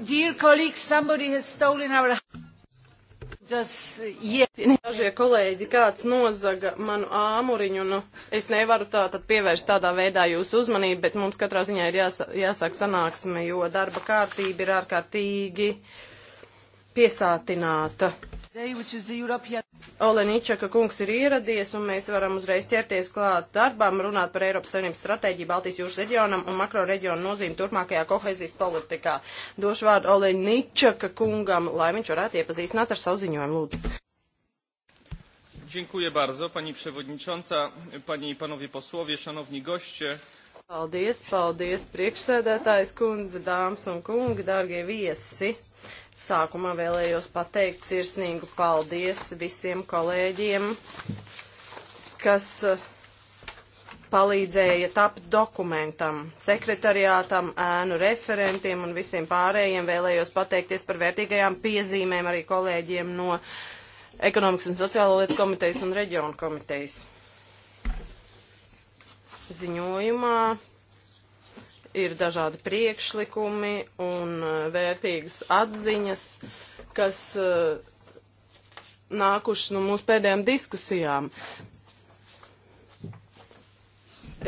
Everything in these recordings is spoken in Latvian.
Dear colleagues, somebody has stolen our... Just, yeah. Dažie kolēģi, kāds nozaga manu āmuriņu, nu, es nevaru tā tad pievērst tādā veidā jūsu uzmanību, bet mums katrā ziņā ir jāsa, jāsāk sanāksme, jo darba kārtība ir ārkārtīgi piesātināta. Day, Oleničaka kungs ir ieradies, un mēs varam uzreiz ķerties klāt darbām, runāt par Eiropas Savienības stratēģiju Baltijas jūras reģionam un makro reģionu nozīmi turpmākajā kohēzijas politikā. Došu vārdu Oleničaka kungam, lai viņš varētu iepazīstināt ar savu ziņojumu, lūdzu. Dziękuję bardzo, pani przewodnicząca, panie i panowie posłowie, szanowni goście. Paldies, paldies, priekšsēdētājs kundze, dāmas un kungi, dārgie viesi. Sākumā vēlējos pateikt sirsnīgu paldies visiem kolēģiem, kas eh, palīdzēja tapt dokumentam, sekretariātam, ēnu referentiem un visiem pārējiem. Vēlējos pateikties par vērtīgajām piezīmēm arī kolēģiem no Ekonomikas un sociālo lietu komitejas un reģionu komitejas. Ziņojumā ir dažādi priekšlikumi un uh, vērtīgas atziņas, kas uh, nākuši no mūsu pēdējām diskusijām.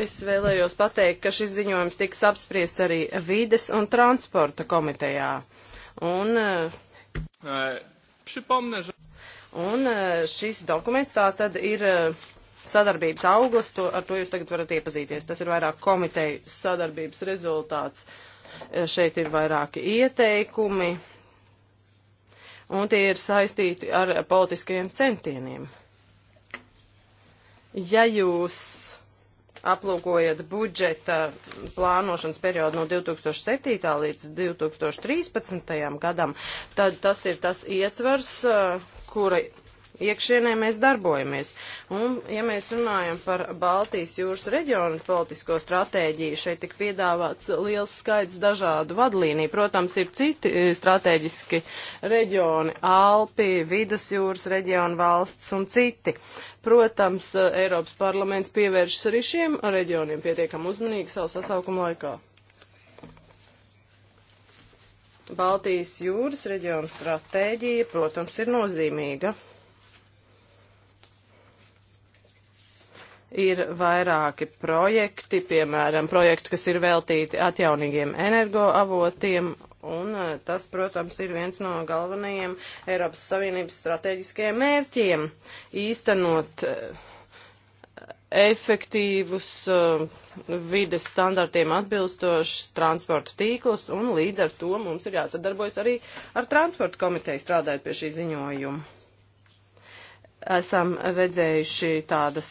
Es vēlējos pateikt, ka šis ziņojums tiks apspriests arī vides un transporta komitejā. Un, uh, un šis dokuments tā tad ir sadarbības augurs, to, ar to jūs tagad varat iepazīties. Tas ir vairāk komiteju sadarbības rezultāts. E, šeit ir vairāki ieteikumi, un tie ir saistīti ar politiskajiem centieniem. Ja jūs aplūkojat budžeta plānošanas periodu no 2007. līdz 2013. gadam, tad tas ir tas ietvers, e, kura iekšienē mēs darbojamies. Un, ja mēs runājam par Baltijas jūras reģionu politisko stratēģiju, šeit tik piedāvāts liels skaits dažādu vadlīniju. Protams, ir citi e, strateģiski reģioni - Alpi, Vidusjūras reģionu valsts un citi. Protams, e, Eiropas parlaments pievēršas arī šiem reģioniem pietiekam uzmanīgi savu sasaukumu laikā. Baltijas jūras reģiona stratēģija, protams, ir nozīmīga. ir vairāki projekti, piemēram, projekti, kas ir veltīti atjaunīgiem energoavotiem, un eh, tas, protams, ir viens no galvenajiem Eiropas Savienības strateģiskajiem mērķiem - īstenot eh, efektīvus, eh, vides standartiem atbilstošs transporta tīklus, un līdz ar to mums ir jāsadarbojas arī ar transporta komiteju strādājot pie šī ziņojuma. Esam redzējuši tādas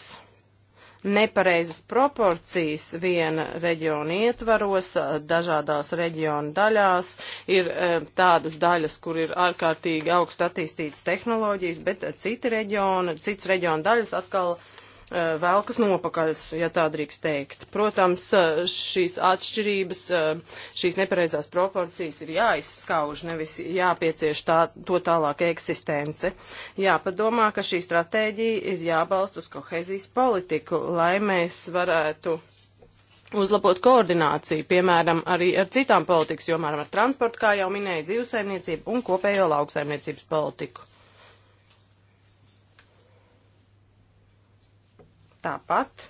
nepareizas proporcijas viena reģiona ietvaros, dažādās reģiona daļās. Ir tādas daļas, kur ir ārkārtīgi augst attīstītas tehnoloģijas, bet citi reģioni, cits reģiona daļas atkal uh, Eh, velkas nopakaļs, ja tā drīkst teikt. Protams, eh, šīs atšķirības, eh, šīs nepareizās proporcijas ir jāizskauž, nevis jāpiecieš tā, to tālāk eksistence. Jāpadomā, ka šī stratēģija ir jābalst uz kohezijas politiku, lai mēs varētu uzlabot koordināciju, piemēram, arī ar citām politikas jomām, ar transportu, kā jau minēja, dzīvesaimniecību un kopējo lauksaimniecības politiku. Tāpat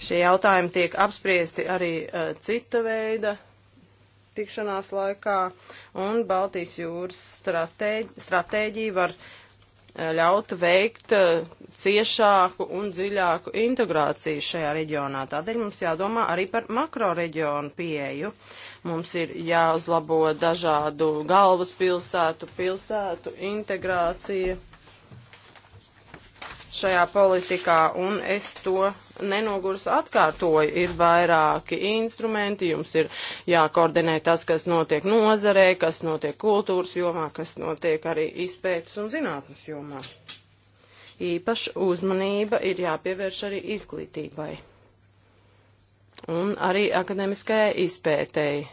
šie jautājumi tiek apspriesti arī uh, cita veida tikšanās laikā, un Baltijas jūras stratēģi, stratēģija var ļautu veikt eh, ciešāku un dziļāku integrāciju šajā reģionā. Tādēļ mums jādomā arī par makro reģionu pieeju. Mums ir jāuzlabo dažādu galvaspilsētu, pilsētu integrācija šajā politikā, un es to nenogurs atkārtoju. Ir vairāki instrumenti, jums ir jākoordinē tas, kas notiek nozarē, kas notiek kultūras jomā, kas notiek arī izpētes un zinātnes jomā. Īpaši uzmanība ir jāpievērš arī izglītībai un arī akademiskajai izpētēji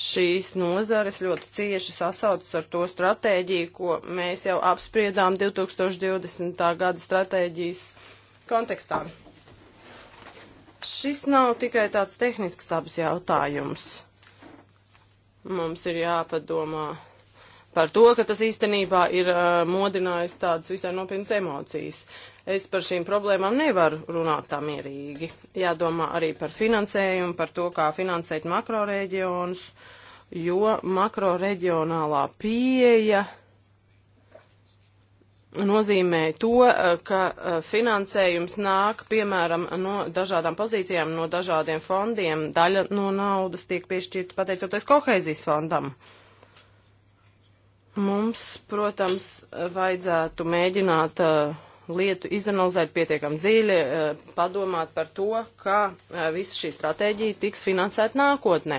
šīs nozares ļoti cieši sasaucas ar to stratēģiju, ko mēs jau apspriedām 2020. gada stratēģijas kontekstā. Šis nav tikai tāds tehnisks dabas jautājums. Mums ir jāpadomā par to, ka tas īstenībā ir uh, modinājis tādas visai nopietnas emocijas. Es par šīm problēmām nevaru runāt tā mierīgi. Jādomā arī par finansējumu, par to, kā finansēt makroreģionus, jo makroreģionālā pieeja nozīmē to, ka eh, finansējums nāk, piemēram, no dažādām pozīcijām, no dažādiem fondiem. Daļa no naudas tiek piešķirta pateicoties kohēzijas fondam. Mums, protams, vajadzētu mēģināt uh, lietu izanalizēt pietiekam dziļi, eh, padomāt par to, kā eh, visa šī stratēģija tiks finansēta nākotnē.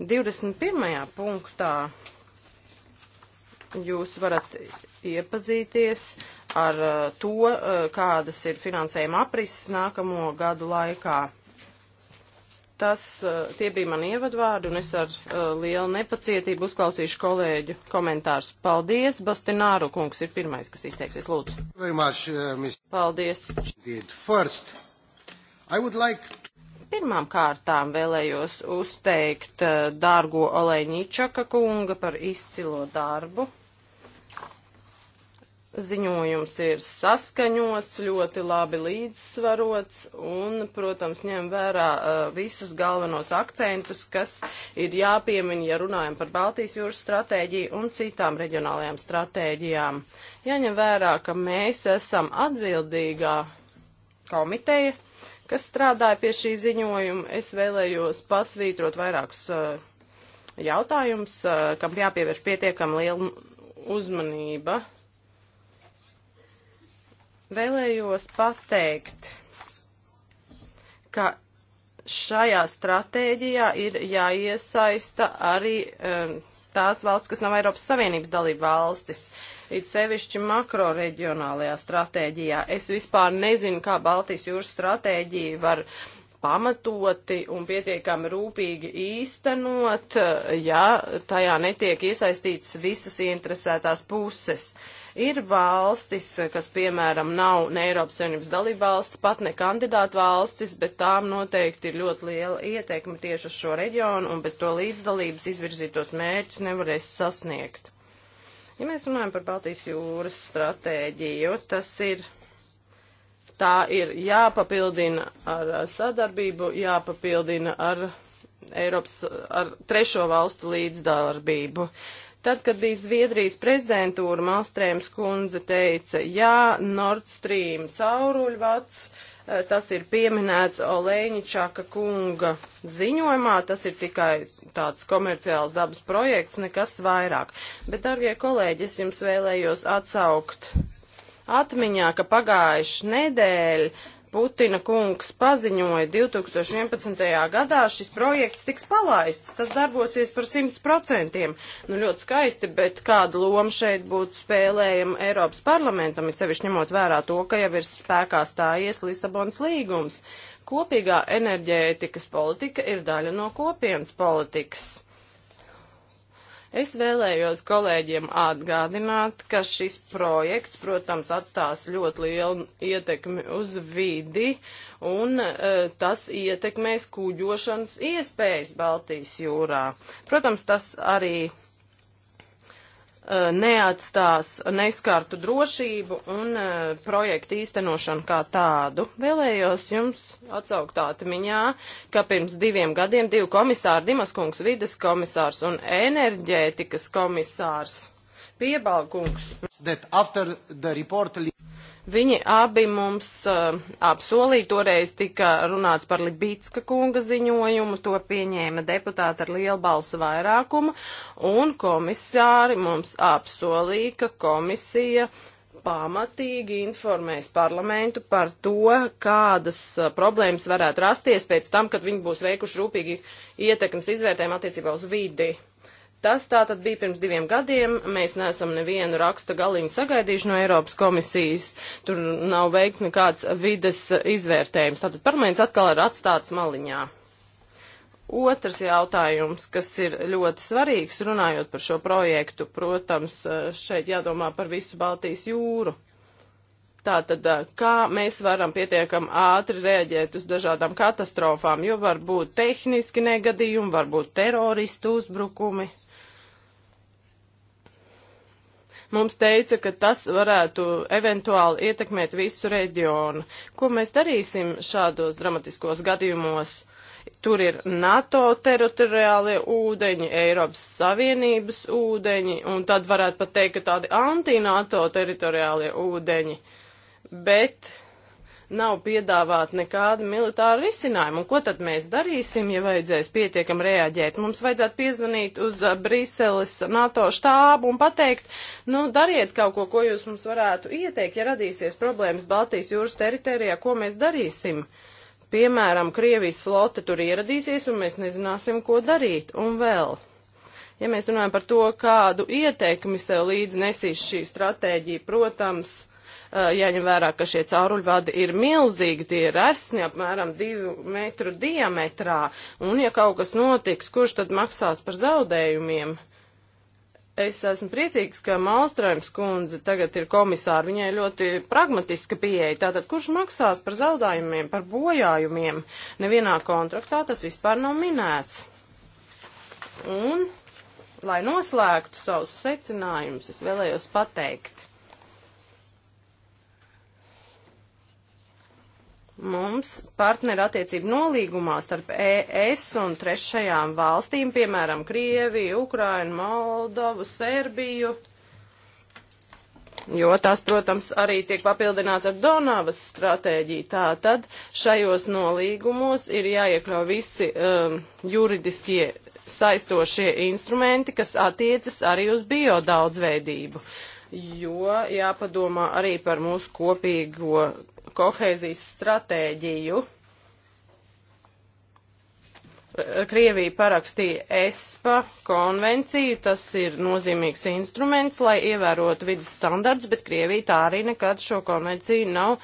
21. punktā jūs varat iepazīties ar eh, to, kādas ir finansējuma aprises nākamo gadu laikā. Tas, eh, tie bija mani ievadvārdi, un es ar uh, lielu nepacietību uzklausīšu kolēģu komentārus. Paldies, Bastināru kungs ir pirmais, kas izteiksies, lūdzu. Much, uh, Paldies. First, like... Pirmām kārtām vēlējos uzteikt uh, dārgo Oleņičaka kunga par izcilo darbu. Ziņojums ir saskaņots, ļoti labi līdzsvarots un, protams, ņem vērā uh, visus galvenos akcentus, kas ir jāpiemina, ja runājam par Baltijas jūras stratēģiju un citām reģionālajām stratēģijām. Jaņem vērā, ka mēs esam atbildīgā komiteja, kas strādāja pie šī ziņojuma, es vēlējos pasvītrot vairākus uh, jautājumus, uh, kam jāpievērš pietiekam liela uzmanība. Uh, Vēlējos pateikt, ka šajā stratēģijā ir jāiesaista arī um, tās valsts, kas nav Eiropas Savienības dalība valstis, it sevišķi makroreģionālajā stratēģijā. Es vispār nezinu, kā Baltijas jūras stratēģija var pamatoti un pietiekami rūpīgi īstenot, ja tajā netiek iesaistīts visas interesētās puses. Uh, Ir valstis, kas, piemēram, nav ne Eiropas Savienības dalība valsts, pat ne kandidātu valstis, bet tām noteikti ir ļoti liela ieteikuma tieši uz šo reģionu, un bez to līdzdalības izvirzītos mērķus nevarēs sasniegt. Ja mēs runājam par Baltijas jūras stratēģiju, tas ir, tā ir jāpapildina ar sadarbību, jāpapildina ar Eiropas, ar trešo valstu līdzdarbību. Tad, kad bija Zviedrijas prezidentūra, Malstrēms kundze teica, jā, Nord Stream cauruļvats, eh, tas ir pieminēts Olēņičaka kunga ziņojumā, tas ir tikai tāds komerciāls dabas projekts, nekas vairāk. Bet, darbie kolēģi, es jums vēlējos atsaukt atmiņā, ka pagājuši nedēļa Putina kungs paziņoja 2011. gadā, šis projekts tiks palaists, tas darbosies par 100%. Nu, ļoti skaisti, bet kādu lomu šeit būtu spēlējama Eiropas parlamentam, ir sevišķi ņemot vērā to, ka jau ir spēkā stājies Lisabons līgums. Kopīgā enerģētikas politika ir daļa no kopienas politikas. Es vēlējos kolēģiem atgādināt, ka šis projekts, protams, atstās ļoti lielu ietekmi uz vidi, un e, tas ietekmēs kūģošanas iespējas Baltijas jūrā. Protams, tas arī E, neatstās neskartu drošību un uh, projektu īstenošanu kā tādu. Vēlējos jums atsaukt tādu miņā, ka pirms diviem gadiem divi komisāri, Dimas kungs, vides komisārs un enerģētikas komisārs Piebalkungs, report... Viņi abi mums uh, apsolīja, toreiz tika runāts par Libitska kunga ziņojumu, to pieņēma deputāti ar lielu balsu vairākumu, un komisāri mums apsolīja, ka komisija pamatīgi informēs parlamentu par to, kādas eh, problēmas varētu rasties pēc tam, kad viņi būs veikuši rūpīgi ietekmes izvērtējumu attiecībā uz vidi. Tas tā tad bija pirms diviem gadiem. Mēs neesam nevienu raksta galīgu sagaidījuši no Eiropas komisijas. Tur nav veikts nekāds vides izvērtējums. Tātad parlaments atkal ir atstāts maliņā. Otrs jautājums, kas ir ļoti svarīgs, runājot par šo projektu, protams, šeit jādomā par visu Baltijas jūru. Tātad, kā mēs varam pietiekam ātri reaģēt uz dažādām katastrofām, jo var būt tehniski negadījumi, var būt teroristu uzbrukumi. Mums teica, ka tas varētu eventuāli ietekmēt visu reģionu. Ko mēs darīsim šādos dramatiskos gadījumos? Tur ir NATO teritoriālie ūdeņi, Eiropas Savienības ūdeņi, un tad varētu pat teikt, ka tādi anti-NATO teritoriālie ūdeņi. Bet nav piedāvāti nekādi militāri risinājumi. Un ko tad mēs darīsim, ja vajadzēs pietiekam reaģēt? Mums vajadzētu piezvanīt uz uh, Briseles NATO štābu un pateikt, nu, dariet kaut ko, ko jūs mums varētu ieteikt, ja radīsies problēmas Baltijas jūras teritorijā, ko mēs darīsim. Piemēram, Krievijas flote tur ieradīsies un mēs nezināsim, ko darīt. Un vēl ja mēs runājam par to, kādu ieteikumu sev līdzi nesīs šī stratēģija, protams, Eh, jāņem vērā, ka šie cauruļvadi ir milzīgi, tie ir esni apmēram divu metru diametrā, un ja kaut kas notiks, kurš tad maksās par zaudējumiem? Es esmu priecīgs, ka Malstrēms kundze tagad ir komisāra, viņai ļoti pragmatiska pieeja, tātad kurš maksās par zaudājumiem, par bojājumiem, nevienā kontraktā tas vispār nav minēts. Un, lai noslēgtu savus secinājumus, es vēlējos pateikt, Mums partneru attiecību nolīgumā starp ES un trešajām valstīm, piemēram, Krieviju, Ukrainu, Moldovu, Serbiju, jo tas, protams, arī tiek papildināts ar Donavas stratēģiju. Tātad šajos nolīgumos ir jāiekļau visi um, juridiskie saistošie instrumenti, kas attiecas arī uz biodaudzveidību. Uh, jo jāpadomā arī par mūsu kopīgo kohēzijas stratēģiju. Krievija parakstīja ESPA konvenciju, tas ir nozīmīgs instruments, lai ievērotu vidas standarts, bet Krievija tā arī nekad šo konvenciju nav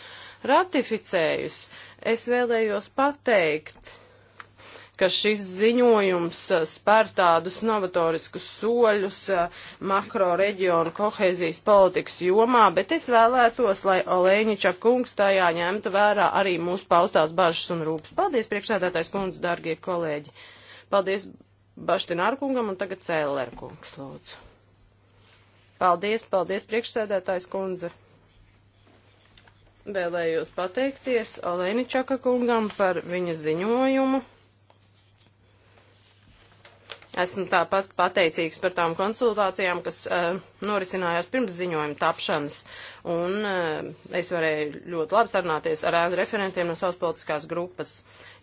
ratificējusi. Es vēlējos pateikt, ka šis ziņojums eh, spēr tādus novatoriskus soļus eh, makro reģionu kohēzijas politikas jomā, bet es vēlētos, lai Olēņiča kungs tajā ņemta vērā arī mūsu paustās bažas un rūpes. Paldies, priekšsēdētājs kundze, dargie kolēģi. Paldies Baštinārkungam un tagad Cēlērkungs, lūdzu. Paldies, paldies, priekšsēdētājs kundze. Vēlējos pateikties Olēničaka kungam par viņa ziņojumu. Esmu tāpat pateicīgs par tām konsultācijām, kas uh, norisinājās pirms ziņojuma tapšanas, un uh, es varēju ļoti labi sarunāties ar ēnu referentiem no savas politiskās grupas.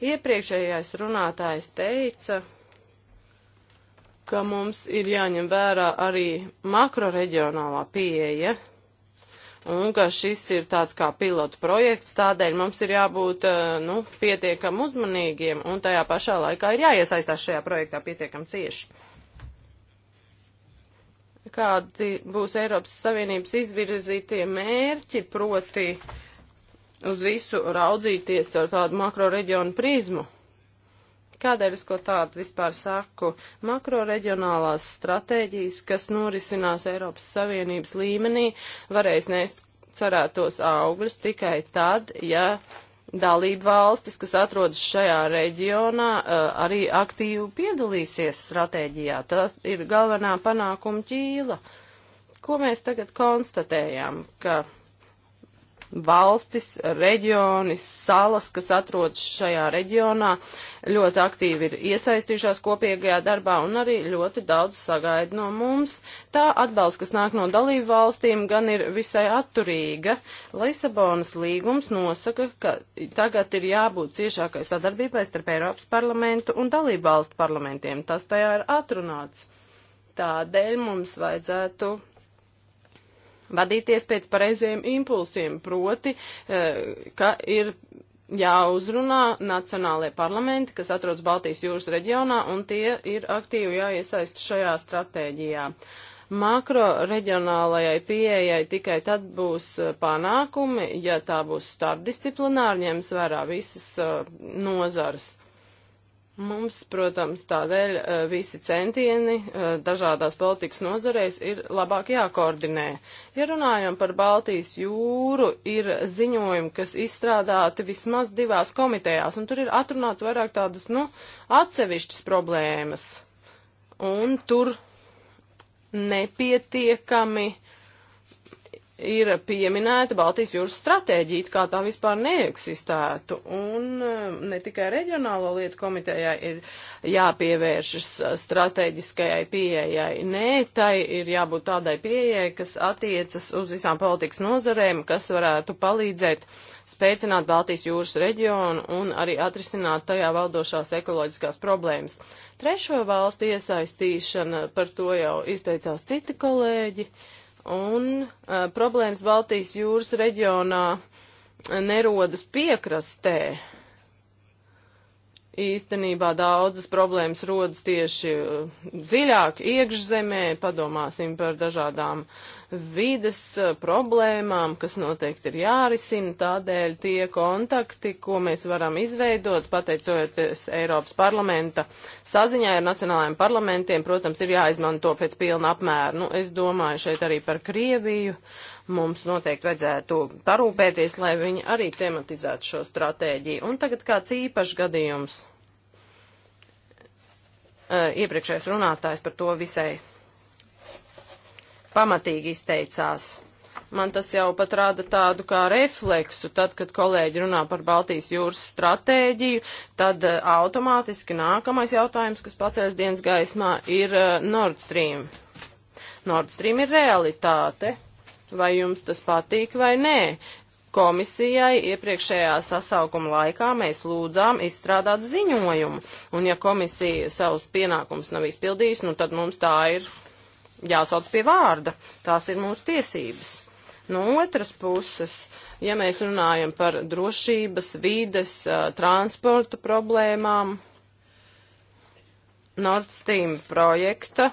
Iepriekšējais runātājs teica, ka mums ir jāņem vērā arī makroreģionālā pieeja. Ja? un ka šis ir tāds kā pilotu projekts, tādēļ mums ir jābūt eh, nu, pietiekam uzmanīgiem un tajā pašā laikā ir jāiesaistās šajā projektā pietiekam cieši. Kādi būs Eiropas Savienības izvirzītie mērķi, proti uz visu raudzīties caur tādu makro reģionu prizmu? Kādēļ es ko tādu vispār saku? Makroreģionālās stratēģijas, kas norisinās Eiropas Savienības līmenī, varēs nēst cerētos augļus tikai tad, ja dalību valstis, kas atrodas šajā reģionā, arī aktīvi piedalīsies stratēģijā. Tā ir galvenā panākuma ķīla. Ko mēs tagad konstatējam? Ka valstis, reģioni, salas, kas atrodas šajā reģionā, ļoti aktīvi ir iesaistījušās kopīgajā darbā un arī ļoti daudz sagaida no mums. Tā atbalsts, kas nāk no dalību valstīm, gan ir visai atturīga. Lisabonas līgums nosaka, ka tagad ir jābūt ciešākai sadarbībai starp Eiropas parlamentu un dalību valstu parlamentiem. Tas tajā ir atrunāts. Tādēļ mums vajadzētu vadīties pēc pareiziem impulsiem, proti, eh, ka ir jāuzrunā nacionālajie parlamenti, kas atrodas Baltijas jūras reģionā, un tie ir aktīvi jāiesaist šajā stratēģijā. Makro reģionālajai pieejai tikai tad būs eh, panākumi, ja tā būs starpdisciplināri, ņems vērā visas uh, eh, nozars. Mums, protams, tādēļ eh, visi centieni eh, dažādās politikas nozareis ir labāk jākoordinē. Ja runājam par Baltijas jūru, ir ziņojumi, kas izstrādāti vismaz divās komitejās, un tur ir atrunāts vairāk tādas, nu, atsevišķas problēmas. Un tur nepietiekami ir pieminēta Baltijas jūras stratēģija, kā tā vispār neeksistētu. Un um, ne tikai reģionālo lietu komitejai ir jāpievēršas stratēģiskajai pieejai, nē, tai ir jābūt tādai pieejai, kas attiecas uz visām politikas nozarēm, kas varētu palīdzēt spēcināt Baltijas jūras reģionu un arī atrisināt tajā valdošās ekoloģiskās problēmas. Trešo valstu iesaistīšana, par to jau izteicās citi kolēģi. Uh, Un uh, problēmas Baltijas jūras reģionā nerodas piekrastē. Īstenībā daudzas problēmas rodas tieši dziļāk iekšzemē, padomāsim par dažādām uh, vides eh, problēmām, kas noteikti ir jārisina, tādēļ tie kontakti, ko mēs varam izveidot, pateicoties Eiropas parlamenta saziņai ar nacionālajiem parlamentiem, protams, ir jāizmanto pēc pilna apmēra. Nu, es domāju šeit arī par Krieviju. Mums noteikti vajadzētu parūpēties, lai viņi arī tematizētu šo stratēģiju. Un tagad kāds īpašs gadījums. Eh, iepriekšējais runātājs par to visai pamatīgi izteicās. Man tas jau pat rada tādu kā refleksu, tad, kad kolēģi runā par Baltijas jūras stratēģiju, tad eh, automātiski nākamais jautājums, kas pacēlas dienas gaismā, ir eh, Nord Stream. Nord Stream ir realitāte, vai jums tas patīk vai nē. Komisijai iepriekšējā sasaukuma laikā mēs lūdzām izstrādāt ziņojumu, un ja komisija savus pienākumus nav izpildījusi, nu tad mums tā ir jāsauc pie vārda. Tās ir mūsu tiesības. No otras puses, ja mēs runājam par drošības, vīdes, transporta problēmām, Nord Stream projekta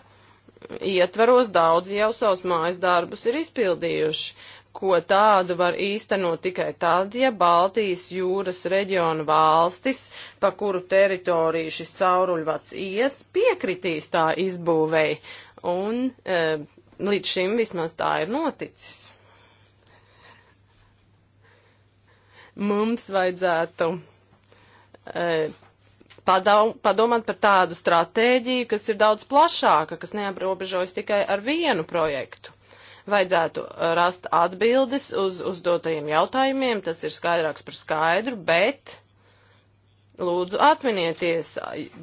ietvaros daudzi jau savus mājas darbus ir izpildījuši, ko tādu var īstenot tikai tad, ja Baltijas jūras reģiona valstis, pa kuru teritoriju šis cauruļvats ies, piekritīs tā izbūvēi. Un e, līdz šim vismaz tā ir noticis. Mums vajadzētu e, padau, padomāt par tādu stratēģiju, kas ir daudz plašāka, kas neaprobežojas tikai ar vienu projektu. Vajadzētu rast atbildes uz uzdotajiem jautājumiem, tas ir skaidrāks par skaidru, bet Lūdzu, atminieties,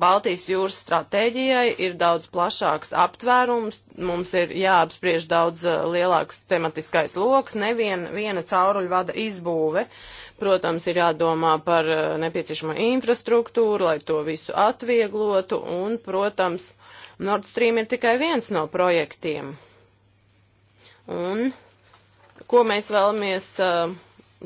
Baltijas jūras stratēģijai ir daudz plašāks aptvērums, mums ir jāapspriež daudz eh, lielāks tematiskais loks, nevien viena cauruļvada izbūve. Protams, ir jādomā par eh, nepieciešamo infrastruktūru, lai to visu atvieglotu, un, protams, Nord Stream ir tikai viens no projektiem. Un ko mēs vēlamies. Uh,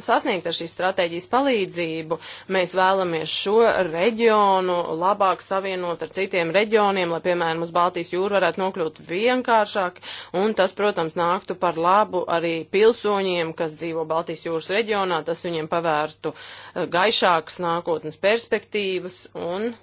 sasniegt ar šīs stratēģijas palīdzību. Mēs vēlamies šo reģionu labāk savienot ar citiem reģioniem, lai, piemēram, uz Baltijas jūru varētu nokļūt vienkāršāk, un tas, protams, nāktu par labu arī pilsoņiem, kas dzīvo Baltijas jūras reģionā, tas viņiem pavērtu eh, gaišākas nākotnes perspektīvas un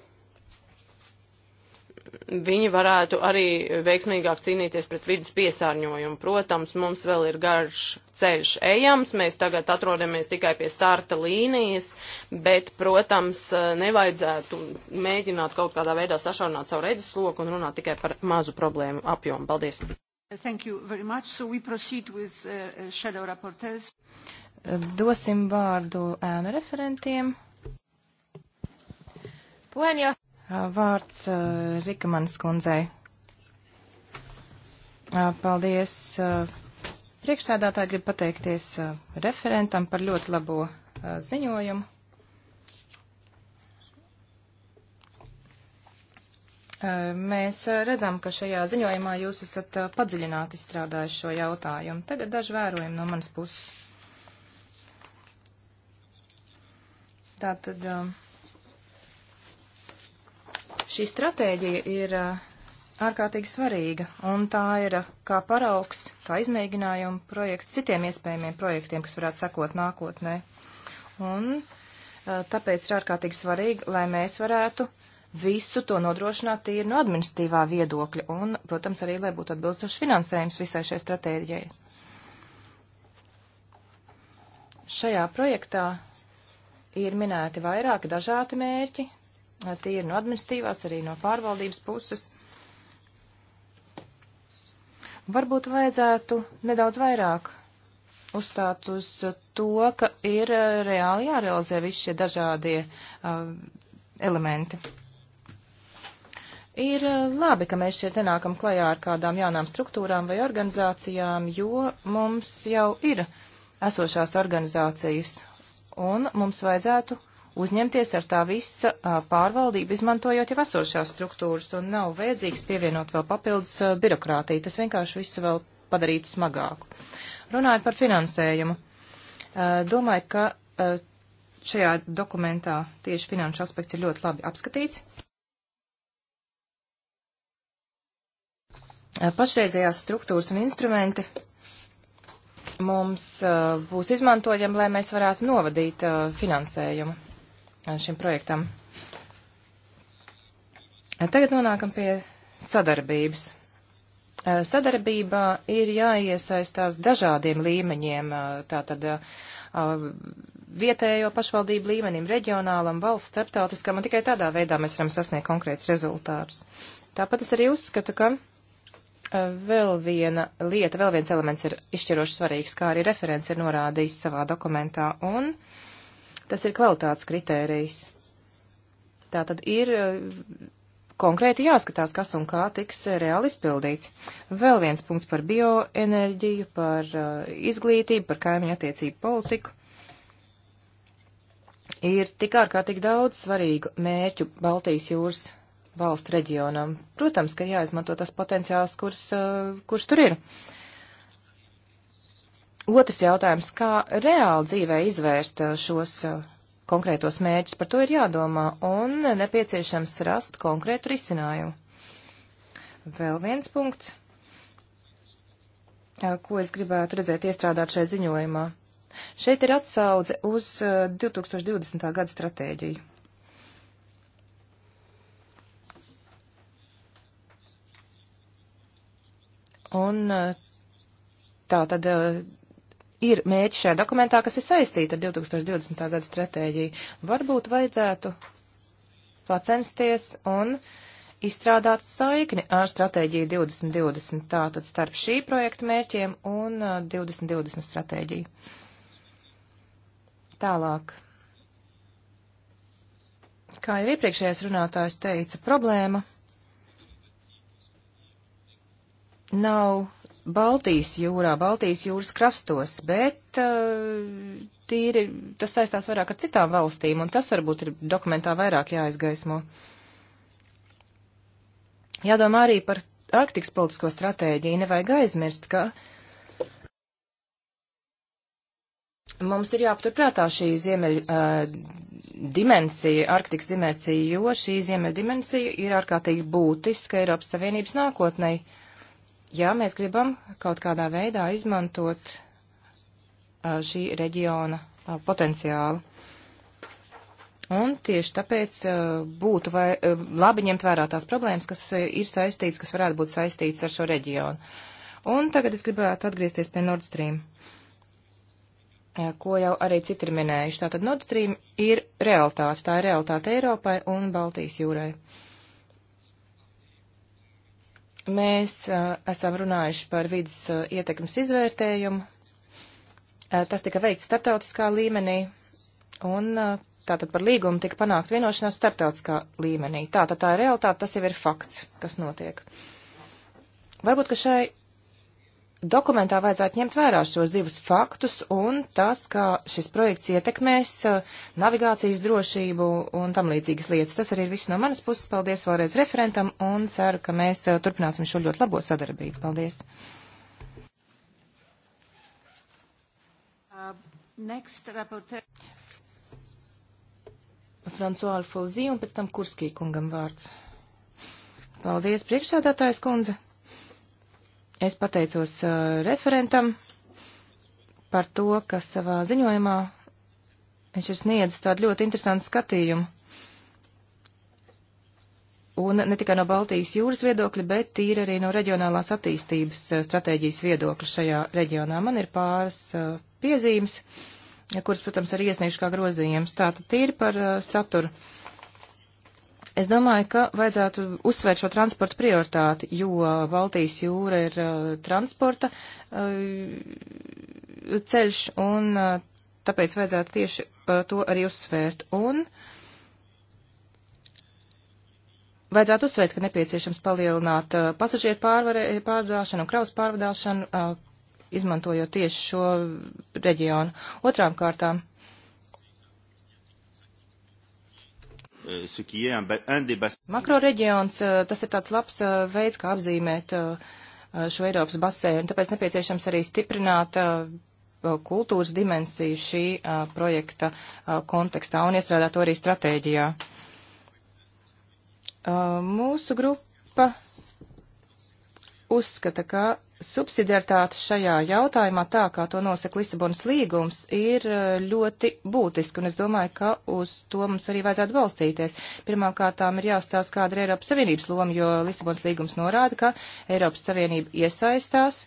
viņi varētu arī veiksmīgāk cīnīties pret vidas piesārņojumu. Protams, mums vēl ir garš ceļš ejams, mēs tagad atrodamies tikai pie starta līnijas, bet, protams, nevajadzētu mēģināt kaut kādā veidā sašaurināt savu redzesloku un runāt tikai par mazu problēmu apjomu. Paldies! Thank you very much. So we proceed with uh, uh shadow rapporteurs. Dosim vārdu ēnu referentiem. Puheenjohtaja. Vārds Rikamanas kundzei. Paldies. Priekšsēdātāji grib pateikties referentam par ļoti labo ziņojumu. Mēs redzam, ka šajā ziņojumā jūs esat padziļināti strādājuši šo jautājumu. Tagad daži vērojumi no manas puses. Tātad. Uh, Šī stratēģija ir eh, ārkārtīgi svarīga, un tā ir eh, kā paraugs, kā izmēģinājuma projekts citiem iespējamiem projektiem, kas varētu sakot nākotnē. Un eh, tāpēc ir ārkārtīgi svarīgi, lai mēs varētu visu to nodrošināt tīri no administratīvā viedokļa, un, protams, arī, lai būtu atbilstošs finansējums visai šai stratēģijai. Šajā projektā ir minēti vairāki dažādi mērķi, tīri no administratīvās, arī no pārvaldības puses. Varbūt vajadzētu nedaudz vairāk uzstāt uz to, ka ir reāli jārealizē visi šie dažādie uh, elementi. Ir labi, ka mēs šeit nenākam klajā ar kādām jaunām struktūrām vai organizācijām, jo mums jau ir esošās organizācijas, un mums vajadzētu uzņemties ar tā visa pārvaldību, izmantojot jau esošās struktūras, un nav vajadzīgs pievienot vēl papildus birokrātiju. Tas vienkārši visu vēl padarītu smagāku. Runājot par finansējumu, domāju, ka šajā dokumentā tieši finanšu aspekts ir ļoti labi apskatīts. Pašreizējās struktūras un instrumenti mums būs izmantojami, lai mēs varētu novadīt finansējumu šim projektam. Tagad nonākam pie sadarbības. Sadarbībā ir jāiesaistās dažādiem līmeņiem, tātad vietējo pašvaldību līmenim, reģionālam, valsts, starptautiskam, un tikai tādā veidā mēs varam sasniegt konkrēts rezultātus. Tāpat es arī uzskatu, ka vēl viena lieta, vēl viens elements ir izšķiroši svarīgs, kā arī referents ir norādījis savā dokumentā, un uh, Tas ir kvalitātes kritērijs. Tā tad ir eh, konkrēti jāskatās, kas un kā tiks eh, reāli izpildīts. Vēl viens punkts par bioenerģiju, par eh, izglītību, par kaimiņu attiecību politiku. Ir tik ārkārtīgi daudz svarīgu mērķu Baltijas jūras valstu reģionam. Protams, ka jāizmanto tas potenciāls, kurs, kurš tur ir. Uh, Otrs jautājums, kā reāli dzīvē izvērst uh, šos uh, konkrētos mērķus, par to ir jādomā un nepieciešams rast konkrētu risinājumu. Vēl viens punkts, uh, ko es gribētu redzēt iestrādāt šai ziņojumā. Šeit ir atsaudze uz 2020. gada stratēģiju. Un tā tad ir mērķi šajā dokumentā, kas ir saistīti ar 2020. gada stratēģiju. Varbūt vajadzētu pacensties un izstrādāt saikni ar stratēģiju 2020, tātad starp šī projekta mērķiem un 2020 uh, stratēģiju. Tālāk. Kā jau iepriekšējais runātājs teica, problēma nav Baltijas jūrā, Baltijas jūras krastos, bet uh, tīri tas saistās vairāk ar citām valstīm, un tas varbūt ir dokumentā vairāk jāizgaismo. Jādomā arī par Arktikas politisko stratēģiju, nevajag aizmirst, ka mums ir jāpaturprātā šī ziemeļa uh, dimensija, Arktikas dimensija, jo šī ziemeļa dimensija ir ārkārtīgi būtiska Eiropas Savienības nākotnei. Uh, ja mēs gribam kaut kādā veidā izmantot šī reģiona potenciālu. Un tieši tāpēc būtu vai, labi ņemt vērā tās problēmas, kas ir saistītas, kas varētu būt saistītas ar šo reģionu. Un tagad es gribētu atgriezties pie Nord Stream, ko jau arī citi ir minējuši. Tātad Nord Stream ir realitāte, tā ir realitāte Eiropai un Baltijas jūrai. Uh, Mēs uh, esam runājuši par vidas uh, ietekmes izvērtējumu. Uh, tas tika veikts starptautiskā līmenī, un uh, tātad par līgumu tika panākt vienošanās starptautiskā līmenī. Tātad tā ir realitāte, tas jau ir fakts, kas notiek. Varbūt, ka šai dokumentā vajadzētu ņemt vērā šos divus faktus un tas, kā šis projekts ietekmēs uh, navigācijas drošību un tam līdzīgas lietas. Tas arī ir viss no manas puses. Paldies vēlreiz referentam un ceru, ka mēs uh, turpināsim šo ļoti labo sadarbību. Paldies! Uh, next, rapporteur. Francois Alfonsī un pēc tam Kurskī kungam vārds. Paldies, priekšsādātājs kundze! Es pateicos uh, referentam par to, ka savā ziņojumā viņš ir sniedzis tādu ļoti interesantu skatījumu. Un ne tikai no Baltijas jūras viedokļa, bet tīri arī no reģionālās attīstības uh, stratēģijas viedokļa šajā reģionā. Man ir pāris uh, piezīmes, kuras, protams, arī iesniegšu kā grozījums. Tātad tīri par saturu. Es domāju, ka vajadzētu uzsvērt šo transportu prioritāti, jo Baltijas jūra ir uh, transporta uh, ceļš, un uh, tāpēc vajadzētu tieši uh, to arī uzsvērt. Un vajadzētu uzsvērt, ka nepieciešams palielināt uh, pasažieru pārvadāšanu un kravas pārvadāšanu, uh, izmantojot tieši šo reģionu. Otrām kārtām. Uh, Euh, ce qui est un, un des bassins. Makroreģions, euh, tas ir tāds labs euh, veids, kā apzīmēt uh, šo Eiropas basēnu, tāpēc nepieciešams arī stiprināt uh, kultūras dimensiju šī uh, projekta kontekstā un iestrādāt to arī stratēģijā. Mūsu grupa uzskata, ka subsidiartāte šajā jautājumā, tā kā to nosaka Lisabonas līgums, ir e, ļoti būtiski, un es domāju, ka uz to mums arī vajadzētu balstīties. Pirmkārtām ir jāstāsta, kāda ir Eiropas Savienības loma, jo Lisabonas līgums norāda, ka Eiropas Savienība iesaistās e,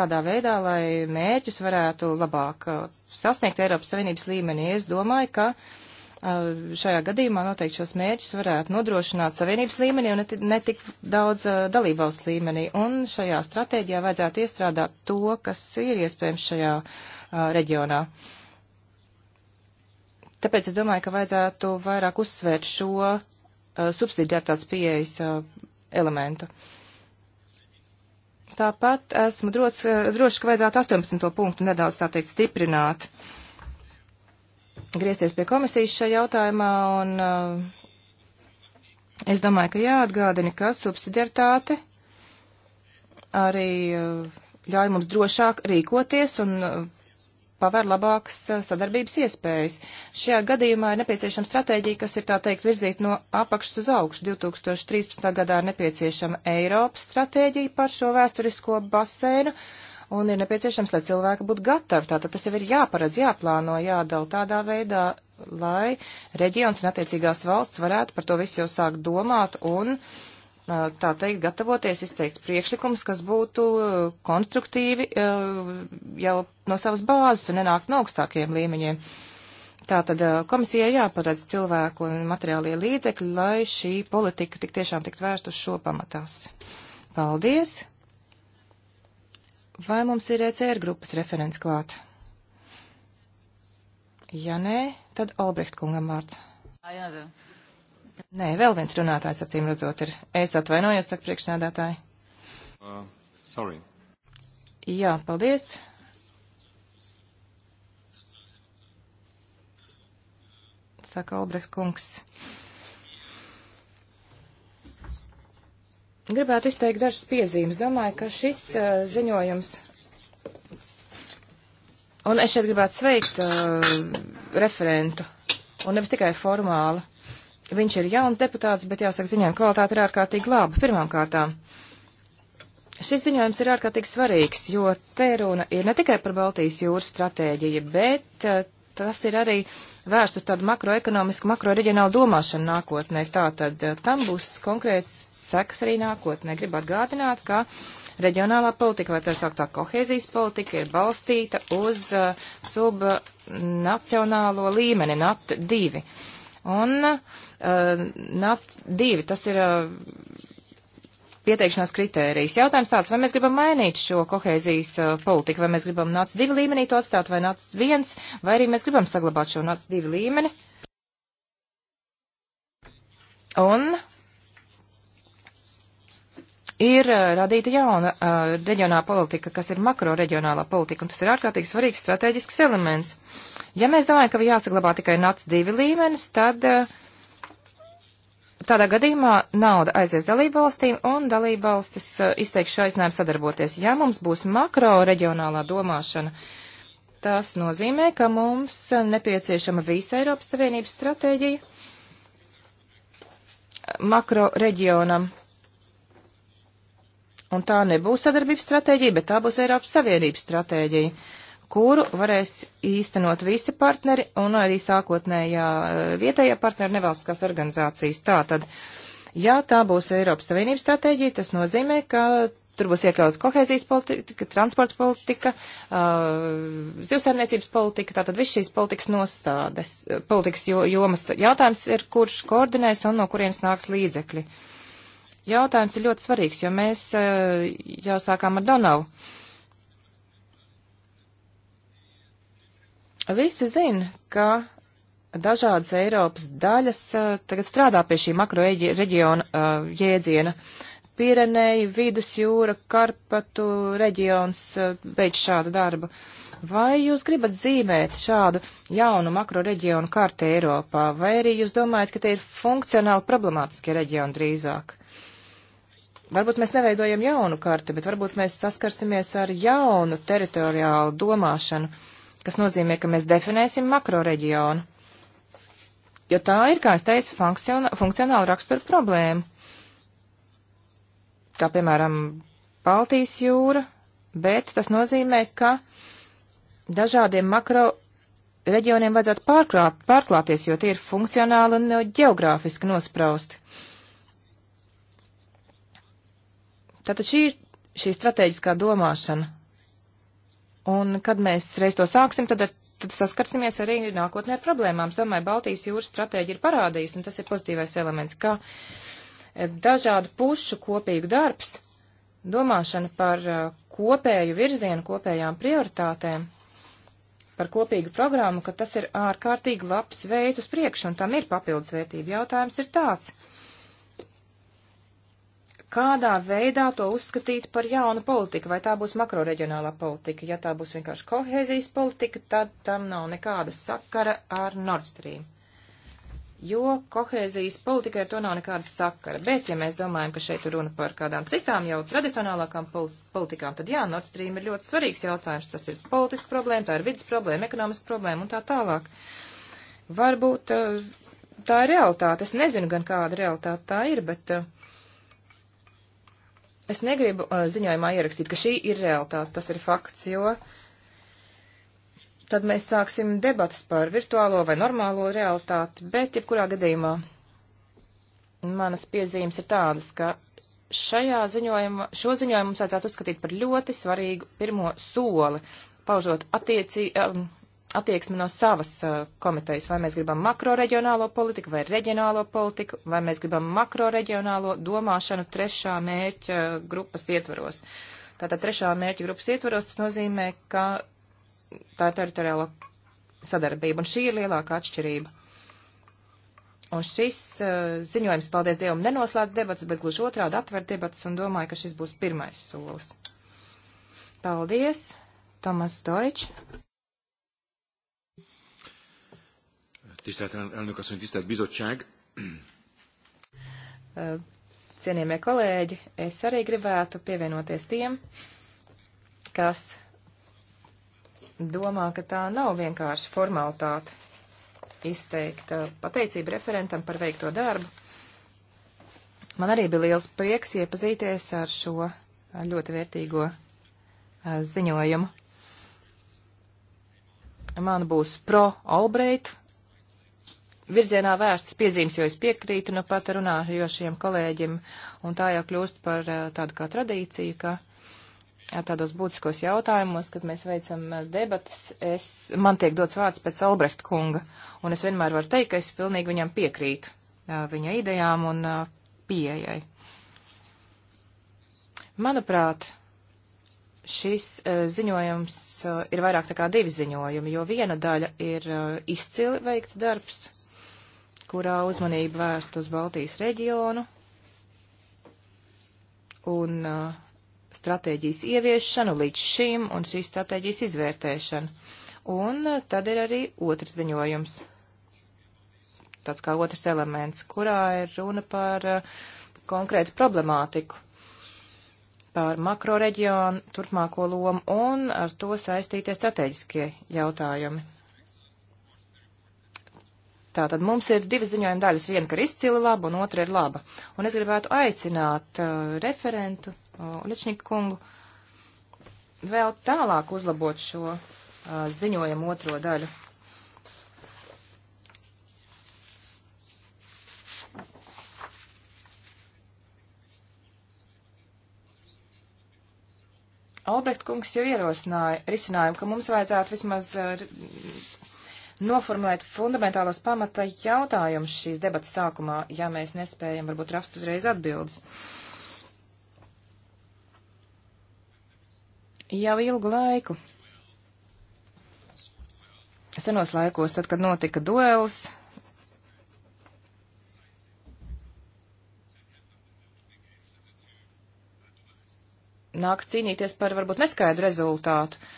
tādā veidā, lai mērķus varētu labāk e, sasniegt Eiropas Savienības līmenī. Es domāju, ka uh, šajā gadījumā noteikti šos mērķus varētu nodrošināt savienības līmenī un ne tik daudz dalībvalsts līmenī. Un šajā stratēģijā vajadzētu iestrādāt to, kas ir iespējams šajā reģionā. Tāpēc es domāju, ka vajadzētu vairāk uzsvērt šo subsidiartāts pieejas elementu. Tāpat esmu drošs, droši, ka vajadzētu 18. punktu nedaudz, tā teikt, stiprināt. Uh, griezties pie komisijas šajā jautājumā, un uh, es domāju, ka jāatgādina, ka subsidiartāte arī uh, ļauj mums drošāk rīkoties un uh, paver labākas uh, sadarbības iespējas. Šajā gadījumā ir nepieciešama stratēģija, kas ir tā teikt virzīta no apakšas uz augšu. 2013. gadā ir nepieciešama Eiropas stratēģija par šo vēsturisko basēnu, uh, un ir nepieciešams, lai cilvēki būtu gatavi. Tātad tas jau ir jāparedz, jāplāno, jādala tādā veidā, lai reģions un attiecīgās valsts varētu par to visu jau sākt domāt un, tā teikt, gatavoties izteikt priekšlikums, kas būtu konstruktīvi jau no savas bāzes un nenākt no augstākiem līmeņiem. Tātad komisijai jāparedz cilvēku un materiālie līdzekļi, lai šī politika tik tiešām tiktu vērst uz šo pamatās. Paldies! Vai mums ir ECR grupas referents klāt? Ja nē, tad Albrecht kungam vārds. Nē, vēl viens runātājs acīm redzot ir. Es atvainojos, saka priekšnādātāji. Uh, sorry. Jā, paldies. Saka Albrecht kungs. Gribētu izteikt dažas piezīmes. Domāju, ka šis uh, ziņojums, un es šeit gribētu sveikt uh, referentu, un nevis tikai formāli. Viņš ir jauns deputāts, bet jāsaka, ziņojuma kvalitāte ir ārkārtīgi laba. Pirmām kārtām, šis ziņojums ir ārkārtīgi svarīgs, jo te runa ir ne tikai par Baltijas jūras stratēģiju, bet uh, tas ir arī vērst uz tādu makroekonomisku, makroreģionālu domāšanu nākotnē. Tātad tam būs konkrēts sekas arī nākotnē. Gribu atgādināt, ka reģionālā politika, vai tā sauktā kohēzijas politika, ir balstīta uz uh, subnacionālo līmeni, NAT 2. Un uh, NAT 2, tas ir. Uh, Pieteikšanās kritērijas. Jautājums tāds, vai mēs gribam mainīt šo kohēzijas uh, politiku, vai mēs gribam nāc divi līmenī to atstāt, vai nāc viens, vai arī mēs gribam saglabāt šo nāc divi līmeni. Un ir radīta jauna uh, reģionāla politika, kas ir makro reģionālā politika, un tas ir ārkārtīgi svarīgs strateģisks elements. Ja mēs domājam, ka jāsaglabā tikai NAC 2 līmenis, tad uh, tādā gadījumā nauda aizies dalību valstīm, un dalību valstis uh, izteiks šo aicinājumu sadarboties. Ja mums būs makro reģionālā domāšana, tas nozīmē, ka mums nepieciešama visa Eiropas Savienības stratēģija makro reģionam Un tā nebūs sadarbības stratēģija, bet tā būs Eiropas Savienības stratēģija, kuru varēs īstenot visi partneri un arī sākotnējā eh, vietējā partneri nevalstiskās organizācijas. Tātad, ja tā būs Eiropas Savienības stratēģija, tas nozīmē, ka Tur būs iekļauts kohēzijas politika, transports politika, uh, eh, zivsērniecības politika, tātad viss šīs politikas nostādes, eh, politikas jo, jomas jautājums ir, kurš koordinēs un no kurienes nāks līdzekļi. Uh, Jautājums ir ļoti svarīgs, jo mēs eh, jau sākām ar Donovu. Visi zina, ka dažādas Eiropas daļas eh, tagad strādā pie šī makroreģiona eh, jēdziena. Pirenei, Vidusjūra, Karpatu reģions beidz šādu darbu. Vai jūs gribat zīmēt šādu jaunu makroreģionu karti Eiropā, vai arī jūs domājat, ka tie ir funkcionāli problemātiskie reģioni drīzāk? Uh, Varbūt mēs neveidojam jaunu karti, bet varbūt mēs saskarsimies ar jaunu teritoriālu domāšanu, kas nozīmē, ka mēs definēsim makroreģionu. Jo tā ir, kā es teicu, funkcionāla rakstura problēma. Kā piemēram Baltijas jūra, bet tas nozīmē, ka dažādiem makro reģioniem vajadzētu pārklāp, pārklāpties, jo tie ir funkcionāli un ģeogrāfiski nosprausti. Tātad šī ir šī strateģiskā domāšana. Un kad mēs reiz to sāksim, tad, ar, tad saskarsimies arī nākotnē ar problēmām. Es domāju, Baltijas jūras stratēģi ir parādījusi, un tas ir pozitīvais elements, ka eh, dažādu pušu kopīgu darbs, domāšana par eh, kopēju virzienu, kopējām prioritātēm, par kopīgu programmu, ka tas ir ārkārtīgi labs veids uz priekšu, un tam ir papildus vērtība. Jautājums ir tāds kādā veidā to uzskatīt par jaunu politiku, vai tā būs makroreģionālā politika. Ja tā būs vienkārši kohēzijas politika, tad tam nav nekāda sakara ar Nord Stream. Jo kohēzijas politikai ar to nav nekāda sakara. Bet, ja mēs domājam, ka šeit runa par kādām citām jau tradicionālākām politikām, tad jā, Nord Stream ir ļoti svarīgs jautājums. Tas ir politisks problēma, tā ir vidas problēma, ekonomiska problēma un tā tālāk. Varbūt eh, tā ir realitāte. Es nezinu gan kāda realitāte tā ir, bet uh, Es negribu uh, ziņojumā ierakstīt, ka šī ir realitāte, tas ir fakts, jo tad mēs sāksim debatas par virtuālo vai normālo realitāti, bet jebkurā gadījumā manas piezīmes ir tādas, ka šajā ziņojumā, šo ziņojumu mums vajadzētu uzskatīt par ļoti svarīgu pirmo soli, paužot attiecī, um, attieksmi no savas uh, komitejas, vai mēs gribam makroreģionālo politiku vai reģionālo politiku, vai mēs gribam makroreģionālo domāšanu trešā mērķa uh, grupas ietvaros. Tātad trešā mērķa grupas ietvaros tas nozīmē, ka tā ir teritoriāla sadarbība, un šī ir lielākā atšķirība. Un šis uh, ziņojums, paldies Dievam, nenoslēdz debatas, bet gluži otrādi atver debatas un domāju, ka šis būs pirmais solis. Paldies, Tomas Deutsch. Tisztelt elnök asszony, tisztelt bizottság! Cienījamie kolēģi, es arī gribētu pievienoties tiem, kas domā, ka tā nav vienkārši formalitāte izteikt uh, pateicību referentam par veikto darbu. Man arī bija liels prieks iepazīties ar šo uh, ļoti vērtīgo uh, ziņojumu. Man būs pro Albreit virzienā vērsts piezīmes, jo es piekrītu nu pat runājošiem kolēģim, un tā jau kļūst par eh, tādu kā tradīciju, ka eh, tādos būtiskos jautājumos, kad mēs veicam eh, debatas, es, man tiek dots vārds pēc Albrecht kunga, un es vienmēr varu teikt, ka es pilnīgi viņam piekrītu viņa idejām un pieejai. Manuprāt, šis ziņojums ir vairāk tā kā divi ziņojumi, jo viena daļa ir izcili veikts darbs, kurā uzmanība vērst uz Baltijas reģionu un uh, stratēģijas ieviešanu līdz šim un šīs stratēģijas izvērtēšanu. Un uh, tad ir arī otrs ziņojums, tāds kā otrs elements, kurā ir runa par uh, konkrētu problemātiku, par makroreģionu turpmāko lomu un ar to saistītie strateģiskie jautājumi. Tātad mums ir divas ziņojuma daļas, viena, ka ir izcili laba, un otra ir laba. Un es gribētu aicināt uh, referentu uh, Ličniku kungu vēl tālāk uzlabot šo uh, ziņojumu otro daļu. Albrecht kungs jau ierosināja risinājumu, ka mums vajadzētu vismaz uh, noformulēt fundamentālos pamata jautājumus šīs debatas sākumā, ja mēs nespējam varbūt rast uzreiz atbildes. Jau ilgu laiku, senos laikos, tad, kad notika duels, nāks cīnīties par varbūt neskaidru rezultātu. Uh,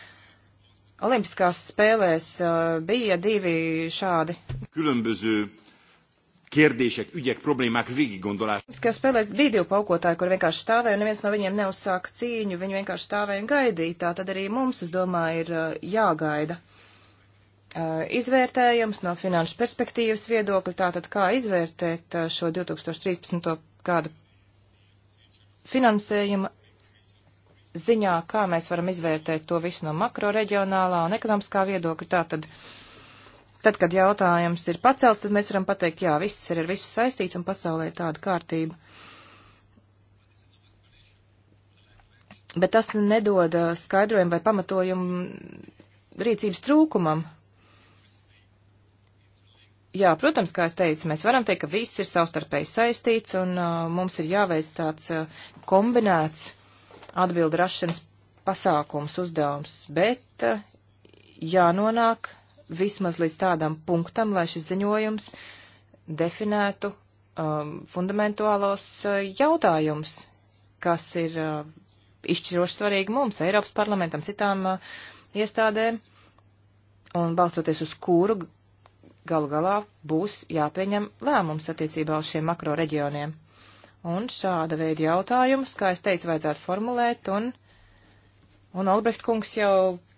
Olimpiskās spēlēs uh, bija divi šādi. Különböző kérdések, ügyek, problémák végiggondolás. Olimpiskajās spēlēs bija divi paukotāji, kur vienkārši stāvēja, un neviens no viņiem neuzsāka cīņu, viņi vienkārši stāvēja un gaidīja. Tā tad arī mums, es domāju, ir uh, jāgaida uh, izvērtējums no finanšu perspektīvas viedokļa, tātad kā izvērtēt šo 2013. gadu finansējuma ziņā, kā mēs varam izvērtēt to visu no makro reģionālā un ekonomiskā viedokļa. Tātad, tad, kad jautājums ir pacelts, tad mēs varam pateikt, jā, viss ir ar visu saistīts un pasaulē ir tāda kārtība. Bet tas nedod uh, skaidrojumu vai pamatojumu rīcības trūkumam. Jā, protams, kā es teicu, mēs varam teikt, ka viss ir savstarpēji saistīts un uh, mums ir jāveic tāds uh, kombinēts atbildu rašanas pasākums, uzdevums, bet eh, jānonāk vismaz līdz tādam punktam, lai šis ziņojums definētu um, fundamentālos uh, eh, jautājumus, kas ir uh, izšķiroši svarīgi mums, Eiropas parlamentam, citām uh, iestādēm, un balstoties uz kuru galu galā būs jāpieņem lēmums attiecībā uz šiem makro reģioniem. Un šāda veida jautājumus, kā es teicu, vajadzētu formulēt, un, un Albrecht kungs jau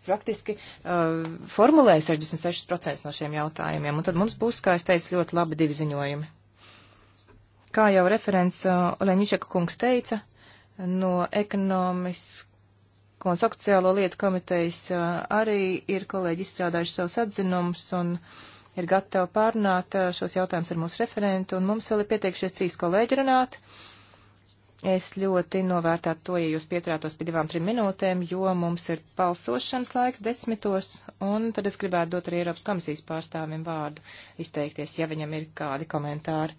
praktiski uh, formulēja 66% no šiem jautājumiem, un tad mums būs, kā es teicu, ļoti labi divi ziņojumi. Kā jau referents uh, Leņičeka kungs teica, no ekonomisko un sociālo lietu komitejas uh, arī ir kolēģi izstrādājuši savus atzinumus, un uh, ir gatava pārunāt eh, šos jautājumus ar mūsu referentu, un mums vēl ir pieteikšies trīs kolēģi runāt. Es ļoti novērtātu to, ja jūs pieturētos pie divām, trim minūtēm, jo mums ir balsošanas laiks desmitos, un tad es gribētu dot arī Eiropas komisijas pārstāvim vārdu izteikties, ja viņam ir kādi komentāri.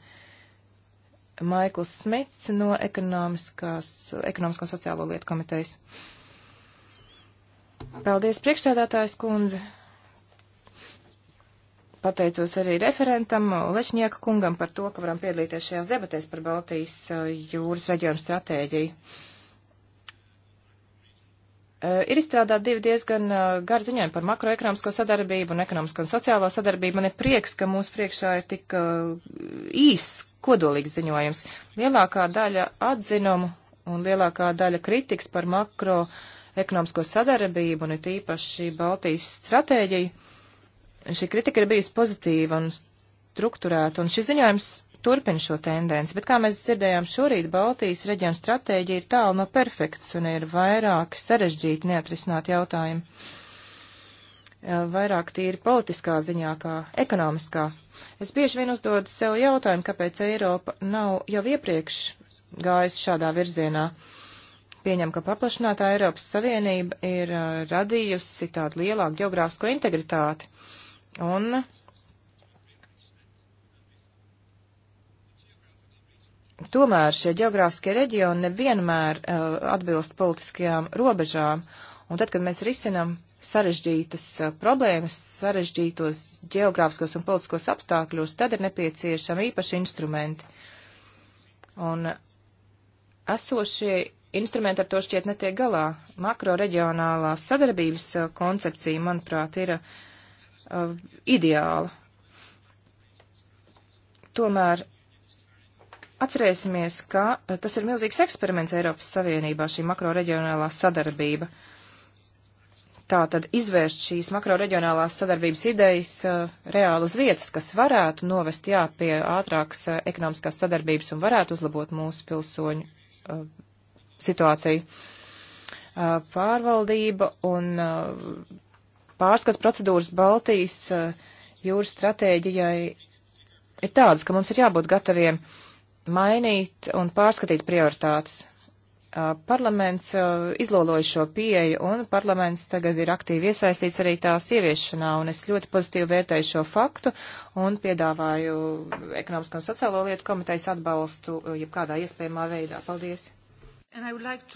Maikls Smits no Ekonomisko sociālo lietu komitejas. Paldies, priekšsēdētājs kundze. Pateicos arī referentam Lešņieka kungam par to, ka varam piedalīties šajās debatēs par Baltijas uh, jūras reģionu stratēģiju. Uh, ir izstrādāti divi diezgan uh, gari ziņojumi par makroekonomisko sadarbību un ekonomisko un sociālo sadarbību. Man ir prieks, ka mūsu priekšā ir tik uh, īss, kodolīgs ziņojums. Lielākā daļa atzinumu un lielākā daļa kritikas par makroekonomisko sadarbību un ir tīpaši Baltijas stratēģiju Šī kritika ir bijusi pozitīva un strukturēta, un šis ziņojums turpina šo tendenci, bet kā mēs dzirdējām šorīt, Baltijas reģiona stratēģija ir tālu no perfekts un ir vairāki sarežģīti neatrisināt jautājumi. Vairāk tīri politiskā ziņā kā ekonomiskā. Es bieži vien uzdodu sev jautājumu, kāpēc Eiropa nav jau iepriekš gājusi šādā virzienā. Pieņem, ka paplašinātā Eiropas Savienība ir radījusi tādu lielāku geogrāfisko integritāti. Uh, Un tomēr šie geogrāfiskie reģioni nevienmēr uh, atbilst politiskajām robežām. Un tad, kad mēs risinam sarežģītas uh, problēmas, sarežģītos geogrāfiskos un politiskos apstākļos, tad ir nepieciešami īpaši instrumenti. Un esošie instrumenti ar to šķiet netiek galā. Makro reģionālās sadarbības uh, koncepcija, manuprāt, ir uh, uh, ideāla. Tomēr atcerēsimies, ka uh, tas ir milzīgs eksperiments Eiropas Savienībā, šī makroreģionālā sadarbība. Tātad izvērst šīs makroreģionālās sadarbības idejas uh, reāli uz vietas, kas varētu novest jā pie ātrākas uh, ekonomiskās sadarbības un varētu uzlabot mūsu pilsoņu uh, situāciju. Uh, pārvaldība un uh, pārskatu procedūras Baltijas eh, jūras stratēģijai ir tādas, ka mums ir jābūt gataviem mainīt un pārskatīt prioritātes. Eh, parlaments eh, izloloja šo pieeju, un parlaments tagad ir aktīvi iesaistīts arī tās ieviešanā, un es ļoti pozitīvi vērtēju šo faktu un piedāvāju ekonomisko un sociālo lietu komitejas atbalstu jebkādā iespējamā veidā. Paldies! Like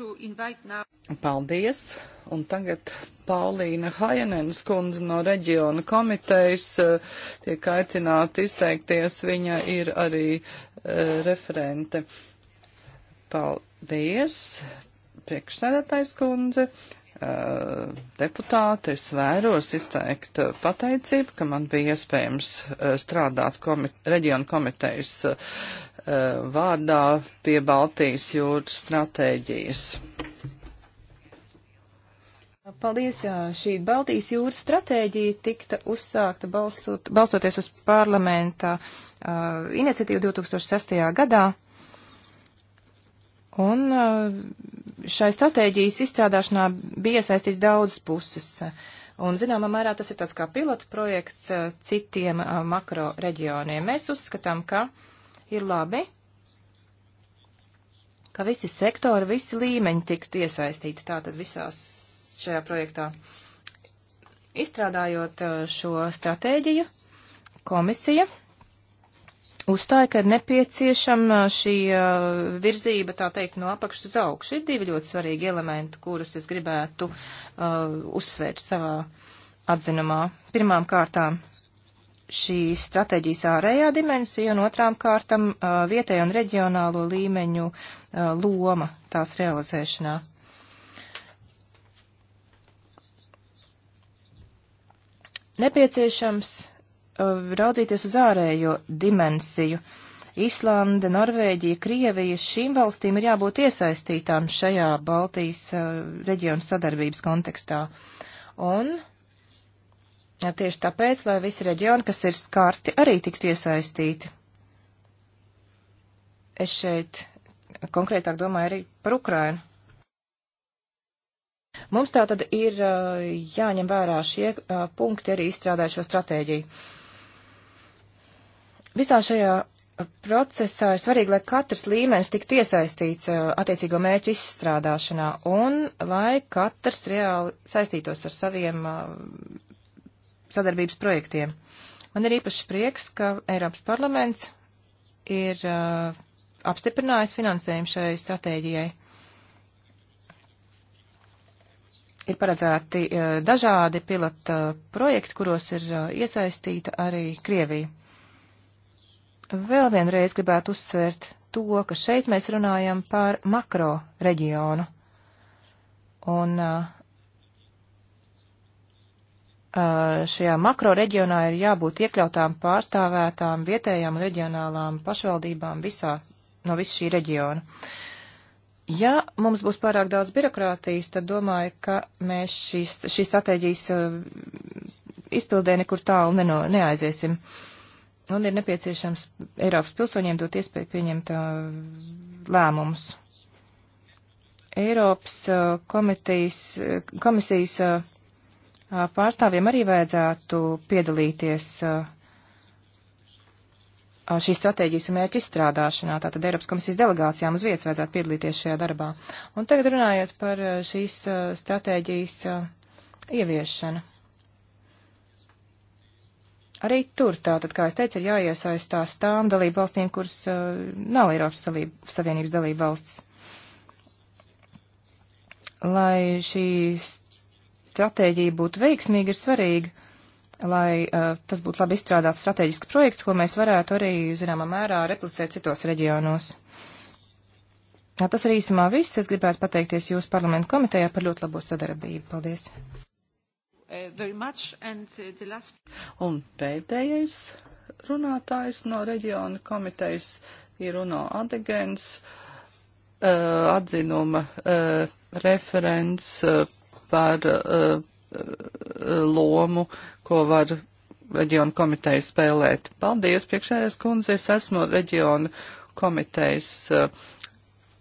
now... Paldies! Un tagad Paulīna Hajanens kundze no reģiona komitejas eh, tiek aicināta izteikties. Viņa ir arī uh, referente. Paldies! Priekšsēdētājs kundze deputāti, es vēros izteikt pateicību, ka man bija iespējams eh, strādāt komit reģionu komitejas eh, vārdā pie Baltijas jūras stratēģijas. Paldies, jā. Šī Baltijas jūras stratēģija tikta uzsākta balsot, balstoties uz parlamenta uh, iniciatīvu 2006. gadā. Un uh, šai stratēģijas izstrādāšanā bija iesaistīts daudzas puses. Un, zināmā mērā, tas ir tāds kā pilotu projekts eh, citiem eh, makro reģioniem. Mēs uzskatām, ka ir labi, ka visi sektori, visi līmeņi tiktu iesaistīti tātad visās šajā projektā. Izstrādājot eh, šo stratēģiju, komisija uzstāja, ka ir nepieciešama šī virzība, tā teikt, no apakšas uz augšu. Ir divi ļoti svarīgi elementi, kurus es gribētu uh, uzsvērt savā atzinumā. Pirmām kārtām šī stratēģijas ārējā dimensija un otrām kārtam uh, vietēja un reģionālo līmeņu uh, loma tās realizēšanā. Nepieciešams Uh, raudzīties uz ārējo dimensiju. Islande, Norvēģija, Krievija, šīm valstīm ir jābūt iesaistītām šajā Baltijas uh, reģionu sadarbības kontekstā. Un tieši tāpēc, lai visi reģioni, kas ir skarti, arī tiktu iesaistīti. Es šeit konkrētāk domāju arī par Ukrainu. Mums tā tad ir uh, jāņem vērā šie punkti arī izstrādājušo stratēģiju. Visā šajā uh, procesā ir svarīgi, lai katrs līmenis tiktu iesaistīts uh, attiecīgo mērķu izstrādāšanā un lai katrs reāli saistītos ar saviem uh, sadarbības projektiem. Man ir īpaši prieks, ka Eiropas parlaments ir uh, apstiprinājis finansējumu šai stratēģijai. Ir paredzēti uh, dažādi pilota projekti, kuros ir uh, iesaistīta arī Krievija vēl vienreiz gribētu uzsvērt to, ka šeit mēs runājam par makro reģionu. Un uh, šajā makro reģionā ir jābūt iekļautām pārstāvētām vietējām reģionālām pašvaldībām visā, no viss šī reģiona. Ja mums būs pārāk daudz birokrātijas, tad domāju, ka mēs šīs, šīs stratēģijas uh, izpildē nekur tālu neno, neaiziesim. Uh, un ir nepieciešams Eiropas pilsoņiem dot iespēju pieņemt uh, lēmumus. Eiropas uh, komitejas, uh, komisijas pārstāvjiem arī vajadzētu piedalīties šīs stratēģijas un mērķu izstrādāšanā. Tātad Eiropas komisijas delegācijām uz vietas vajadzētu piedalīties šajā darbā. Un tagad runājot par šīs stratēģijas ieviešanu. Arī tur tātad, kā es teicu, ir jāiesaistās tām dalību valstīm, kuras uh, nav Eiropas salība, Savienības dalību valsts. Lai šī stratēģija būtu veiksmīga, ir svarīgi, lai uh, tas būtu labi izstrādāts strateģisks projekts, ko mēs varētu arī, zināmā mērā, replicēt citos reģionos. Tā tas arī īsumā viss. Es gribētu pateikties jūsu parlamentu komitejā par ļoti labo sadarbību. Paldies! Uh, uh, last... Un pēdējais runātājs no reģiona komitejas ir Uno Adegens, uh, atzinuma uh, referents uh, par uh, lomu, ko var reģiona komiteja spēlēt. Paldies, priekšējais kundze, es esmu reģiona komitejas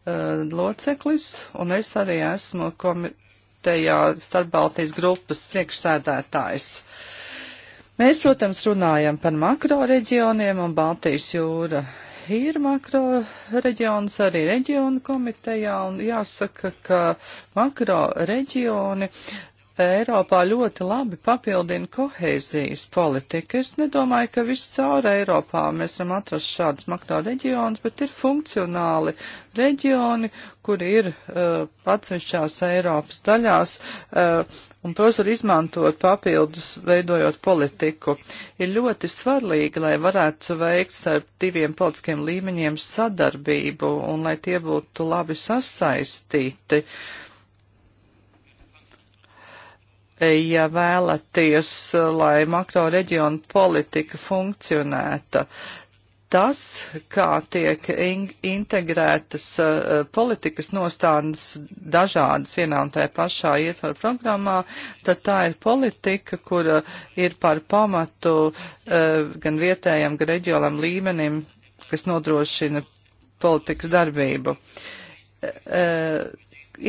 loceklis, un es arī esmu komi komitejā starpbaltijas grupas priekšsēdētājs. Mēs, protams, runājam par makro reģioniem un Baltijas jūra ir makro reģions arī reģionu komitejā, un jāsaka, ka makro reģioni Eiropā ļoti labi papildina kohēzijas politika. Es nedomāju, ka viss caur Eiropā mēs varam atrast šādas makro reģionas, bet ir funkcionāli reģioni, kur ir uh, atsevišķās Eiropas daļās, uh, un tos var izmantot papildus, veidojot politiku. Ir ļoti svarīgi, lai varētu veikt starp diviem politiskiem līmeņiem sadarbību, un lai tie būtu labi sasaistīti. Uh, ja vēlaties, lai makro reģiona politika funkcionēta, tas, kā tiek in integrētas uh, politikas nostādnes dažādas vienā un tajā pašā ietvaru programmā, tad tā ir politika, kura ir par pamatu uh, gan vietējam, gan reģionam līmenim, kas nodrošina politikas darbību. Uh,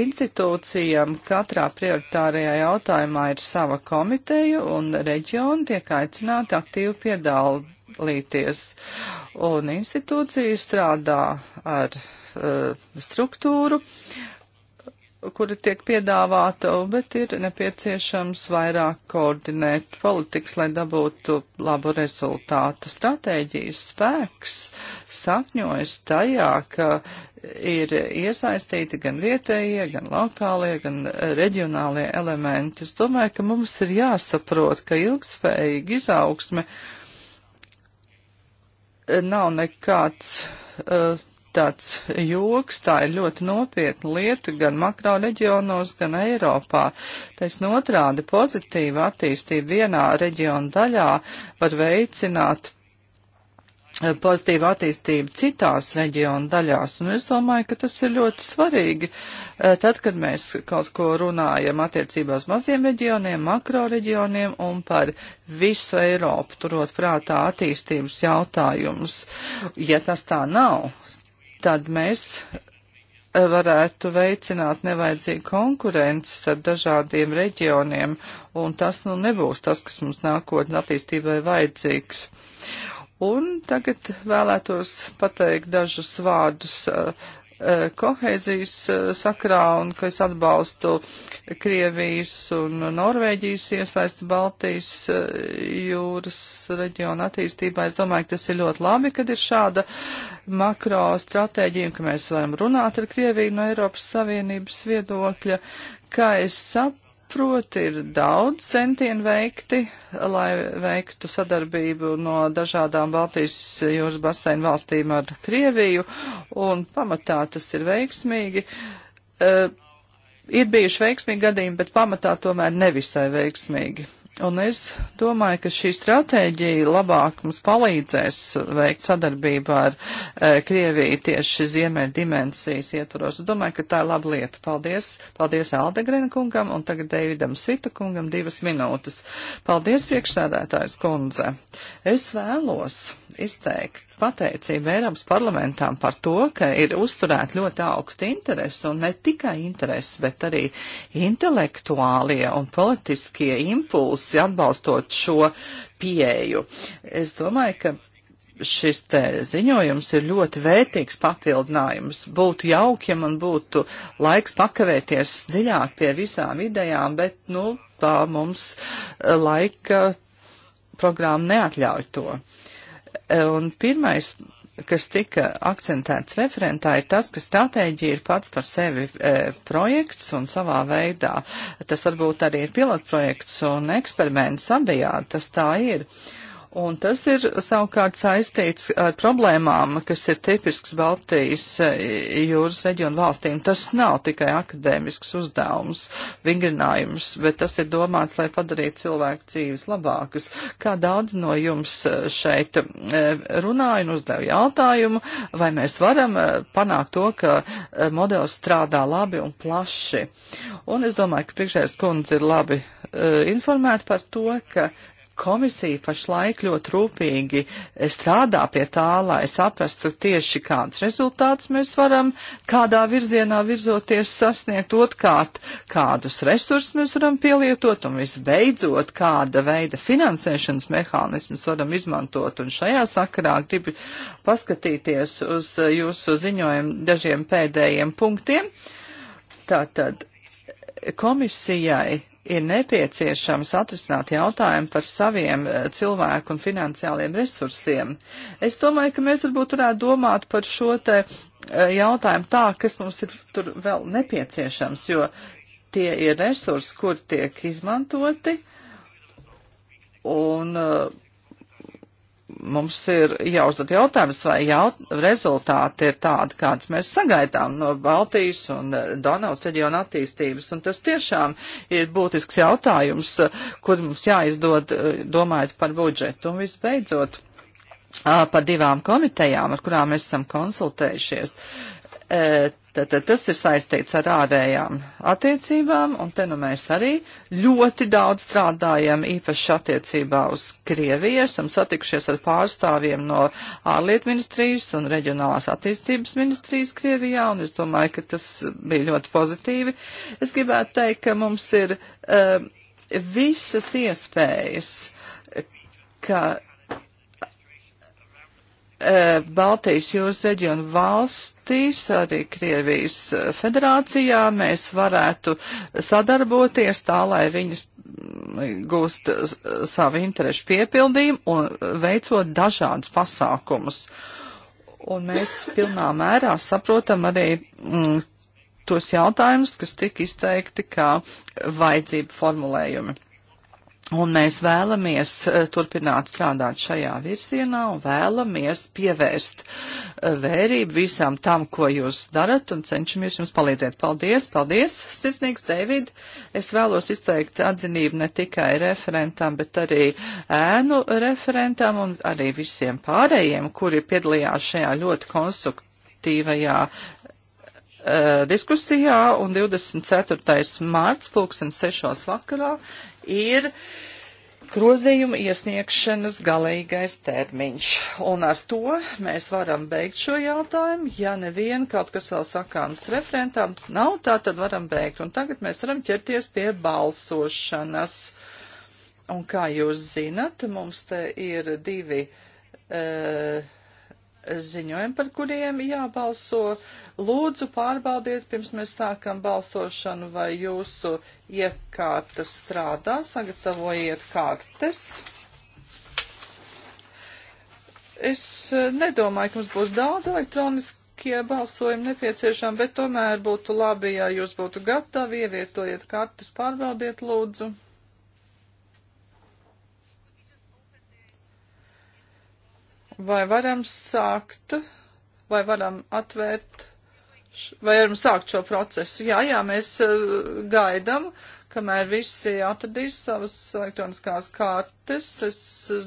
institūcijām katrā prioritārajā jautājumā ir sava komiteja un reģioni tiek aicināti aktīvi piedalīties. Un institūcija strādā ar uh, struktūru kura tiek piedāvāta, bet ir nepieciešams vairāk koordinēt politikas, lai dabūtu labu rezultātu. Stratēģijas spēks sakņojas tajā, ka ir iesaistīti gan vietējie, gan lokālie, gan reģionālie elementi. Es domāju, ka mums ir jāsaprot, ka ilgspējīga izaugsme nav nekāds. Uh, tāds joks, tā ir ļoti nopietna lieta gan makro reģionos, gan Eiropā. Taisn otrādi pozitīva attīstība vienā reģiona daļā var veicināt eh, pozitīvu attīstību citās reģionu daļās, un es domāju, ka tas ir ļoti svarīgi. Eh, tad, kad mēs kaut ko runājam attiecībās maziem reģioniem, makro reģioniem un par visu Eiropu, turot prātā attīstības jautājumus, ja tas tā nav, tad mēs eh, varētu veicināt nevajadzīgu konkurenci starp dažādiem reģioniem, un tas nu nebūs tas, kas mums nākotnē attīstībai vajadzīgs. Un tagad vēlētos pateikt dažus vārdus uh, Eh, kohēzijas eh, sakrā un ka es atbalstu Krievijas un Norvēģijas iesaisti Baltijas eh, jūras reģiona attīstībā. Es domāju, ka tas ir ļoti labi, kad ir šāda makro stratēģija un ka mēs varam runāt ar Krieviju no Eiropas Savienības viedokļa. Kā es saprotu, saproti, ir daudz centienu veikti, lai veiktu sadarbību no dažādām Baltijas jūras basēnu valstīm ar Krieviju, un pamatā tas ir veiksmīgi. Uh, ir bijuši veiksmīgi gadījumi, bet pamatā tomēr nevisai veiksmīgi. Un es domāju, ka šī stratēģija labāk mums palīdzēs veikt sadarbību ar e, Krieviju tieši ziemeļ dimensijas ietvaros. Es domāju, ka tā ir laba lieta. Paldies, paldies Aldegrina kungam un tagad Deividam Svita kungam divas minūtes. Paldies, priekšsēdētājs kundze. Es vēlos izteikt pateicība Eiropas parlamentām par to, ka ir uzturēt ļoti augstu interesi un ne tikai interesi, bet arī intelektuālie un politiskie impulsi atbalstot šo pieeju. Es domāju, ka šis te ziņojums ir ļoti vērtīgs papildinājums. Būtu jauki, ja man būtu laiks pakavēties dziļāk pie visām idejām, bet, nu, tā mums laika programma neatļauj to. E, un pirmais, kas tika akcentēts referentā, ir tas, ka stratēģija ir pats par sevi e, projekts un savā veidā. Tas varbūt arī ir pilotprojekts un eksperiments abijā, tas tā ir. E, Un tas ir savukārt saistīts ar problēmām, kas ir tipisks Baltijas e, jūras reģionu valstīm. Tas nav tikai akadēmisks uzdevums, vingrinājums, bet tas ir domāts, lai padarītu cilvēku dzīves labākas. Kā daudz no jums e, šeit e, runāja un uzdeva jautājumu, vai mēs varam panākt to, ka modelis strādā labi un plaši. Un es domāju, ka priekšējais kundze ir labi informēta par to, ka Komisija pašlaik ļoti rūpīgi strādā pie tā, lai saprastu tieši kādus rezultātus mēs varam, kādā virzienā virzoties sasniegt, otrkārt, kādus resursus mēs varam pielietot un visbeidzot, kāda veida finansēšanas mehānismus varam izmantot. Un šajā sakarā gribu paskatīties uz jūsu ziņojumu dažiem pēdējiem punktiem. Tātad komisijai ir nepieciešams atrisināt jautājumu par saviem eh, cilvēku un finansiāliem resursiem. Es domāju, ka mēs varbūt varētu domāt par šo te eh, jautājumu tā, kas mums ir tur vēl nepieciešams, jo tie ir resursi, kur tiek izmantoti, un uh, mums ir jāuzdod jautājums, vai jaut, rezultāti ir tādi, kāds mēs sagaidām no Baltijas un eh, Donavas reģiona attīstības. Un tas tiešām ir būtisks jautājums, kur mums jāizdod eh, domājot par budžetu. Un visbeidzot, par divām komitejām, ar kurām mēs esam konsultējušies Tātad tas ir saistīts ar ārējām attiecībām, un te nu mēs arī ļoti daudz strādājam īpaši attiecībā uz Krieviju. Esam satikušies ar pārstāvjiem no ārlietu ministrijas un reģionālās attīstības ministrijas Krievijā, un es domāju, ka tas bija ļoti pozitīvi. Es gribētu teikt, ka mums ir uh, visas iespējas, ka E, Baltijas jūras reģionu valstīs, arī Krievijas e, federācijā mēs varētu sadarboties tā, lai viņas mm, gūst e, savu interešu piepildījumu un veicot dažādus pasākumus. Un mēs pilnā mērā saprotam arī mm, tos jautājumus, kas tika izteikti kā vajadzību formulējumi. Un mēs vēlamies eh, turpināt strādāt šajā virzienā un vēlamies pievērst eh, vērību visām tam, ko jūs darat un cenšamies jums palīdzēt. Paldies, paldies, sirsnīgs David. Es vēlos izteikt atzinību ne tikai referentam, bet arī ēnu referentam un arī visiem pārējiem, kuri piedalījās šajā ļoti konstruktīvajā eh, diskusijā un 24. mārts pulksten 6. vakarā ir grozījuma iesniegšanas galīgais termiņš. Un ar to mēs varam beigt šo jautājumu. Ja nevien kaut kas vēl sakāms referentām nav, tā tad varam beigt. Un tagad mēs varam ķerties pie balsošanas. Un kā jūs zinat, mums te ir divi. Uh, ziņojumi, par kuriem jābalso. Lūdzu, pārbaudiet, pirms mēs sākam balsošanu, vai jūsu iekārta strādā, sagatavojiet kartes. Es e, nedomāju, ka mums būs daudz elektroniskie balsojumi nepieciešami, bet tomēr būtu labi, ja jūs būtu gatavi, ievietojiet kartes, pārbaudiet, lūdzu. Vai varam sākt, vai varam atvērt, vai varam sākt šo procesu? Jā, jā, mēs eh, gaidam, kamēr visi atradīs savas elektroniskās kartes. Es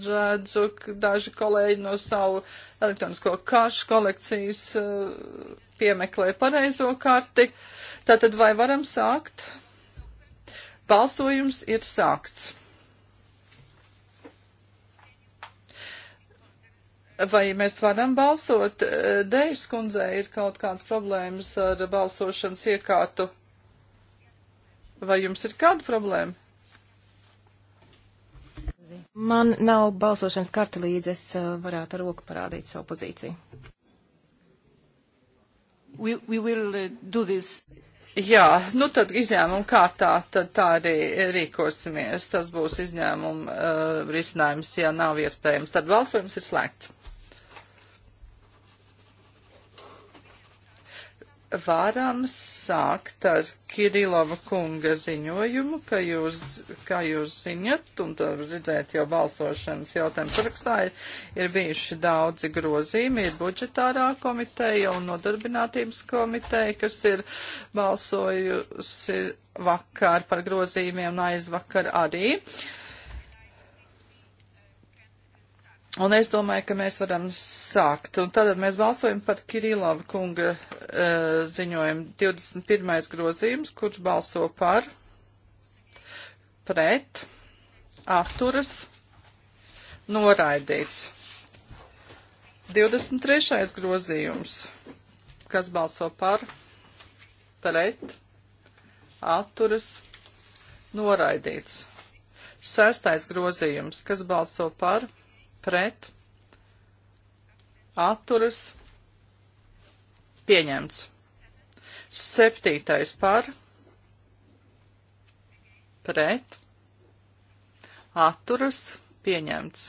redzu, ka daži kolēģi no savu elektronisko karšu kolekcijas eh, piemeklē pareizo karti. Tātad vai varam sākt? Balsojums ir sākts. Vai mēs varam balsot? Dēļas kundzē ir kaut kādas problēmas ar balsošanas iekārtu. Vai jums ir kāda problēma? Man nav balsošanas karta līdzi, es varētu ar roku parādīt savu pozīciju. We, we will do this. Jā, nu tad izņēmuma kārtā tad tā arī rīkosimies. Tas būs izņēmuma uh, risinājums, ja nav iespējams. Tad balsojums ir slēgts. varam sākt ar Kirilova kunga ziņojumu, ka jūs, kā jūs ziņat, un tur redzēt jau balsošanas jautājums rakstā, ir, ir bijuši daudzi grozījumi, ir budžetārā komiteja un nodarbinātības komiteja, kas ir balsojusi vakar par grozījumiem un aizvakar arī. Uh, Un es domāju, ka mēs varam sākt. Un tātad mēs balsojam par Kirilova kunga uh, ziņojumu 21. grozījums, kurš balso par, pret, atturas, noraidīts. 23. grozījums, kas balso par, pret, atturas, noraidīts. 6. grozījums, kas balso par, pret pret, atturas, pieņemts. Septītais par, pret, atturas, pieņemts.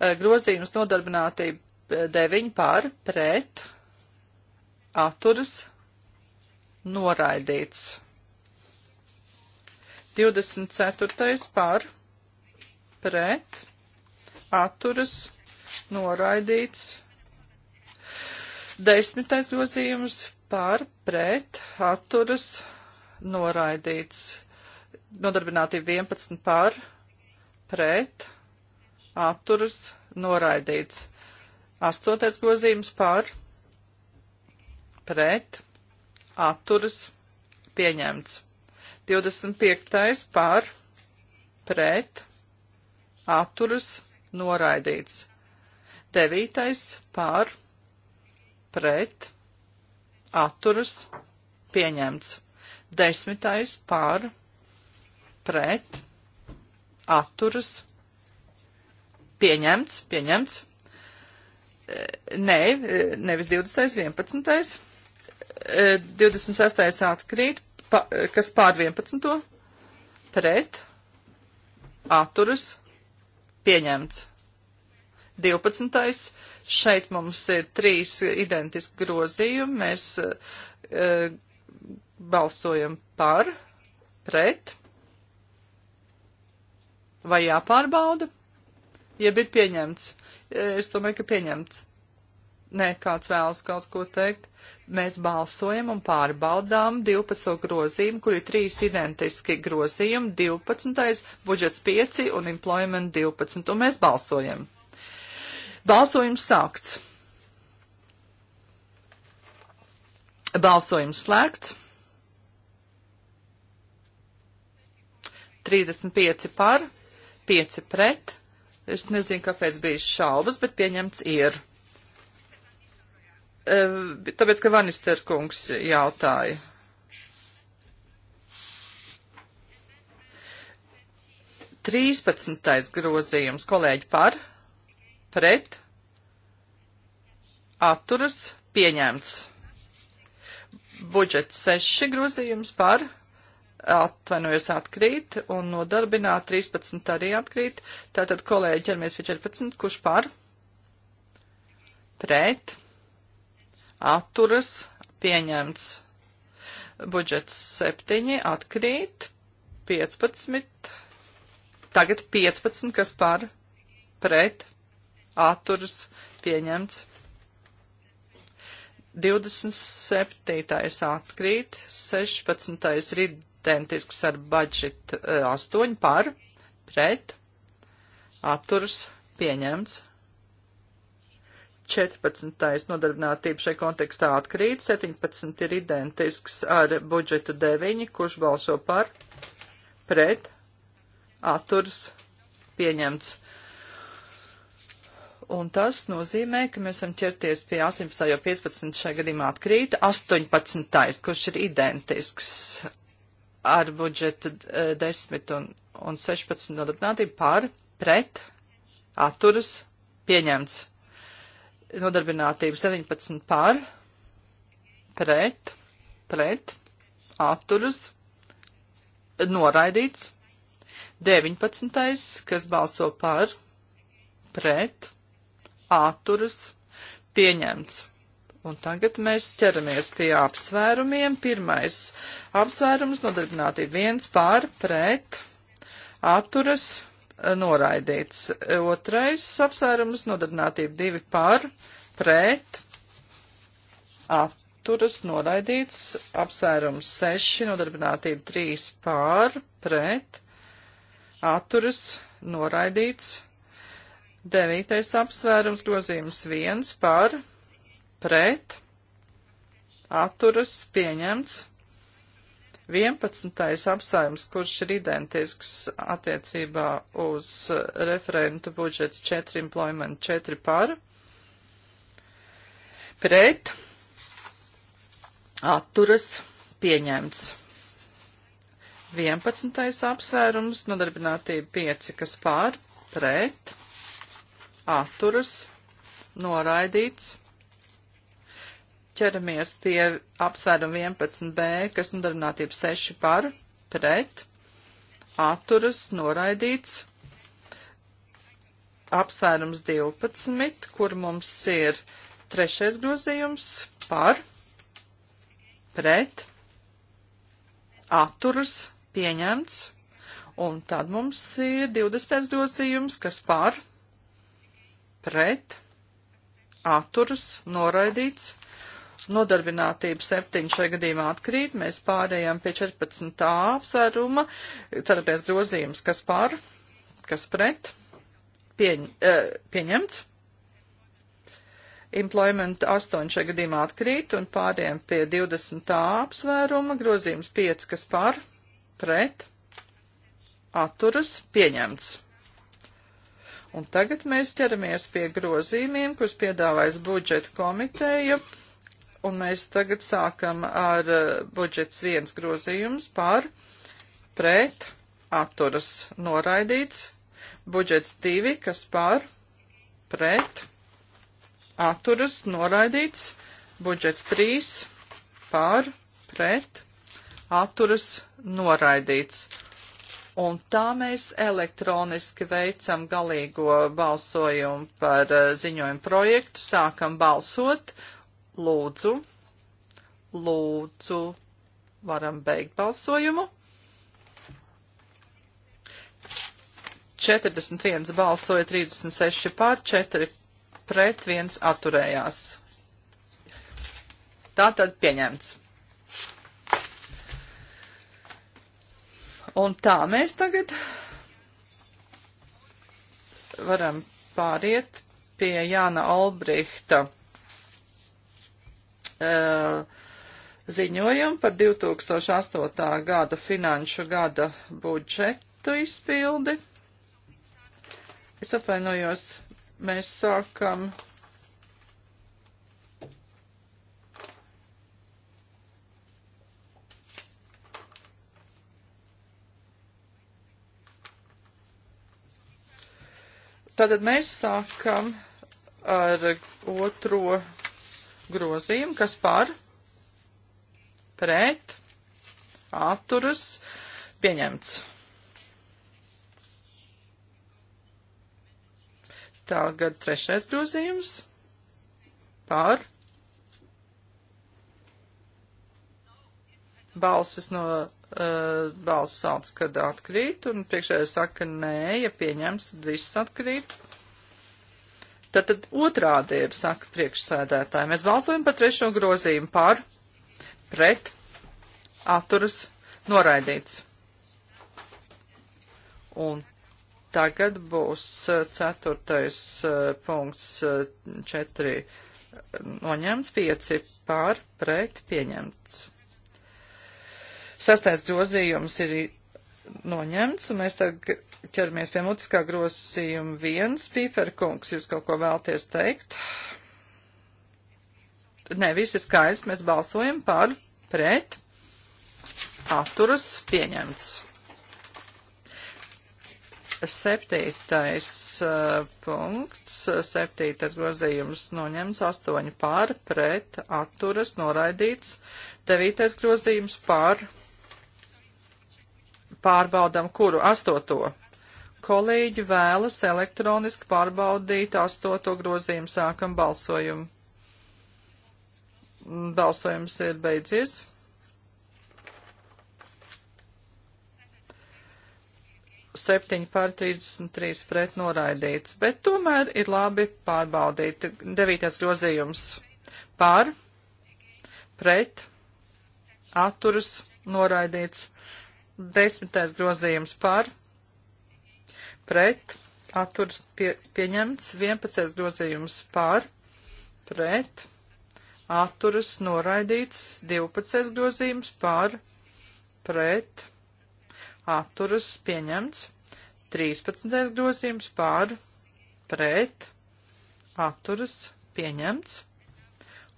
Eh, grozījums nodarbinātība 9 eh, par, pret, atturas, noraidīts. 24. par, pret, pret, atturas, noraidīts. Desmitais grozījums par, pret, atturas, noraidīts. Nodarbinātība 11 par, pret, atturas, noraidīts. Astotais grozījums par, pret, atturas, pieņemts. 25. par, pret, atturas noraidīts. Devītais par pret atturas pieņemts. Desmitais par pret atturas pieņemts, pieņemts. Eh, nē, eh, nevis 20, 11. 26. atkrīt, pa, eh, kas pār 11. pret atturas pieņemts Pieņemts. 12. Šeit mums ir trīs identiski grozījumi. Mēs e, balsojam par, pret, vai jāpārbauda, jeb ir pieņemts. Eh, es domāju, ka pieņemts. Nē, kāds vēlas kaut ko teikt mēs balsojam un pārbaudām 12 grozījumu, kur ir trīs identiski grozījumi, 12, budžets 5 un employment 12, un mēs balsojam. Balsojums sākts. Balsojums slēgts. 35 par, 5 pret. Es nezinu, kāpēc bija šaubas, bet pieņemts ir. Eh, tāpēc, ka Vanisterkungs jautāja. Trīspadsmitais grozījums, kolēģi par, pret, atturas, pieņemts. Budžets seši grozījums par, atvainojos atkrīt, un nodarbināt 13 arī atkrīt. Tātad, kolēģi, ķeramies pie 14, kurš par, pret, atturas atturas pieņemts. Budžets 7 atkrīt, 15, tagad 15, kas par pret atturas pieņemts. 27. atkrīt, 16. ir identisks ar budžetu 8 eh, par, pret, atturs pieņemts. 14. nodarbinātība šai kontekstā atkrīt, 17 ir identisks ar budžetu 9, kurš balso par, pret, atturs, pieņemts. Un tas nozīmē, ka mēs varam ķerties pie 18, jo 15 šajā gadījumā atkrīt, 18, kurš ir identisks ar budžetu 10 e, un, un 16 nodarbinātību par, pret, atturs, pieņemts nodarbinātību 17 par, pret, pret, atturas, noraidīts, 19. kas balso par, pret, atturas, pieņemts. Un tagad mēs ķeramies pie apsvērumiem. Pirmais apsvērums nodarbinātība viens pār pret atturas noraidīts. Otrais apsvērums nodarbinātība divi par, pret, atturas noraidīts. Apsvērums seši nodarbinātība trīs par, pret, atturas noraidīts. Devītais apsvērums grozījums viens par, pret, atturas pieņemts. 11. apsājums, kurš ir identisks attiecībā uz referentu budžets 4 employment 4 par, pret, atturas, pieņemts. 11. apsvērums, nodarbinātība 5, kas pār, pret, atturas, noraidīts ķeramies pie apsvērumu 11b, kas nodarbinātība 6 par, pret, atturas, noraidīts. Apsvērums 12, kur mums ir trešais grozījums par, pret, atturas, pieņemts. Un tad mums ir 20. grozījums, kas par, pret, atturas, noraidīts nodarbinātība 7 šajā gadījumā atkrīt, mēs pārējām pie 14. apsvēruma, ceraties grozījums, kas par, kas pret, pieņ, eh, pieņemts. Employment 8 šajā gadījumā atkrīt un pārējām pie 20. apsvēruma, grozījums 5, kas par, pret, atturas, pieņemts. Un tagad mēs ķeramies pie grozījumiem, kurus piedāvājas budžeta komiteja Un mēs tagad sākam ar eh, budžets viens grozījums par pret atturas noraidīts. Budžets divi, kas par pret atturas noraidīts. Budžets trīs par pret atturas noraidīts. Un tā mēs elektroniski veicam galīgo balsojumu par eh, ziņojumu projektu, sākam balsot Lūdzu, lūdzu, varam beigt balsojumu. 41 balsoja, 36 pār, 4 pret, 1 atturējās. Tātad pieņemts. Un tā mēs tagad varam pāriet pie Jāna Olbrihta Uh, ziņojumu par 2008. gada finanšu gada budžetu izpildi. Es atvainojos, mēs sākam. Tātad mēs sākam ar otro grozījumu, kas par pret atturas pieņemts. Tagad trešais grozījums par balsis no uh, balss sauc, kad atkrīt, un priekšējais saka, nē, ja pieņems, viss atkrīt. Tātad otrādi ir, saka priekšsēdētāji. Mēs balsojam par trešo grozījumu par, pret, atturas, noraidīts. Un tagad būs eh, ceturtais eh, punkts eh, četri noņemts, pieci pār, pret, pieņemts. Sastais grozījums ir noņemts, un mēs tagad ķeramies pie mutiskā grozījuma viens. Pīperkungs, jūs kaut ko vēlties teikt? Nē, viss ir skaists, mēs balsojam par, pret, atturas pieņemts. Septītais uh, punkts, septītais grozījums noņemts, astoņi pār, pret, atturas, noraidīts, devītais grozījums pār, pret pārbaudam kuru? Astoto. Kolēģi vēlas elektroniski pārbaudīt astoto grozījumu. Sākam balsojumu. Mm, balsojums ir beidzies. Septiņi pār 33 pret noraidīts, bet tomēr ir labi pārbaudīt. Devītais grozījums pār, pret, atturas, noraidīts. Desmitais grozījums par, pret, atturas pie, pieņemts. Vienpadsmitais grozījums par, pret, atturas noraidīts. Divpadsmitais grozījums par, pret, atturas pieņemts. Trīspadsmitais grozījums par, pret, atturas pieņemts.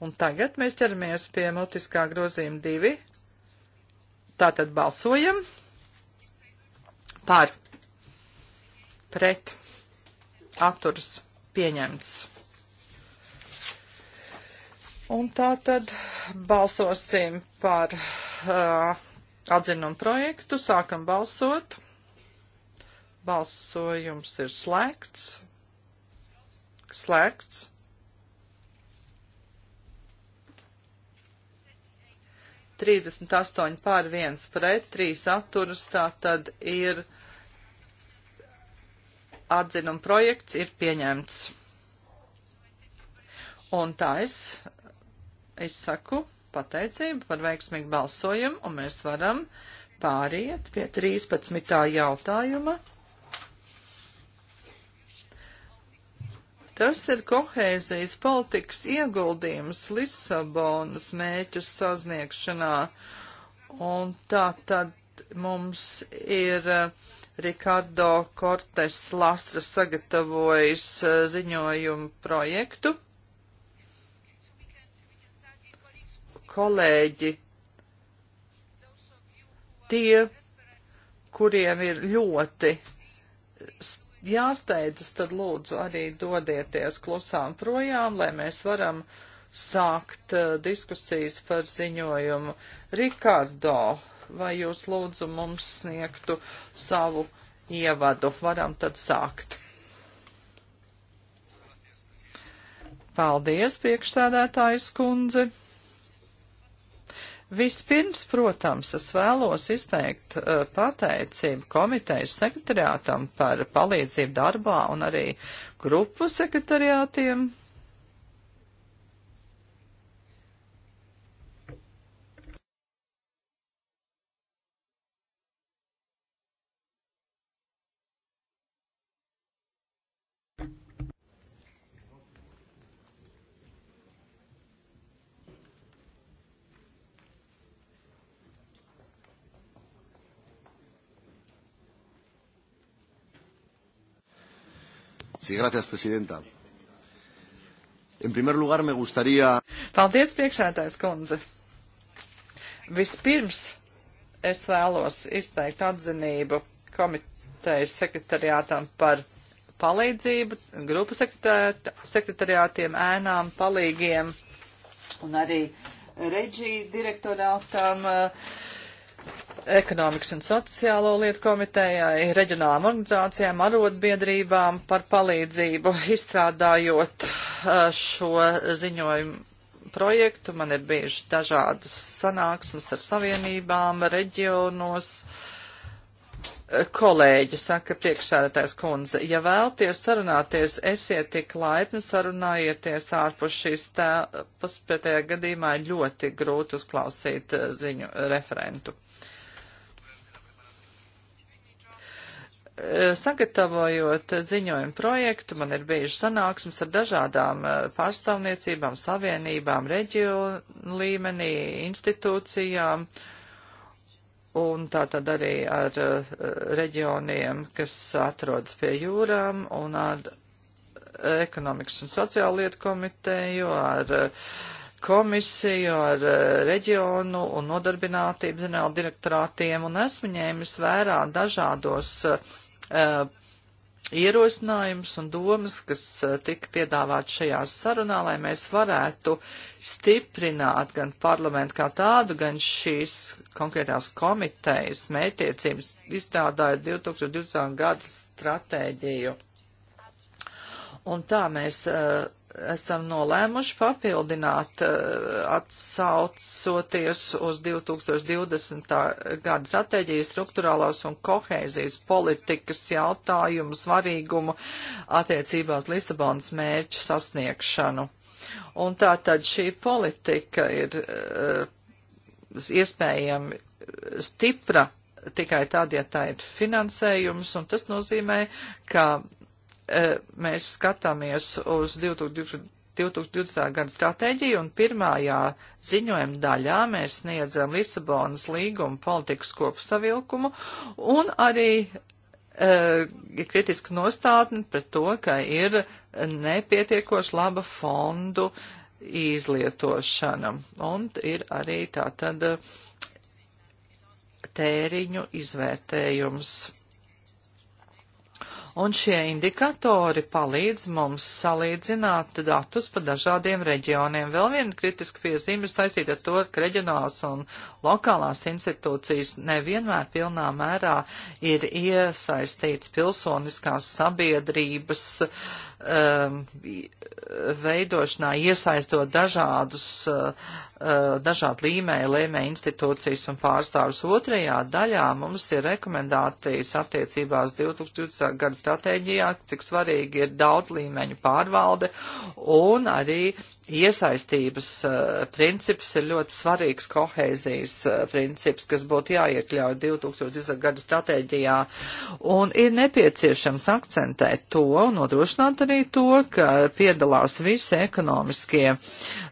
Un tagad mēs ķeramies pie mutiskā grozījuma divi Tātad balsojam par pret atturs pieņemts. Un tā tad balsosim par uh, atzinumu projektu. Sākam balsot. Balsojums ir slēgts. Slēgts. 38 pār 1 pret, 3 atturas, tā tad ir atzinuma projekts ir pieņemts. Un tā es izsaku pateicību par veiksmīgu balsojumu, un mēs varam pāriet pie 13. jautājuma. Tas ir kohēzijas politikas ieguldījums Lisabonas mēķu sasniegšanā. Un tā tad mums ir eh, Rikardo Kortes Lastra sagatavojis eh, ziņojumu projektu. Kolēģi, tie, kuriem ir ļoti st jāsteidzas, tad lūdzu arī dodieties klusām projām, lai mēs varam sākt uh, diskusijas par ziņojumu. Rikardo, vai jūs lūdzu mums sniegtu savu ievadu? Varam tad sākt. Paldies, priekšsēdētājs kundze. Vispirms, protams, es vēlos izteikt uh, pateicību komitejas sekretariātam par palīdzību darbā un arī grupu sekretariātiem. Sí, gracias, presidenta. En primer lugar, me gustaría. Paldies, priekšētājs kundze. Vispirms es vēlos izteikt atzinību komitejas sekretariātam par palīdzību, grupu sekretariātiem, ēnām, palīgiem un arī reģiju direktorātam. Uh, ekonomikas un sociālo lietu komitējai, reģionālām organizācijām, arotbiedrībām par palīdzību izstrādājot uh, šo ziņojumu projektu. Man ir bijuši dažādas sanāksmes ar savienībām, reģionos. Kolēģi saka, priekšsēdētājs kundze, ja vēlties sarunāties, esiet tik laipni sarunājieties ārpus šīs tēpas, pretējā gadījumā ļoti grūti uzklausīt uh, ziņu referentu. Uh, Eh, sagatavojot ziņojumu projektu, man ir bijušas sanāksmes ar dažādām eh, pārstāvniecībām, savienībām, reģionu līmenī, institūcijām un tātad arī ar eh, reģioniem, kas atrodas pie jūrām un ar ekonomikas un sociālu lietu komiteju, ar komisiju, ar reģionu un nodarbinātību ģenerāla direktorātiem un esmu ņēmis vērā dažādos uh, uh, ierosinājums un domas, kas uh, tika piedāvāt šajās sarunā, lai mēs varētu stiprināt gan parlamentu kā tādu, gan šīs konkrētās komitejas mētiecības izstrādājot 2020. gada stratēģiju. Un tā mēs uh, esam nolēmuši papildināt eh, atsaucoties uz 2020. gada stratēģiju struktūrālās un kohēzijas politikas jautājumu svarīgumu attiecībās Lisabonas mērķu sasniegšanu. Un tā tad šī politika ir eh, iespējami stipra tikai tad, ja tā ir finansējums, un tas nozīmē, ka E, mēs skatāmies uz 2020. 2020. gada stratēģiju un pirmajā ziņojuma daļā mēs sniedzam Lisabonas līguma politikas kopsavilkumu un arī uh, kritiska nostātni pret to, ka ir nepietiekoši laba fondu izlietošana un ir arī tātad tēriņu izvērtējums un šie indikatori palīdz mums salīdzināt datus par dažādiem reģioniem. Vēl viena kritiska piezīme saistīta ar to, ka reģionālās un lokālās institūcijas nevienmēr pilnā mērā ir iesaistīts pilsoniskās sabiedrības uh, um, veidošanā iesaistot dažādus, uh, uh, dažādu līmēju, lēmēju institūcijas un pārstāvus. Otrajā daļā mums ir rekomendācijas attiecībās 2020. gada stratēģijā, cik svarīgi ir daudz līmeņu pārvalde un arī Iesaistības eh, princips ir ļoti svarīgs kohēzijas eh, princips, kas būtu jāiekļauj 2020. gada stratēģijā, un ir nepieciešams akcentēt to un nodrošināt arī to, ka piedalās visi ekonomiskie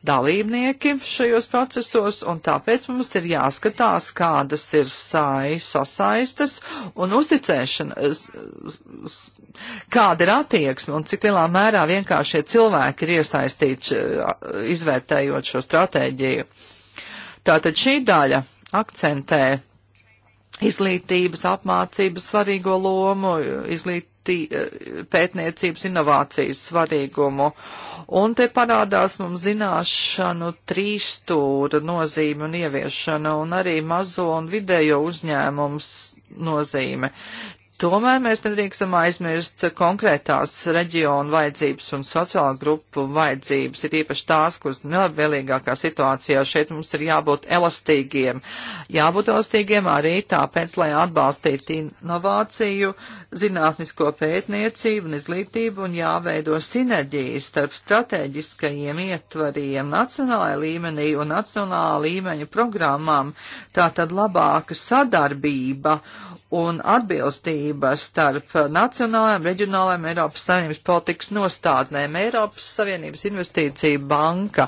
dalībnieki šajos procesos, un tāpēc mums ir jāskatās, kādas ir sai, sasaistas un uzticēšanas, kāda ir attieksme un cik lielā mērā vienkāršie cilvēki ir iesaistīti eh, izvērtējot šo stratēģiju. Tātad šī daļa akcentē izglītības, apmācības svarīgo lomu, izglītī, pētniecības, inovācijas svarīgumu. Un te parādās mums zināšanu trīstūra nozīme un ieviešana, un arī mazo un vidējo uzņēmums nozīme. Tomēr mēs nedrīkstam aizmirst konkrētās reģionu vajadzības un sociālo grupu vajadzības, ir īpaši tās, kuras nelabvēlīgākā situācijā šeit mums ir jābūt elastīgiem. Jābūt elastīgiem arī tāpēc, lai atbalstītu inovāciju, zinātnisko pētniecību un izglītību un jāveido sinerģijas starp strateģiskajiem ietvariem nacionālajā līmenī un nacionālā līmeņa programmām, tātad labāka sadarbība un atbilstība starp nacionālajām, reģionālajām Eiropas Savienības politikas nostādnēm. Eiropas Savienības investīcija banka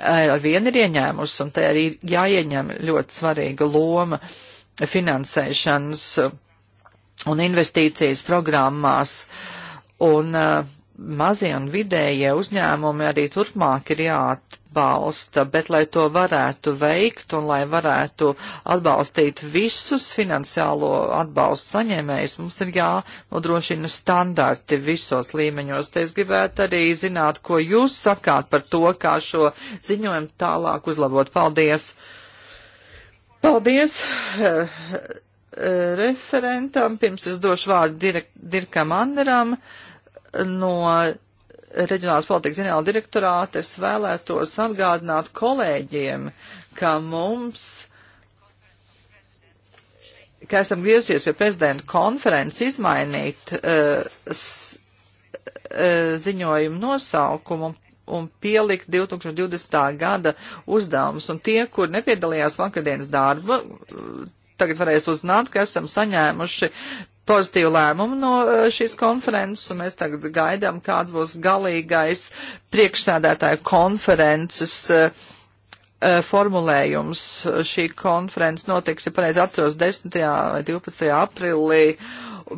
eh, ar vienu ir ieņēmusi, un tai arī jāieņem ļoti svarīga loma finansēšanas un investīcijas programmās. Un uh, mazie un vidējie uzņēmumi arī turpmāk ir jāatbalsta, bet lai to varētu veikt un lai varētu atbalstīt visus finansiālo atbalstu saņēmējus, mums ir jānodrošina standarti visos līmeņos. Te es gribētu arī zināt, ko jūs sakāt par to, kā šo ziņojumu tālāk uzlabot. Paldies! Paldies! referentam, pirms es došu vārdu direk, Dirkam Anderam no Reģionālās politikas ģenerāla direktorāta, es vēlētos atgādināt kolēģiem, ka mums, ka esam griezušies pie prezidenta konferences izmainīt uh, s, uh, ziņojumu nosaukumu un pielikt 2020. gada uzdevumus. Un tie, kur nepiedalījās vakardienas darba, tagad varēs uzzināt, ka esam saņēmuši pozitīvu lēmumu no e, šīs konferences, un mēs tagad gaidām, kāds būs galīgais priekšsēdētāju konferences uh, formulējums. Šī konferences notiks, ja pareizi atceros, 10. vai 12. aprīlī,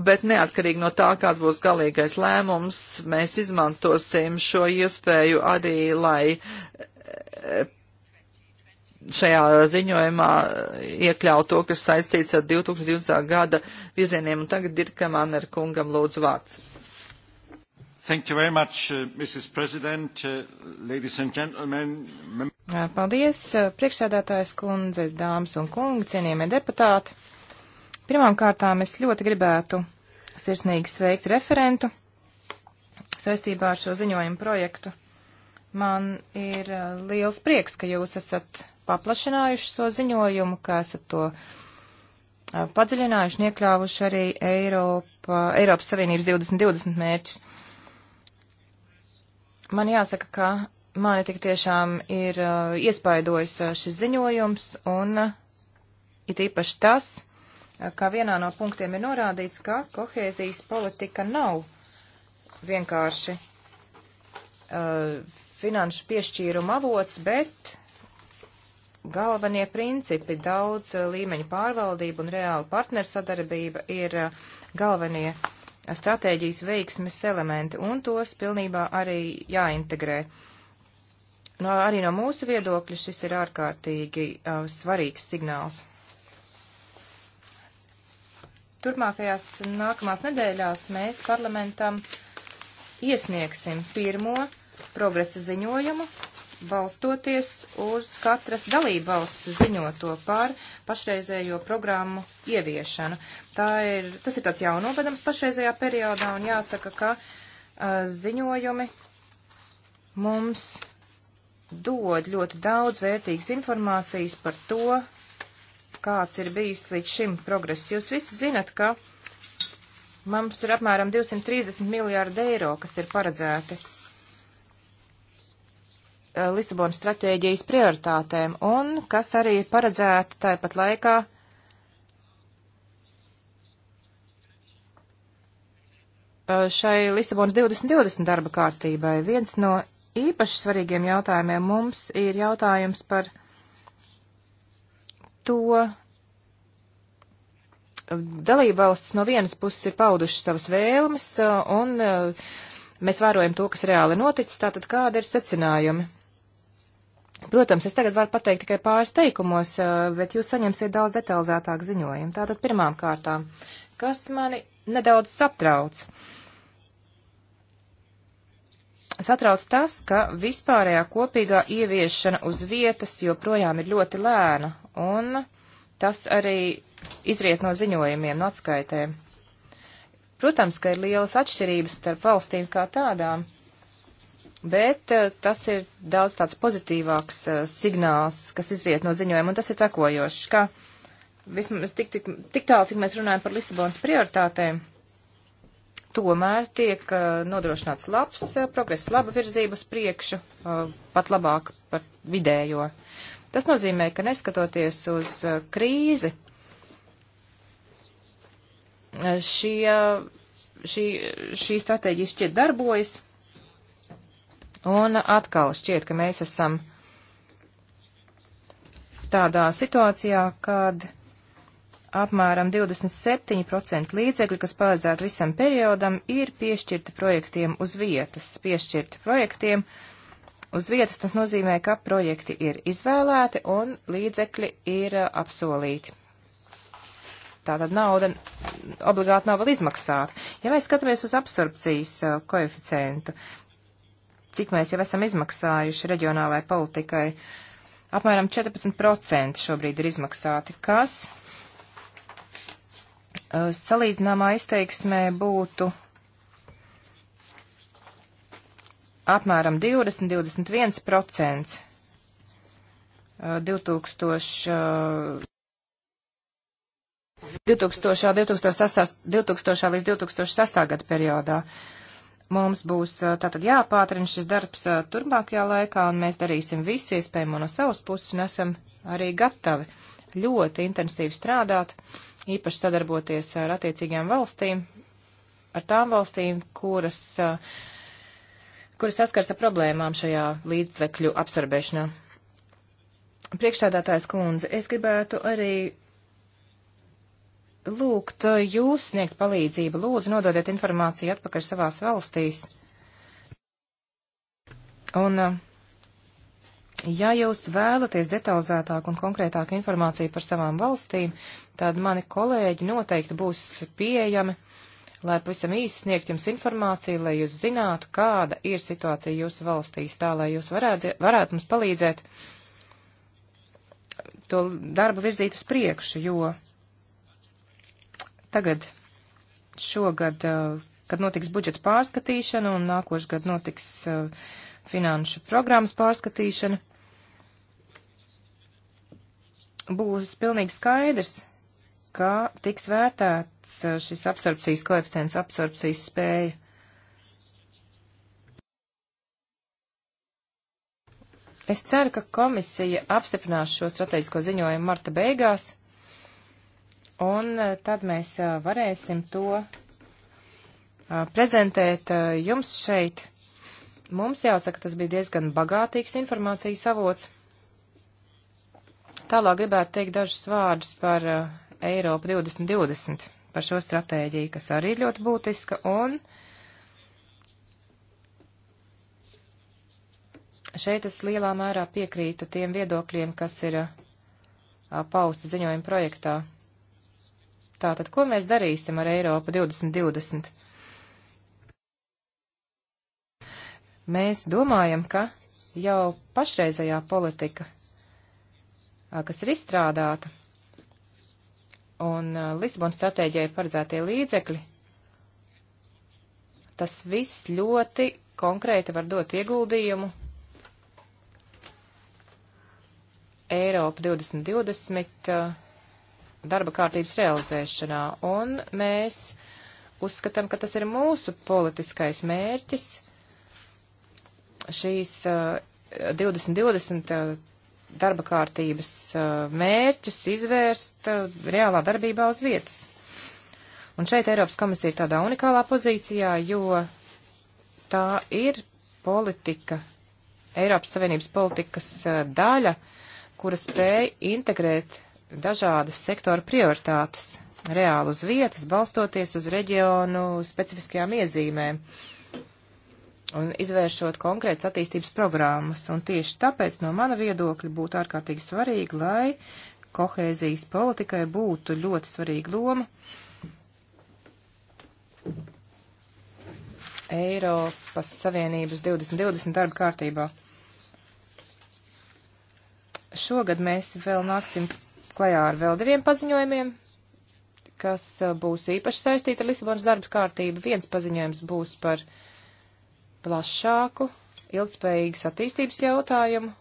bet neatkarīgi no tā, kāds būs galīgais lēmums, mēs izmantosim šo iespēju arī, lai šajā ziņojumā eh, iekļaut to, kas saistīts ar 2020. gada virzieniem, un tagad Dirka Manner kungam lūdzu vārds. Thank you very much, uh, Mrs. President, uh, ladies and gentlemen. Uh, paldies, uh, priekšsēdētājs kundze, dāmas un kungi, cienījamie deputāti. Pirmām kārtām es ļoti gribētu sirsnīgi sveikt referentu saistībā ar šo ziņojumu projektu. Man ir uh, liels prieks, ka jūs esat paplašinājuši šo so ziņojumu, kā esat to padziļinājuši un iekļāvuši arī Eiropa, Eiropas Savienības 2020 mērķus. Man jāsaka, ka mani tik tiešām ir uh, iespaidojis šis ziņojums un uh, it īpaši tas, uh, kā vienā no punktiem ir norādīts, ka kohēzijas politika nav vienkārši finanšu piešķīruma avots, bet galvenie principi - daudz eh, līmeņu pārvaldība un reāla partnersadarbība ir eh, galvenie stratēģijas veiksmes elementi, un tos pilnībā arī jāintegrē. No, arī no mūsu viedokļa šis ir ārkārtīgi uh, svarīgs signāls. Turmākajās nākamās nedēļās mēs parlamentam iesniegsim pirmo progresa ziņojumu balstoties uz katras dalībvalsts ziņoto par pašreizējo programmu ieviešanu. Tā ir, tas ir tāds jaunovedams pašreizējā periodā, un jāsaka, ka uh, ziņojumi mums dod ļoti daudz vērtīgas informācijas par to, kāds ir bijis līdz šim progress. Jūs visi zinat, ka mums ir apmēram 230 miljārdi eiro, kas ir paredzēti Eh, Lisabonas stratēģijas prioritātēm un kas arī ir paredzēta tāpat laikā eh, šai Lisabonas 2020 darba kārtībai. Viens no īpaši svarīgiem jautājumiem mums ir jautājums par to, dalībvalstis no vienas puses ir paudušas savas vēlmes, eh, un mēs vērojam to, kas reāli noticis, tātad kāda ir secinājumi. Protams, es tagad varu pateikt tikai pāris teikumos, eh, bet jūs saņemsiet daudz detalizētāk ziņojumu. Tātad pirmām kārtām, kas mani nedaudz satrauc? Satrauc tas, ka vispārējā kopīgā ieviešana uz vietas joprojām ir ļoti lēna, un tas arī izriet no ziņojumiem, no atskaitēm. Protams, ka ir lielas atšķirības starp valstīm kā tādām. Bet eh, tas ir daudz tāds pozitīvāks eh, signāls, kas izriet no ziņojuma, un tas ir cekojošs, ka vismaz tik, tik, tik tālu, cik mēs runājam par Lisabonas prioritātēm, tomēr tiek eh, nodrošināts labs progress, laba virzība uz priekšu, pat labāk par vidējo. Tas nozīmē, ka neskatoties uz krīzi, šie, šī, šī stratēģija šķiet darbojas Un atkal šķiet, ka mēs esam tādā situācijā, kad apmēram 27% līdzekļu, kas paredzētu visam periodam, ir piešķirti projektiem uz vietas. Piešķirti projektiem uz vietas tas nozīmē, ka projekti ir izvēlēti un līdzekļi ir uh, apsolīti. Tātad nauda obligāti nav vēl izmaksāta. Ja mēs skatāmies uz absorpcijas uh, koeficientu, cik mēs jau esam izmaksājuši reģionālajai politikai. Apmēram 14% šobrīd ir izmaksāti, kas uh, salīdzināmā izteiksmē būtu apmēram 20-21%. 2000, 2000, 2008, 2000 līdz 2008 gada periodā. Uh, Mums būs tātad jāpātrina šis darbs turpmākajā laikā, un mēs darīsim visu iespējamo no savas puses, un esam arī gatavi ļoti intensīvi strādāt, īpaši sadarboties ar attiecīgajām valstīm, ar tām valstīm, kuras, kuras saskars ar problēmām šajā līdzekļu absorbēšanā. Priekšstādātājs kundze, es gribētu arī lūgt eh, jūs sniegt palīdzību, lūdzu nododiet informāciju atpakaļ savās valstīs. Un, eh, ja jūs vēlaties detalizētāku un konkrētāku informāciju par savām valstīm, tad mani kolēģi noteikti būs pieejami, lai pavisam īsi sniegt jums informāciju, lai jūs zinātu, kāda ir situācija jūsu valstīs, tā lai jūs varētu, varētu mums palīdzēt to darbu virzīt uz priekšu, jo Tagad šogad, eh, kad notiks budžeta pārskatīšana un nākošgad notiks eh, finanšu programmas pārskatīšana, būs pilnīgi skaidrs, ka tiks vērtēts eh, šis absorpcijas koeficients, absorpcijas spēja. Es ceru, ka komisija apstiprinās šo strateģisko ziņojumu marta beigās Un e, tad mēs e, varēsim to e, prezentēt jums šeit. Mums jāsaka, tas bija diezgan bagātīgs informācijas avots. Tālāk gribētu teikt dažus vārdus par Eiropu 2020, par šo stratēģiju, kas arī ir ļoti būtiska. Un šeit es lielā mērā piekrītu tiem viedokļiem, kas ir pausti ziņojuma projektā. Tātad, ko mēs darīsim ar Eiropu 2020? Mēs domājam, ka jau pašreizējā politika, kas ir izstrādāta, un Lisbonas stratēģijai paredzētie līdzekļi, tas viss ļoti konkrēti var dot ieguldījumu Eiropa 2020 darba kārtības realizēšanā, un mēs uzskatām, ka tas ir mūsu politiskais mērķis šīs uh, 2020 uh, darba kārtības uh, mērķus izvērst eh, reālā darbībā uz vietas. Un šeit Eiropas komisija ir tādā unikālā pozīcijā, jo tā ir politika, Eiropas Savienības politikas eh, daļa, kura spēja integrēt dažādas sektora prioritātes reāli uz vietas, balstoties uz reģionu specifiskajām iezīmēm un izvēršot konkrētas attīstības programmas. Un tieši tāpēc no mana viedokļa būtu ārkārtīgi svarīgi, lai kohēzijas politikai būtu ļoti svarīga loma Eiropas Savienības 2020 darba kārtībā. Šogad mēs vēl nāksim klajā ar vēl diviem paziņojumiem, kas uh, būs īpaši saistīti ar Lisabonas darba kārtību. Viens paziņojums būs par plašāku, ilgspējīgas attīstības jautājumu,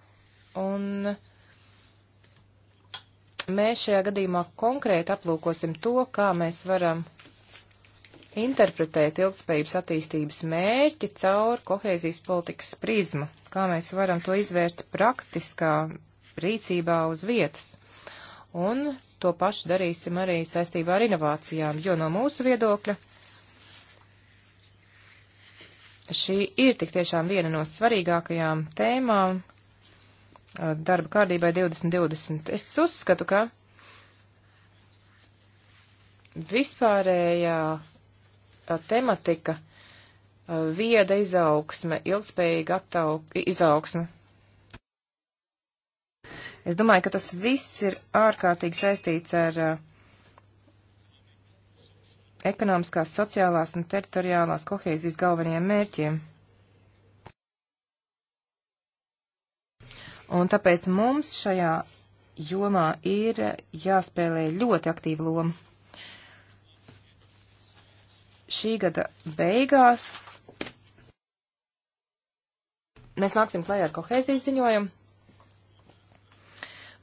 un mēs šajā gadījumā konkrēti aplūkosim to, kā mēs varam interpretēt ilgspējības attīstības mērķi caur kohēzijas politikas prizmu, kā mēs varam to izvērst praktiskā rīcībā uz vietas un to pašu darīsim arī saistībā ar inovācijām, jo no mūsu viedokļa šī ir tik tiešām viena no svarīgākajām tēmām darba kārtībai 2020. Es uzskatu, ka vispārējā tematika, vieda izaugsme, ilgspējīga aptauk, izaugsme, Es domāju, ka tas viss ir ārkārtīgi saistīts ar eh, ekonomiskās, sociālās un teritoriālās kohēzijas galvenajiem mērķiem. Un tāpēc mums šajā jomā ir jāspēlē ļoti aktīva loma. Šī gada beigās mēs nāksim klajā ar kohēzijas ziņojumu,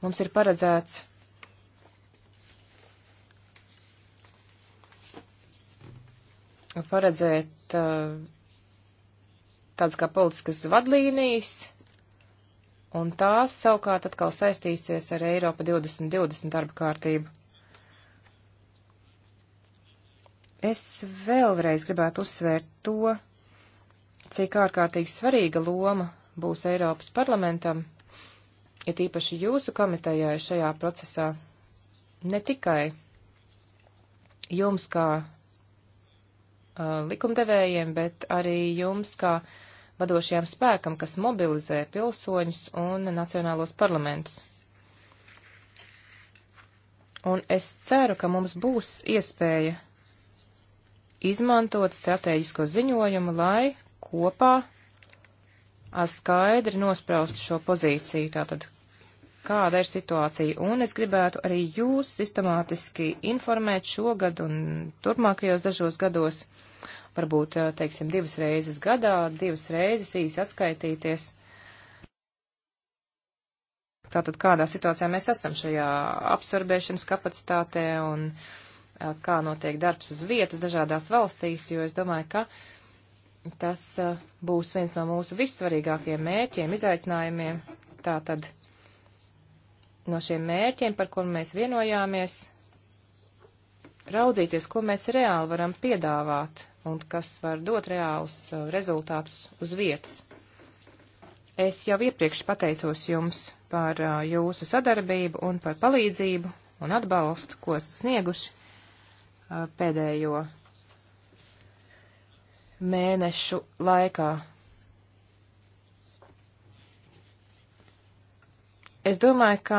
mums ir paredzēts paredzēt uh, tādas kā politiskas vadlīnijas, un tās savukārt atkal saistīsies ar Eiropa 2020 darba kārtību. Es vēlreiz gribētu uzsvērt to, cik ārkārtīgi svarīga loma būs Eiropas parlamentam ja tīpaši jūsu komitejai šajā procesā, ne tikai jums kā uh, likumdevējiem, bet arī jums kā vadošajam spēkam, kas mobilizē pilsoņus un nacionālos parlamentus. Un es ceru, ka mums būs iespēja izmantot strateģisko ziņojumu, lai kopā skaidri nospraustu šo pozīciju, tātad kāda ir situācija, un es gribētu arī jūs sistemātiski informēt šogad un turpmākajos dažos gados, varbūt, eh, teiksim, divas reizes gadā, divas reizes īsi atskaitīties. Tātad, kādā situācijā mēs esam šajā absorbēšanas kapacitātē un eh, kā notiek darbs uz vietas dažādās valstīs, jo es domāju, ka tas eh, būs viens no mūsu vissvarīgākajiem mērķiem, izaicinājumiem. Tātad no šiem mērķiem, par kur mēs vienojāmies, raudzīties, ko mēs reāli varam piedāvāt un kas var dot reālus uh, rezultātus uz vietas. Es jau iepriekš pateicos jums par uh, jūsu sadarbību un par palīdzību un atbalstu, ko esat snieguši uh, pēdējo mēnešu laikā Es domāju, ka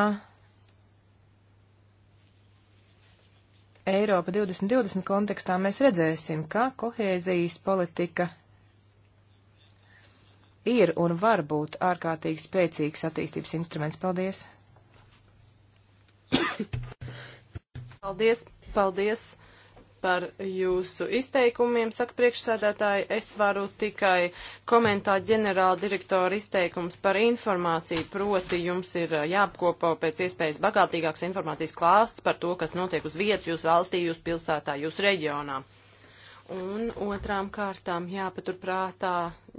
Eiropa 2020 kontekstā mēs redzēsim, ka kohēzijas politika ir un var būt ārkārtīgi spēcīgs attīstības instruments. Paldies! Paldies! Paldies! par jūsu izteikumiem. Saka priekšsēdētāji, es varu tikai komentēt ģenerāla direktora izteikums par informāciju, proti jums ir uh, jāapkopo pēc iespējas bagātīgāks informācijas klāsts par to, kas notiek uz vietas, jūs valstī, jūs pilsētā, jūs reģionā. Un otrām kārtām jāpaturprātā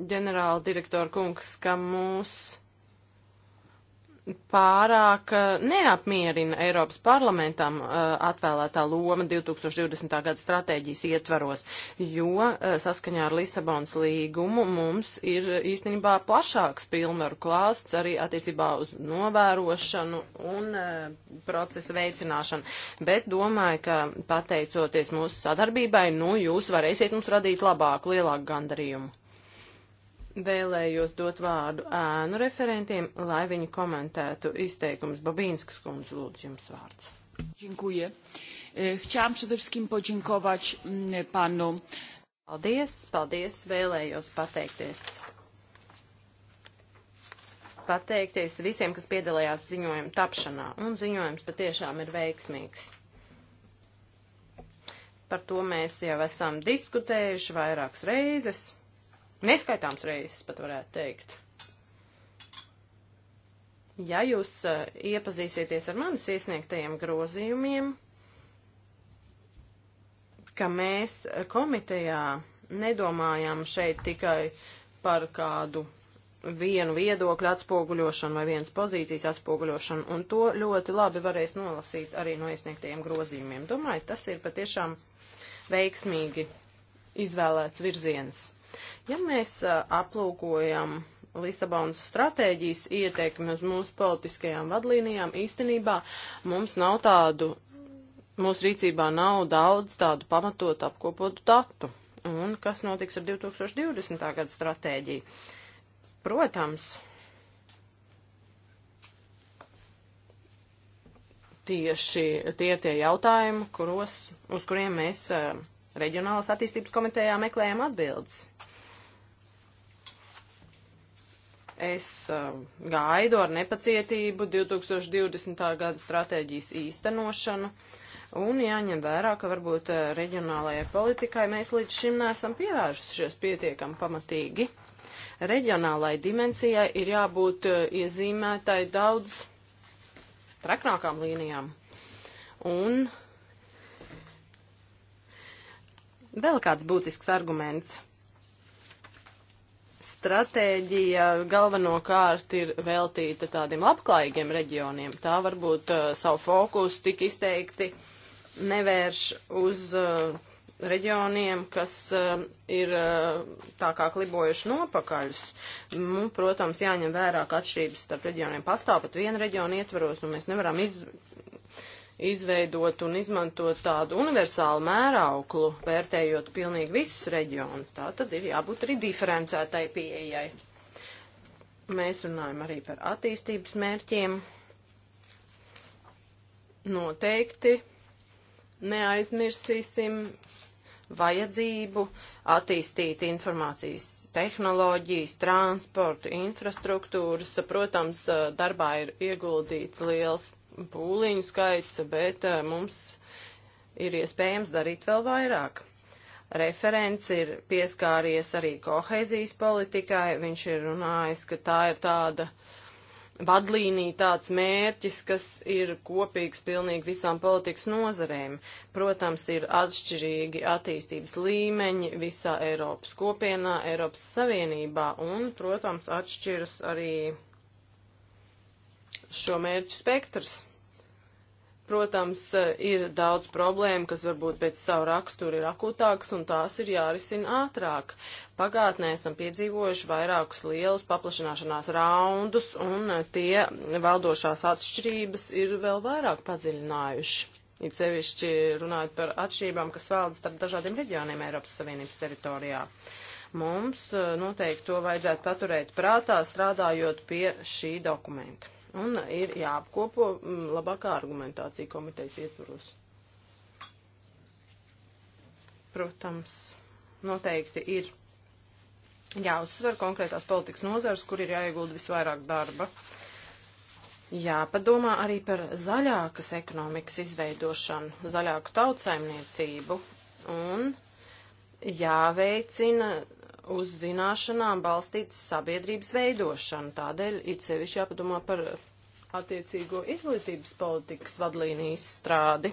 ģenerāla direktora kungs, ka mūsu pārāk eh, neapmierina Eiropas parlamentam eh, atvēlētā loma 2020. gada stratēģijas ietvaros, jo eh, saskaņā ar Lisabonas līgumu mums ir īstenībā plašāks pilnvaru klāsts arī attiecībā uz novērošanu un procesa veicināšanu. Bet domāju, ka pateicoties mūsu sadarbībai, nu jūs varēsiet mums radīt labāku, lielāku gandarījumu. Vēlējos dot vārdu ēnu referentiem, lai viņi komentētu izteikumus. Babīnskas kundze, lūdzu, jums vārds. Dziękuję. E, chciałam przede wszystkim podziękować panu. Paldies, paldies, vēlējos pateikties. Pateikties visiem, kas piedalījās ziņojuma tapšanā, un ziņojums patiešām ir veiksmīgs. Par to mēs jau esam diskutējuši vairākas reizes. Neskaitāms reizes pat varētu teikt. Ja jūs uh, iepazīsieties ar manis iesniegtajiem grozījumiem, ka mēs eh, komitejā nedomājam šeit tikai par kādu vienu viedokļu atspoguļošanu vai vienas pozīcijas atspoguļošanu, un to ļoti labi varēs nolasīt arī no iesniegtajiem grozījumiem. Domāju, tas ir patiešām veiksmīgi izvēlēts virziens. Ja mēs aplūkojam Lisabonas stratēģijas ieteikumi uz mūsu politiskajām vadlīnijām, īstenībā mums nav tādu, mūsu rīcībā nav daudz tādu pamatot apkopotu datu. Un kas notiks ar 2020. gada stratēģiju? Protams, tieši tie tie jautājumi, kuros, uz kuriem mēs uh, Reģionālās attīstības komitejā meklējām atbildes. Es uh, gaidu ar nepacietību 2020. gada stratēģijas īstenošanu. Un jāņem vērā, ka varbūt uh, reģionālajai politikai mēs līdz šim neesam pievērsušies pietiekam pamatīgi. Reģionālai dimensijai ir jābūt uh, iezīmētai daudz traknākām līnijām. Un Vēl kāds būtisks arguments. Stratēģija galvenokārt ir veltīta tādiem labklājīgiem reģioniem. Tā varbūt uh, savu fokusu tik izteikti nevērš uz uh, reģioniem, kas uh, ir uh, tā kā klibojuši nopakaļus. Nu, protams, jāņem vērā, ka atšķirības starp reģioniem pastāv pat viena reģiona ietvaros, un nu, mēs nevaram iz, izveidot un izmantot tādu universālu mērauklu, vērtējot pilnīgi visus reģionus. Tā tad ir jābūt arī diferencētai pieejai. Mēs runājam arī par attīstības mērķiem. Noteikti neaizmirsīsim vajadzību attīstīt informācijas tehnoloģijas, transportu, infrastruktūras. Protams, darbā ir ieguldīts liels pūliņu skaits, bet eh, mums ir iespējams darīt vēl vairāk. Referents ir pieskāries arī kohēzijas politikai, viņš ir runājis, ka tā ir tāda vadlīnija, tāds mērķis, kas ir kopīgs pilnīgi visām politikas nozarēm. Protams, ir atšķirīgi attīstības līmeņi visā Eiropas kopienā, Eiropas Savienībā, un, protams, atšķiras arī šo mērķu spektrs. Protams, ir daudz problēmu, kas varbūt pēc savu raksturu ir akūtāks, un tās ir jārisina ātrāk. Pagātnē esam piedzīvojuši vairākus lielus paplašanāšanās raundus, un tie valdošās atšķirības ir vēl vairāk padziļinājuši. It sevišķi runājot par atšķirībām, kas valda starp dažādiem reģioniem Eiropas Savienības teritorijā mums eh, noteikti to vajadzētu paturēt prātā, strādājot pie šī dokumenta. Un ir jāapkopo mm, labākā argumentācija komitejas ietvaros. Protams, noteikti ir jāuzsver konkrētās politikas nozars, kur ir jāiegulda visvairāk darba. Jāpadomā arī par zaļākas ekonomikas izveidošanu, zaļāku tautsaimniecību un jāveicina uz zināšanām balstītas sabiedrības veidošanu. Tādēļ it sevišķi jāpadomā par attiecīgo izglītības politikas vadlīniju izstrādi.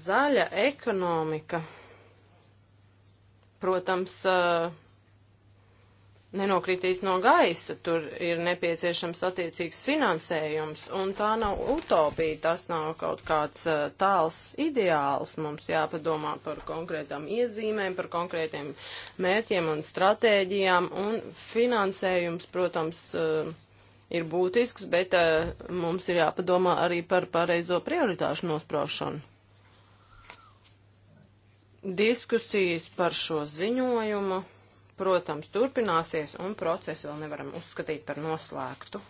Zaļa ekonomika, protams, uh, nenokritīs no gaisa, tur ir nepieciešams attiecīgs finansējums, un tā nav utopija, tas nav kaut kāds uh, tāls ideāls. Mums jāpadomā par konkrētām iezīmēm, par konkrētiem mērķiem un stratēģijām, un finansējums, protams, uh, ir būtisks, bet uh, mums ir jāpadomā arī par pareizo prioritāšu nospraušanu. Diskusijas par šo ziņojumu protams, turpināsies un procesu vēl nevaram uzskatīt par noslēgtu.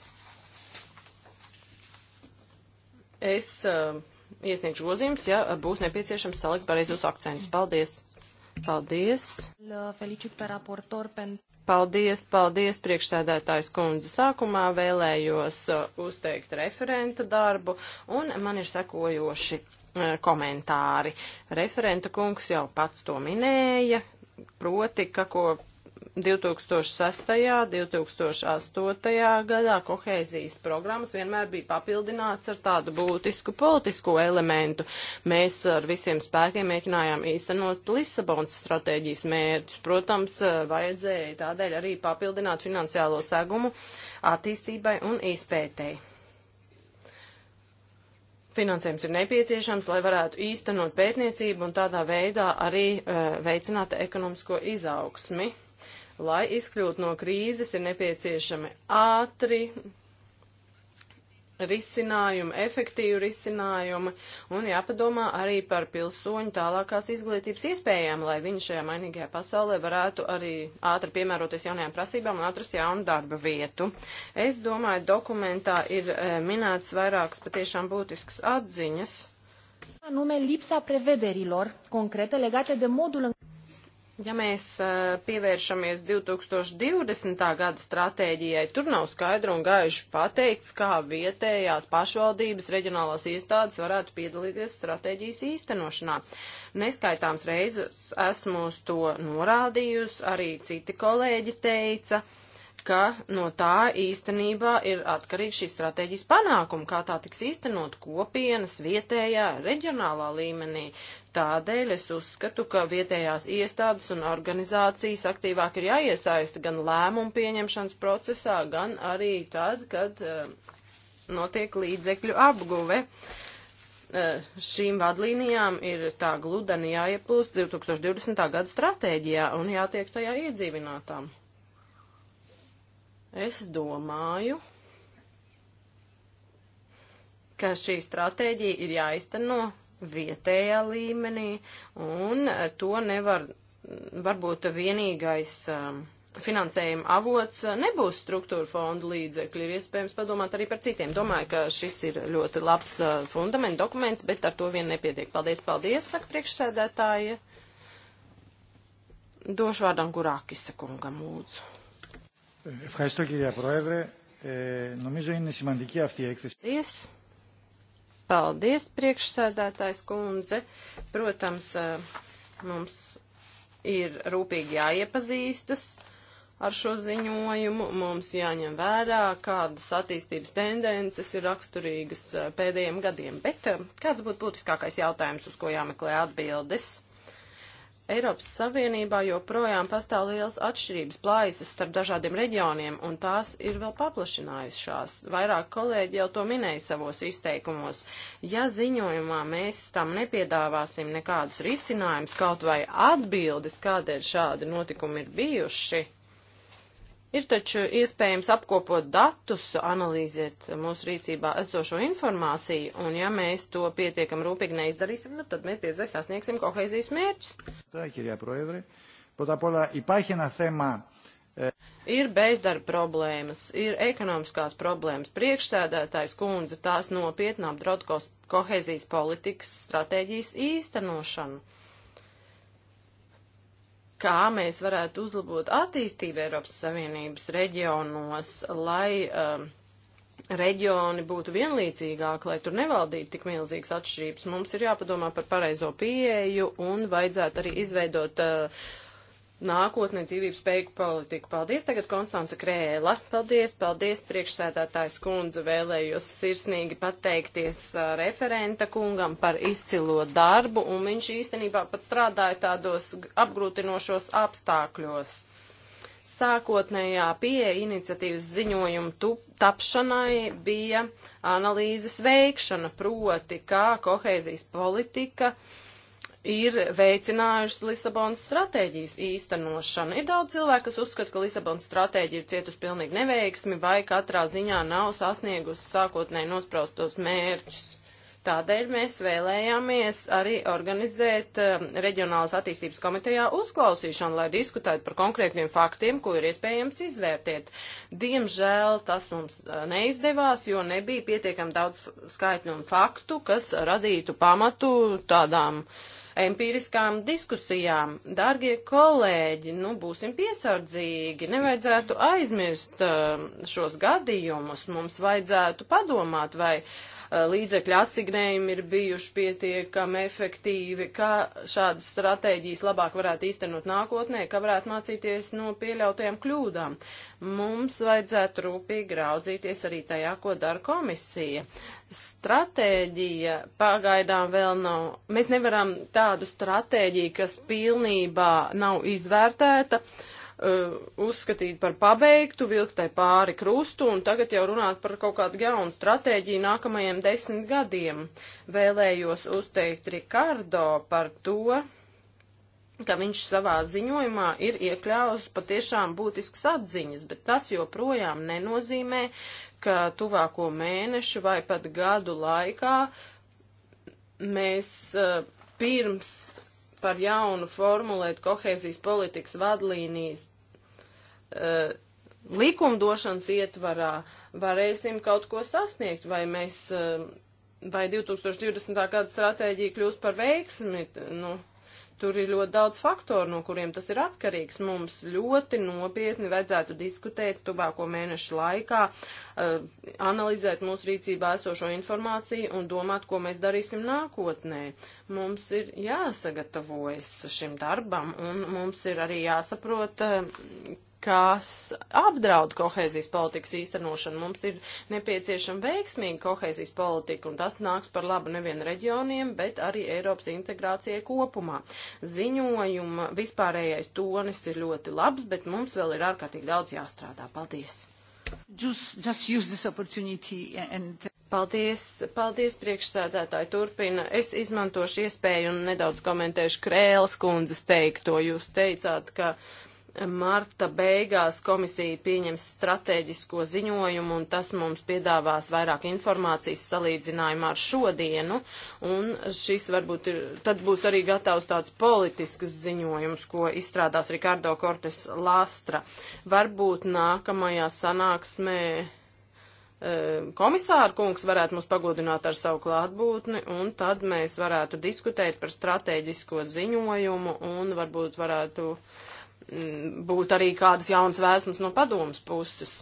Es uh, iesniegšu grozījums, ja uh, būs nepieciešams salikt pareizos akcentus. Paldies! Paldies! Paldies, paldies, priekšsēdētājs kundze. Sākumā vēlējos uh, uzteikt referenta darbu, un man ir sekojoši uh, komentāri. Referenta kungs jau pats to minēja, proti, ka ko 2006. 2008. gadā kohēzijas programmas vienmēr bija papildināts ar tādu būtisku politisko elementu. Mēs ar visiem spēkiem mēģinājām īstenot Lisabonas stratēģijas mērķus. Protams, eh, vajadzēja tādēļ arī papildināt finansiālo segumu attīstībai un izpētēji. Finansējums ir nepieciešams, lai varētu īstenot pētniecību un tādā veidā arī uh, veicināt ekonomisko izaugsmi. Lai izkļūtu no krīzes, ir nepieciešami ātri risinājumi, efektīvi risinājumi un jāpadomā arī par pilsoņu tālākās izglītības iespējām, lai viņi šajā mainīgajā pasaulē varētu arī ātri piemēroties jaunajām prasībām un atrast jaunu darba vietu. Es domāju, dokumentā ir e, minēts vairākas patiešām būtiskas atziņas. Anume lipsa prevederilor concrete legate de modul în Ja mēs eh, pievēršamies 2020. gada stratēģijai, tur nav skaidri un gaiši pateikts, kā vietējās pašvaldības reģionālās iestādes varētu piedalīties stratēģijas īstenošanā. Neskaitāms reizes esmu uz to norādījusi, arī citi kolēģi teica. Uh, ka no tā īstenībā ir atkarīgs šīs stratēģijas panākuma, kā tā tiks īstenot kopienas, vietējā, reģionālā līmenī. Tādēļ es uzskatu, ka vietējās iestādes un organizācijas aktīvāk ir jāiesaista gan lēmumu pieņemšanas procesā, gan arī tad, kad uh, notiek līdzekļu apguve. Uh, šīm vadlīnijām ir tā gludani jāieplūst 2020. gada stratēģijā un jātiek tajā iedzīvinātām. Es domāju, ka šī stratēģija ir jāizteno vietējā līmenī, un to nevar, varbūt vienīgais um, finansējuma avots nebūs struktūra fondu līdzekļi, ir iespējams padomāt arī par citiem. Domāju, ka šis ir ļoti labs uh, fundament dokuments, bet ar to vien nepietiek. Paldies, paldies, saka priekšsēdētāji. Došu vārdam Gurākisa kungam, lūdzu. Ευχαριστώ κυρία Πρόεδρε. Ε, νομίζω είναι σημαντική αυτή η έκθεση. Yes. Paldies, priekšsēdētājs kundze. Protams, mums ir rūpīgi jāiepazīstas ar šo ziņojumu. Mums jāņem vērā, kādas attīstības tendences ir raksturīgas pēdējiem gadiem. Bet kāds būtu būtiskākais jautājums, uz ko jāmeklē atbildes? Eiropas Savienībā joprojām pastāv liels atšķirības plājas starp dažādiem reģioniem, un tās ir vēl paplašinājušās. Vairāk kolēģi jau to minēja savos izteikumos. Ja ziņojumā mēs tam nepiedāvāsim nekādus risinājumus, kaut vai atbildes, kādēļ šādi notikumi ir bijuši, Ir taču iespējams apkopot datus, analīzēt mūsu rīcībā esošo informāciju, un ja mēs to pietiekam rūpīgi neizdarīsim, nu, tad mēs diezgan sasniegsim kohēzijas mērķus. Tā, kirjā proevre. Potā polā, ipāhi ένα θέμα. E, ir bezdarba problēmas, ir ekonomiskās problēmas. Priekšsēdētājs kundze tās nopietni apdraud kohēzijas politikas stratēģijas īstenošanu kā mēs varētu uzlabot attīstību Eiropas Savienības reģionos, lai um, reģioni būtu vienlīdzīgāki, lai tur nevaldītu tik milzīgas atšķirības. Mums ir jāpadomā par pareizo pieeju un vajadzētu arī izveidot uh, nākotnē dzīvības spēku politiku. Paldies tagad Konstance Krēla. Paldies, paldies priekšsēdātājs kundze. Vēlējos sirsnīgi pateikties uh, referenta kungam par izcilo darbu, un viņš īstenībā pat strādāja tādos apgrūtinošos apstākļos. Sākotnējā pieeja iniciatīvas ziņojumu tup, tapšanai bija analīzes veikšana, proti, kā kohēzijas politika uh, ir veicinājušas Lisabonas stratēģijas īstenošanu. Ir daudz cilvēku, kas uzskata, ka Lisabonas stratēģija ir cietusi pilnīgi neveiksmi vai katrā ziņā nav sasniegusi sākotnēji nospraustos mērķus. Tādēļ mēs vēlējāmies arī organizēt uh, Reģionālas attīstības komitejā uzklausīšanu, lai diskutētu par konkrētiem faktiem, ko ir iespējams izvērtēt. Diemžēl tas mums uh, neizdevās, jo nebija pietiekami daudz skaitļu un faktu, kas radītu pamatu tādām uh, empīriskām diskusijām. Dārgie kolēģi, nu būsim piesardzīgi, nevajadzētu aizmirst um, šos gadījumus, mums vajadzētu padomāt, vai uh, līdzekļu asignējumi ir bijuši pietiekami efektīvi, kā šādas stratēģijas labāk varētu īstenot nākotnē, kā varētu mācīties no pieļautajām kļūdām. Mums vajadzētu rūpīgi raudzīties arī tajā, ko dara komisija. Uh, stratēģija pagaidām vēl nav. Mēs nevaram tādu stratēģiju, kas pilnībā nav izvērtēta, uh, uzskatīt par pabeigtu, vilktai pāri krustu un tagad jau runāt par kaut kādu jaunu stratēģiju nākamajiem desmit gadiem. Vēlējos uzteikt Rikardo par to, ka viņš savā ziņojumā ir iekļāvis patiešām būtisks atziņas, bet tas joprojām nenozīmē, ka tuvāko mēnešu vai pat gadu laikā mēs eh, pirms par jaunu formulēt kohēzijas politikas vadlīnijas eh, likumdošanas ietvarā varēsim kaut ko sasniegt, vai mēs, eh, vai 2020. gada stratēģija kļūs par veiksmi, nu, tur ir ļoti daudz faktoru, no kuriem tas ir atkarīgs. Mums ļoti nopietni vajadzētu diskutēt tuvāko mēnešu laikā, uh, analizēt mūsu rīcībā esošo informāciju un domāt, ko mēs darīsim nākotnē. Mums ir jāsagatavojas šim darbam un mums ir arī jāsaprot, uh, kas apdraud kohēzijas politikas īstenošanu. Mums ir nepieciešama veiksmīga kohēzijas politika, un tas nāks par labu nevien reģioniem, bet arī Eiropas integrācijai kopumā. Ziņojuma vispārējais tonis ir ļoti labs, bet mums vēl ir ārkārtīgi daudz jāstrādā. Paldies! Just, just use this opportunity and... Paldies, paldies priekšsēdētāji. Turpina. Es izmantošu iespēju un nedaudz komentēšu Krēls kundzes teikto. Jūs teicāt, ka uh, Marta beigās komisija pieņems strateģisko ziņojumu, un tas mums piedāvās vairāk informācijas salīdzinājumā ar šodienu, un šis varbūt ir, tad būs arī gatavs tāds politisks ziņojums, ko izstrādās Rikardo Kortes Lastra. Varbūt nākamajā sanāksmē e, komisāra kungs varētu mums pagodināt ar savu klātbūtni, un tad mēs varētu diskutēt par strateģisko ziņojumu, un varbūt varētu uh, Mm, būt arī kādas jaunas vēsmas no padomas puses.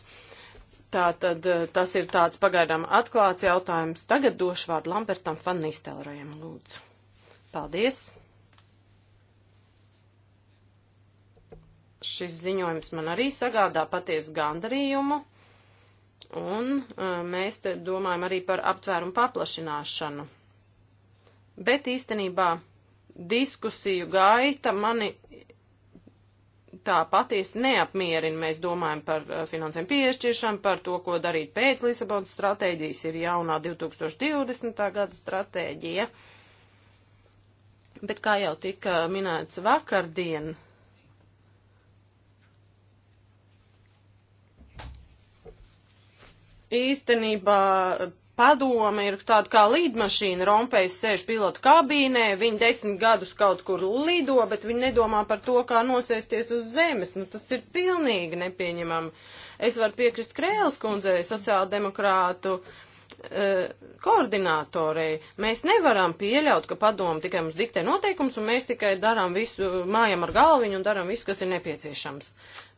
Tātad eh, tas ir tāds pagaidām atklāts jautājums. Tagad došu vārdu Lambertam Fannistelrojam, lūdzu. Paldies! Šis ziņojums man arī sagādā patiesu gandarījumu, un eh, mēs te domājam arī par aptvērumu paplašināšanu. Bet īstenībā diskusiju gaita mani tā patiesi neapmierina. Mēs domājam par uh, finansēm piešķiršanu, par to, ko darīt pēc Lisabonas stratēģijas, ir jaunā 2020. gada stratēģija. Bet kā jau tika minēts vakardien, īstenībā padome ir tāda kā līdmašīna. Rompējs sēž pilotu kabīnē, viņi desmit gadus kaut kur lido, bet viņi nedomā par to, kā nosēsties uz zemes. Nu, tas ir pilnīgi nepieņemami. Es varu piekrist Krēls kundzei, sociāldemokrātu eh, koordinātorei. Mēs nevaram pieļaut, ka padomu tikai mums diktē noteikums un mēs tikai darām visu, mājam ar galviņu un darām visu, kas ir nepieciešams.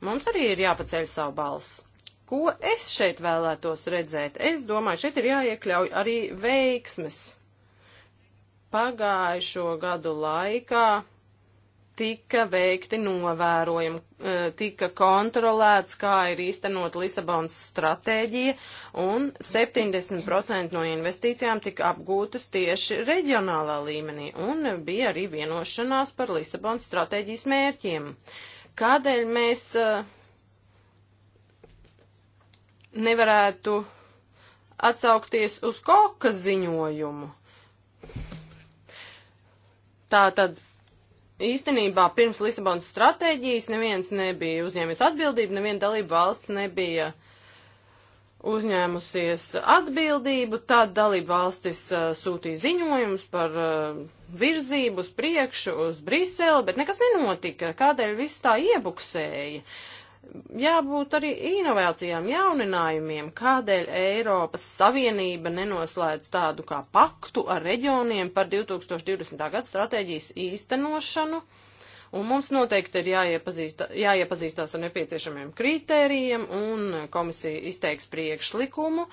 Mums arī ir jāpaceļ savu balsu. Ko es šeit vēlētos redzēt? Es domāju, šeit ir jāiekļauj arī veiksmes. Pagājušo gadu laikā tika veikti novērojumi, e, tika kontrolēts, kā ir īstenot Lisabonas stratēģija, un 70% no investīcijām tika apgūtas tieši reģionālā līmenī, un bija arī vienošanās par Lisabonas stratēģijas mērķiem. Kādēļ mēs uh, nevarētu atsaukties uz koka ziņojumu. Tātad īstenībā pirms Lisabonas stratēģijas neviens nebija uzņēmis atbildību, neviena dalība valsts nebija uzņēmusies atbildību, tad dalība valstis uh, sūtīja ziņojumus par uh, virzību uz priekšu uz Briseli, bet nekas nenotika, kādēļ viss tā iebuksēja. Uh, jābūt arī inovācijām, jauninājumiem, kādēļ Eiropas Savienība nenoslēdz tādu kā paktu ar reģioniem par 2020. gada stratēģijas īstenošanu. Un mums noteikti ir jāiepazīsta, jāiepazīstās ar nepieciešamiem kritērijiem, un komisija izteiks priekšlikumu,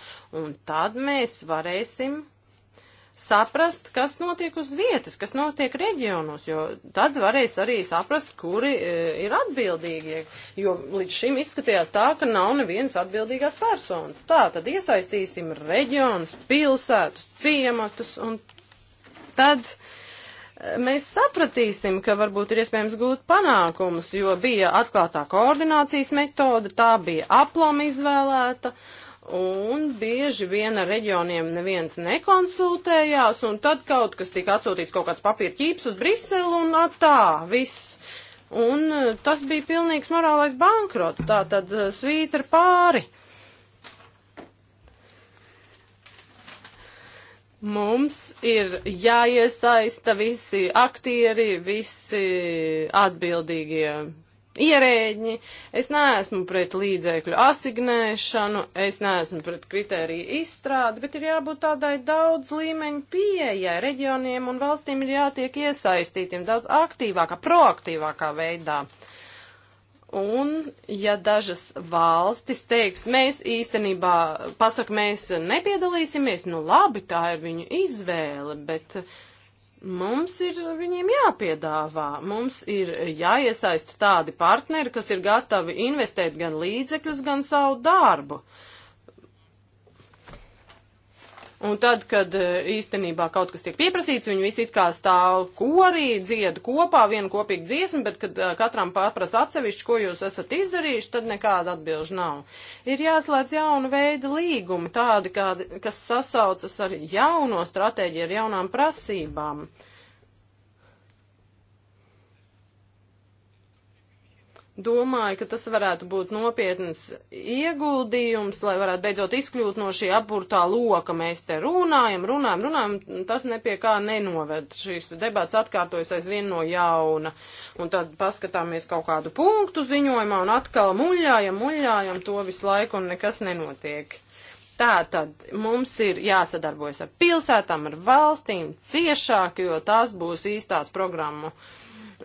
un tad mēs varēsim saprast, kas notiek uz vietas, kas notiek reģionos, jo tad varēs arī saprast, kuri e, ir atbildīgie, jo līdz šim izskatījās tā, ka nav nevienas atbildīgās personas. Tā, tad iesaistīsim reģionus, pilsētus, ciematus un tad e, mēs sapratīsim, ka varbūt ir iespējams gūt panākumus, jo bija atklātā koordinācijas metode, tā bija aplama izvēlēta, Un bieži vien ar reģioniem neviens nekonsultējās, un tad kaut kas tika atsūtīts kaut kāds papīra ķīps uz Briselu, un ah, tā, viss. Un eh, tas bija pilnīgs morālais bankrots, tā tad eh, svīt ar pāri. Mums ir jāiesaista visi aktieri, visi atbildīgie ierēģi, es neesmu pret līdzēkļu asignēšanu, es neesmu pret kritēriju izstrādi, bet ir jābūt tādai daudz līmeņu pieejai. Reģioniem un valstīm ir jātiek iesaistītiem daudz aktīvākā, proaktīvākā veidā. Un, ja dažas valstis teiks, mēs īstenībā, pasaka, mēs nepiedalīsimies, nu labi, tā ir viņu izvēle, bet uh, Mums ir viņiem jāpiedāvā, mums ir jāiesaista tādi partneri, kas ir gatavi investēt gan līdzekļus, gan savu darbu. Uh, Un tad, kad e, īstenībā kaut kas tiek pieprasīts, viņi visi it kā stāv korī, dzied kopā vienu kopīgu dziesmu, bet kad e, katram paprasa atsevišķi, ko jūs esat izdarījuši, tad nekāda atbilža nav. Ir jāslēdz jauna veida līgumi, tādi, kādi, kas sasaucas ar jauno stratēģiju, ar jaunām prasībām. Uh, Domāju, ka tas varētu būt nopietns ieguldījums, lai varētu beidzot izkļūt no šī apburtā loka. Mēs te runājam, runājam, runājam, tas nepie kā nenoved. Šīs debats atkārtojas aizvien no jauna. Un tad paskatāmies kaut kādu punktu ziņojumā un atkal muļājam, muļājam to visu laiku un nekas nenotiek. Tā tad mums ir jāsadarbojas ar pilsētām, ar valstīm ciešāk, jo tās būs īstās programmu uh,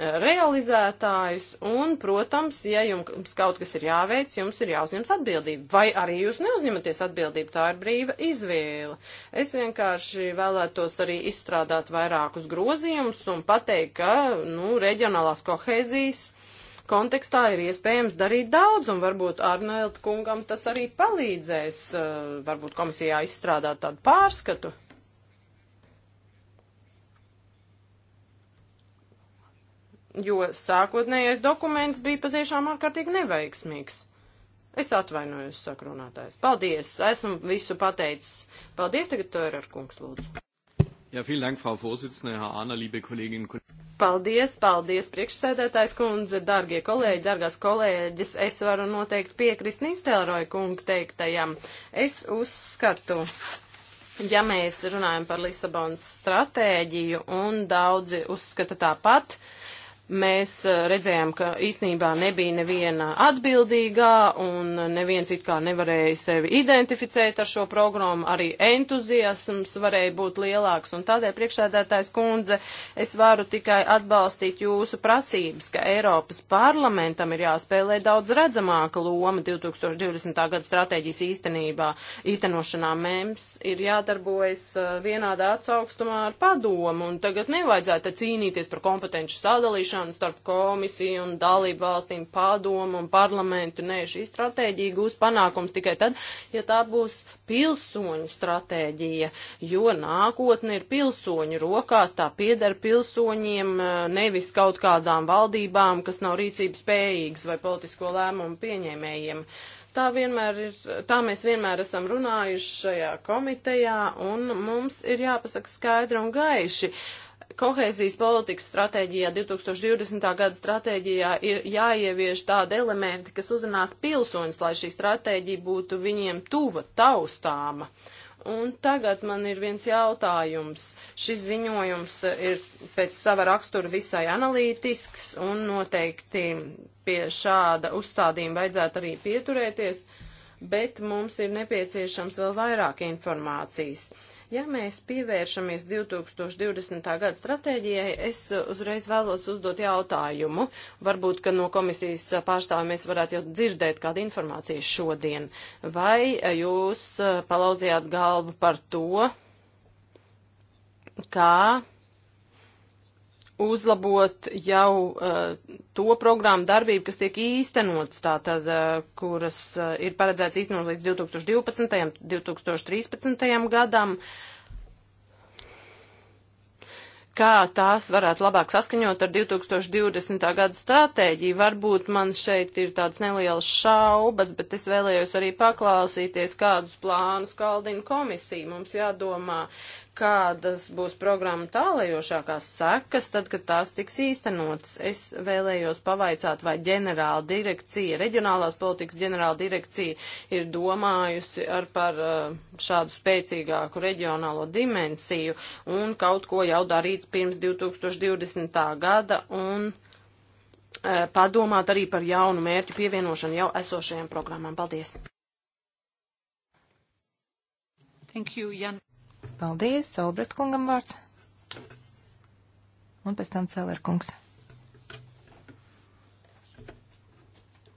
realizētājs, un, protams, ja jums kaut kas ir jāveic, jums ir jāuzņems atbildība, vai arī jūs neuzņematies atbildību, tā ir brīva izvēle. Es vienkārši vēlētos arī izstrādāt vairākus grozījumus un pateikt, ka, nu, reģionālās kohēzijas kontekstā ir iespējams darīt daudz, un varbūt Arnēlta kungam tas arī palīdzēs, uh, varbūt komisijā izstrādāt tādu pārskatu. jo sākotnējais dokuments bija patiešām ārkārtīgi neveiksmīgs. Es atvainojos, saka runātājs. Paldies, esmu visu pateicis. Paldies, tagad to ir ar kungs lūdzu. Ja, vielen Dank, Frau Vorsitzende, Herr Arner, liebe Kolleginnen und Kollegen. Paldies, paldies, priekšsēdētājs kundze, dargie kolēģi, dargās kolēģis. Es varu noteikti piekrist Nīstēlroja kunga teiktajam. Es uzskatu, ja mēs runājam par Lisabonas stratēģiju un daudzi uzskata tāpat, uh, mēs eh, redzējām, ka īstenībā nebija neviena atbildīgā un neviens it kā nevarēja sevi identificēt ar šo programmu, arī entuziasms varēja būt lielāks un tādēļ priekšsēdētājs kundze, es varu tikai atbalstīt jūsu prasības, ka Eiropas parlamentam ir jāspēlē daudz redzamāka loma 2020. gada stratēģijas īstenībā, īstenošanā mēms ir jādarbojas eh, vienādā atsaukstumā ar padomu un tagad nevajadzētu cīnīties par kompetenci sadalīšanu, saprašanu starp komisiju un dalību valstīm padomu un parlamentu. Nē, šī stratēģija gūs panākums tikai tad, ja tā būs pilsoņu stratēģija, jo nākotne ir pilsoņu rokās, tā pieder pilsoņiem, eh, nevis kaut kādām valdībām, kas nav rīcības spējīgas vai politisko lēmumu pieņēmējiem. Tā, vienmēr ir, tā mēs vienmēr esam runājuši šajā komitejā, un mums ir jāpasaka skaidri un gaiši. Uh, kohēzijas politikas stratēģijā, 2020. gada stratēģijā ir jāievieš tādi elementi, kas uzrunās pilsoņus, lai šī stratēģija būtu viņiem tuva, taustāma. Un tagad man ir viens jautājums. Šis ziņojums ir pēc sava rakstura visai analītisks un noteikti pie šāda uzstādījuma vajadzētu arī pieturēties, bet mums ir nepieciešams vēl vairāk informācijas. Uh, Ja mēs pievēršamies 2020. gada stratēģijai, es uzreiz vēlos uzdot jautājumu. Varbūt, ka no komisijas pārstāvja mēs varētu jau dzirdēt kādu informāciju šodien. Vai jūs palauzījāt galvu par to, kā uzlabot jau uh, to programmu darbību, kas tiek īstenots, tātad, uh, kuras uh, ir paredzēts īstenot līdz 2012. 2013. gadam, kā tās varētu labāk saskaņot ar 2020. gada stratēģiju. Varbūt man šeit ir tāds neliels šaubas, bet es vēlējos arī paklausīties, kādus plānus kaldina komisija. Mums jādomā, kādas būs programma tālajošākās sekas, tad, kad tās tiks īstenotas. Es vēlējos pavaicāt, vai ģenerāla direkcija, reģionālās politikas ģenerāla direkcija ir domājusi ar par uh, šādu spēcīgāku reģionālo dimensiju un kaut ko jau darīt pirms 2020. gada un uh, padomāt arī par jaunu mērķu pievienošanu jau esošajām programmām. Paldies! Thank you, Jan. Paldies, Albrecht kungam vārds. Un pēc tam Celer kungs.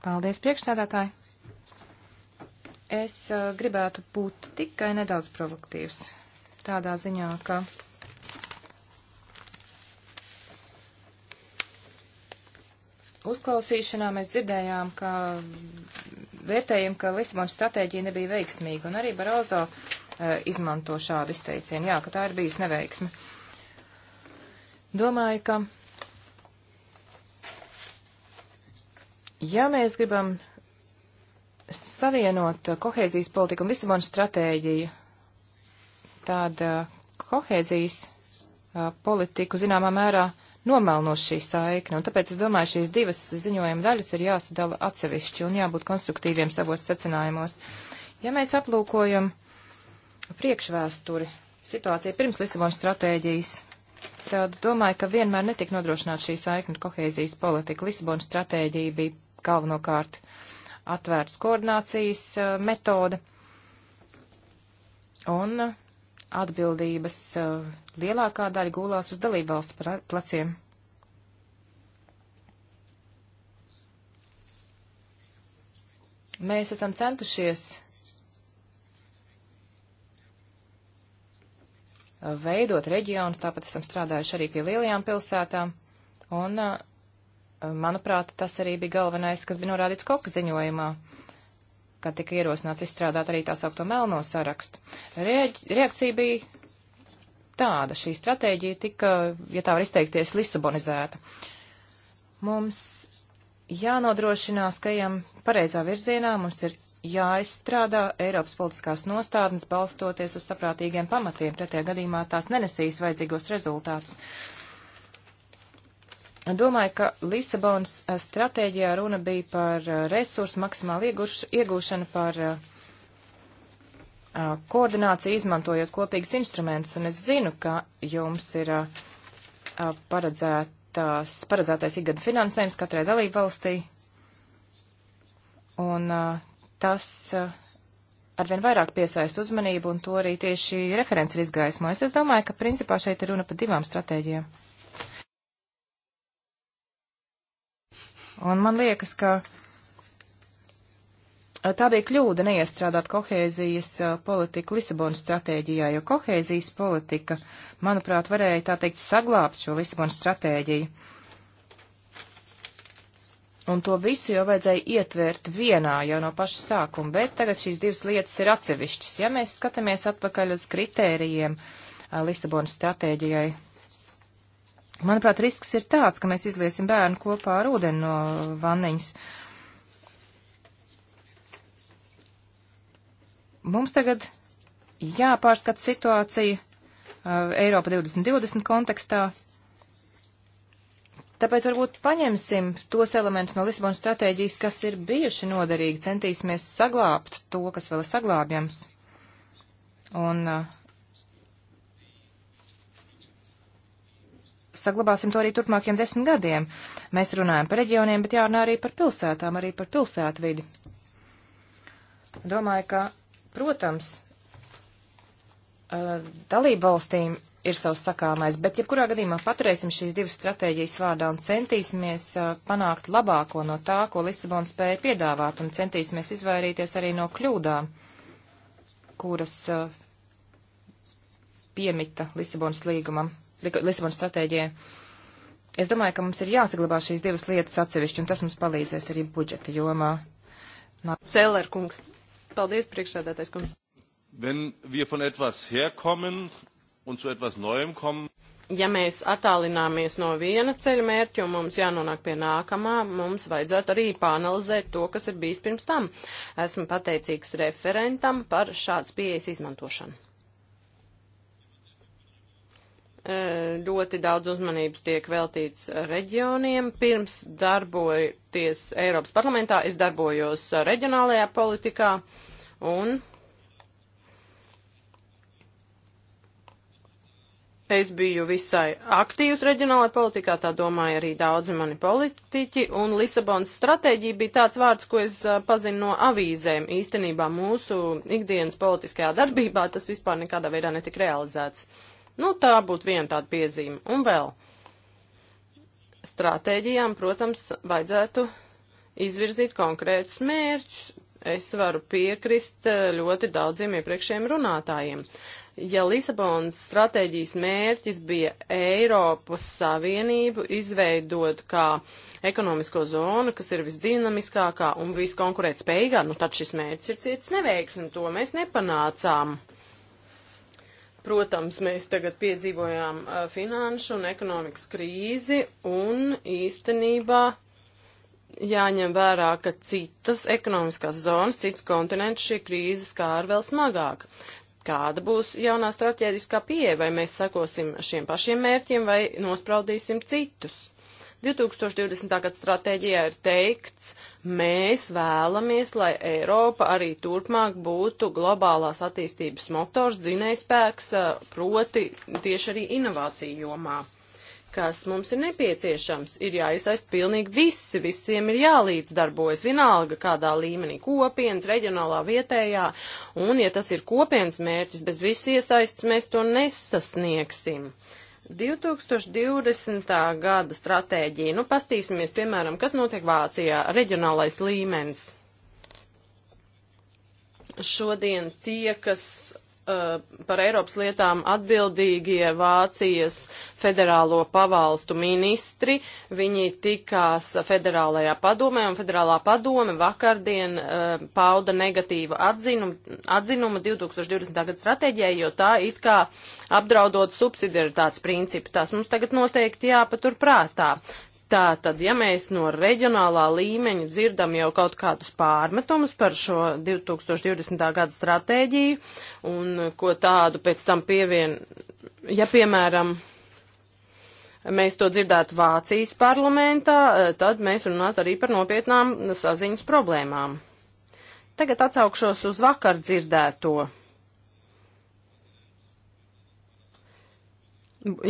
Paldies, priekšsēdētāji. Es uh, gribētu būt tikai nedaudz provoktīvs. Tādā ziņā, ka. Uzklausīšanā mēs dzirdējām, ka vērtējam, ka Lisabonas stratēģija nebija veiksmīga, un arī Barozo uh, E, izmanto šādu izteicienu. Jā, ka tā ir bijusi neveiksme. Domāju, ka ja mēs gribam savienot kohēzijas politiku un Lisabonas stratēģiju, tad e, kohēzijas e, politiku zināmā mērā nomelno šī saikne, un tāpēc es domāju, šīs divas ziņojuma daļas ir jāsadala atsevišķi un jābūt konstruktīviem savos secinājumos. Ja mēs aplūkojam uh, priekšvēsturi, situācija pirms Lisabonas stratēģijas, tad domāju, ka vienmēr netika nodrošināta šī saikna kohēzijas politika. Lisabonas stratēģija bija galvenokārt atvērts koordinācijas uh, metode un atbildības uh, lielākā daļa gulās uz dalībvalstu pleciem. Mēs esam centušies veidot reģionus, tāpat esam strādājuši arī pie lielajām pilsētām, un, manuprāt, tas arī bija galvenais, kas bija norādīts koka ziņojumā, kad tika ierosināts izstrādāt arī tā saukto melno sarakstu. Rieģ, reakcija bija tāda, šī stratēģija tika, ja tā var izteikties, lisabonizēta. Mums jānodrošinās, ka ejam pareizā virzienā, mums ir jāizstrādā Eiropas politiskās nostādnes balstoties uz saprātīgiem pamatiem, pretējā gadījumā tās nenesīs vajadzīgos rezultātus. Domāju, ka Lisabonas eh, stratēģijā runa bija par eh, resursu maksimālu iegūšanu, par eh, koordināciju izmantojot kopīgus instrumentus, un es zinu, ka jums ir paredzētās, paredzētais ikgada finansējums katrai dalību valstī, un tas eh, arvien vairāk piesaist uzmanību, un to arī tieši referents ir izgaismojis. Es domāju, ka principā šeit ir runa par divām stratēģijām. Un man liekas, ka eh, tā bija kļūda neiestrādāt kohēzijas eh, politiku Lisabonas stratēģijā, jo kohēzijas politika, manuprāt, varēja tā teikt saglābt šo Lisabonas stratēģiju. Un to visu jau vajadzēja ietvert vienā jau no paša sākuma, bet tagad šīs divas lietas ir atsevišķas. Ja mēs skatāmies atpakaļ uz kritērijiem Lisabonas stratēģijai, manuprāt, risks ir tāds, ka mēs izliesim bērnu kopā ar ūdeni no vanniņas. Mums tagad jāpārskata situācija Eiropa 2020 kontekstā, Tāpēc varbūt paņemsim tos elementus no Lisabonas stratēģijas, kas ir bijuši noderīgi, centīsimies saglābt to, kas vēl ir saglābjams. Un uh, saglabāsim to arī turpmākiem desmit gadiem. Mēs runājam par reģioniem, bet jārunā arī par pilsētām, arī par pilsētvidi. Domāju, ka, protams, uh, dalību valstīm ir savs sakāmais, bet jebkurā gadījumā paturēsim šīs divas stratēģijas vārdā un centīsimies uh, panākt labāko no tā, ko Lisabona spēja piedāvāt, un centīsimies izvairīties arī no kļūdām, kuras uh, piemita Lisabonas līgumam, Lisabonas stratēģijai. Es domāju, ka mums ir jāsaglabā šīs divas lietas atsevišķi, un tas mums palīdzēs arī budžeta jomā. Nā... Celer kungs, paldies priekšsēdētais kungs. Wenn wir von etwas herkommen un zu etwas Neuem kommen. Ja mēs attālināmies no viena ceļa mērķa un mums jānonāk pie nākamā, mums vajadzētu arī pāanalizēt to, kas ir bijis pirms tam. Esmu pateicīgs referentam par šādas pieejas izmantošanu. Ļoti daudz uzmanības tiek veltīts reģioniem. Pirms darbojoties Eiropas parlamentā, es darbojos reģionālajā politikā un Es biju visai aktīvs reģionālajā politikā, tā domāja arī daudzi mani politiķi, un Lisabonas stratēģija bija tāds vārds, ko es pazinu no avīzēm. Īstenībā mūsu ikdienas politiskajā darbībā tas vispār nekādā veidā netika realizēts. Nu, tā būtu viena tāda piezīme. Un vēl stratēģijām, protams, vajadzētu izvirzīt konkrētus mērķus. Es varu piekrist ļoti daudziem iepriekšējiem runātājiem ja Lisabonas stratēģijas mērķis bija Eiropas Savienību izveidot kā ekonomisko zonu, kas ir visdinamiskākā un viskonkurētspējīgā, nu tad šis mērķis ir cits neveiksmi, to mēs nepanācām. Protams, mēs tagad piedzīvojām uh, finanšu un ekonomikas krīzi un īstenībā jāņem vērā, ka citas ekonomiskās zonas, citas kontinentus šī krīze skār vēl smagāk. Uh, Kāda būs jaunā strateģiskā pieeja, vai mēs sakosim šiem pašiem mērķiem vai nospraudīsim citus? 2020. gada stratēģijā ir teikts, mēs vēlamies, lai Eiropa arī turpmāk būtu globālās attīstības motors, dzinējspēks, eh, proti tieši arī inovāciju jomā kas mums ir nepieciešams. Ir jāiesaist pilnīgi visi, visiem ir jālīdzdarbojas, vienalga kādā līmenī - kopienas, reģionālā, vietējā, un ja tas ir kopienas mērķis, bez visu iesaistas mēs to nesasniegsim. 2020. gada stratēģija, nu pastīsimies, piemēram, kas notiek Vācijā, reģionālais līmenis. Šodien tie, kas Uh, par Eiropas lietām atbildīgie Vācijas federālo pavalstu ministri. Viņi tikās federālajā padomē, un federālā padome vakardien uh, pauda negatīvu atzinumu, atzinumu 2020. gada stratēģijai, jo tā it kā apdraudot subsidiaritātes principu. Tas mums tagad noteikti jāpatur prātā. Tā tad, ja mēs no reģionālā līmeņa dzirdam jau kaut kādus pārmetumus par šo 2020. gada stratēģiju un ko tādu pēc tam pievien, ja piemēram mēs to dzirdētu Vācijas parlamentā, eh, tad mēs runātu arī par nopietnām saziņas problēmām. Tagad atsaukšos uz vakar dzirdēto.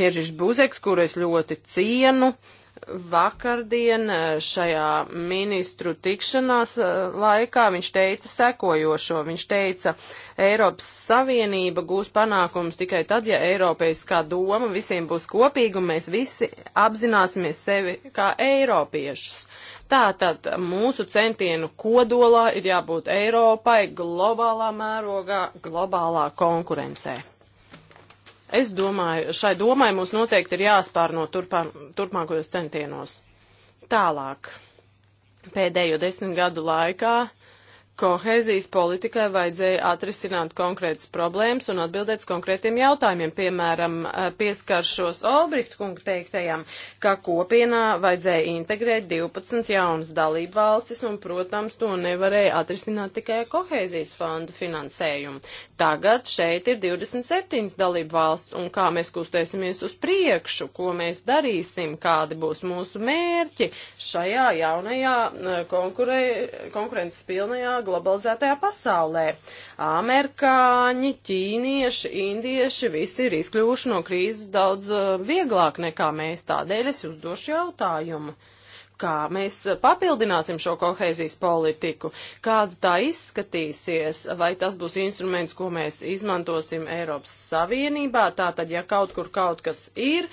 Ježiš Buzeks, kur es ļoti cienu, uh, vakardien eh, šajā ministru tikšanās eh, laikā viņš teica sekojošo. Viņš teica, Eiropas Savienība gūs panākums tikai tad, ja Eiropeiskā doma visiem būs kopīga un mēs visi apzināsimies sevi kā Eiropiešus. Tātad mūsu centienu kodolā ir jābūt Eiropai globālā mērogā, globālā konkurencē. Es domāju, šai domai mums noteikti ir jāspārno turpā, turpmākajos centienos. Tālāk. Pēdējo desmit gadu laikā kohēzijas politikai vajadzēja atrisināt konkrētas problēmas un atbildēt uz konkrētiem jautājumiem. Piemēram, eh, pieskaršos Olbricht kunga teiktajam, ka kopienā vajadzēja integrēt 12 jaunas dalību valstis un, protams, to nevarēja atrisināt tikai kohēzijas fonda finansējumu. Tagad šeit ir 27 dalību valsts un kā mēs kustēsimies uz priekšu, ko mēs darīsim, kādi būs mūsu mērķi šajā jaunajā eh, konkurē, konkurences pilnajā globalizētajā pasaulē. Amerikāņi, ķīnieši, indieši visi ir izkļuvuši no krīzes daudz eh, vieglāk nekā mēs. Tādēļ es uzdošu jautājumu. Kā mēs papildināsim šo kohēzijas politiku? Kādu tā izskatīsies? Vai tas būs instruments, ko mēs izmantosim Eiropas Savienībā? Tātad, ja kaut kur kaut kas ir,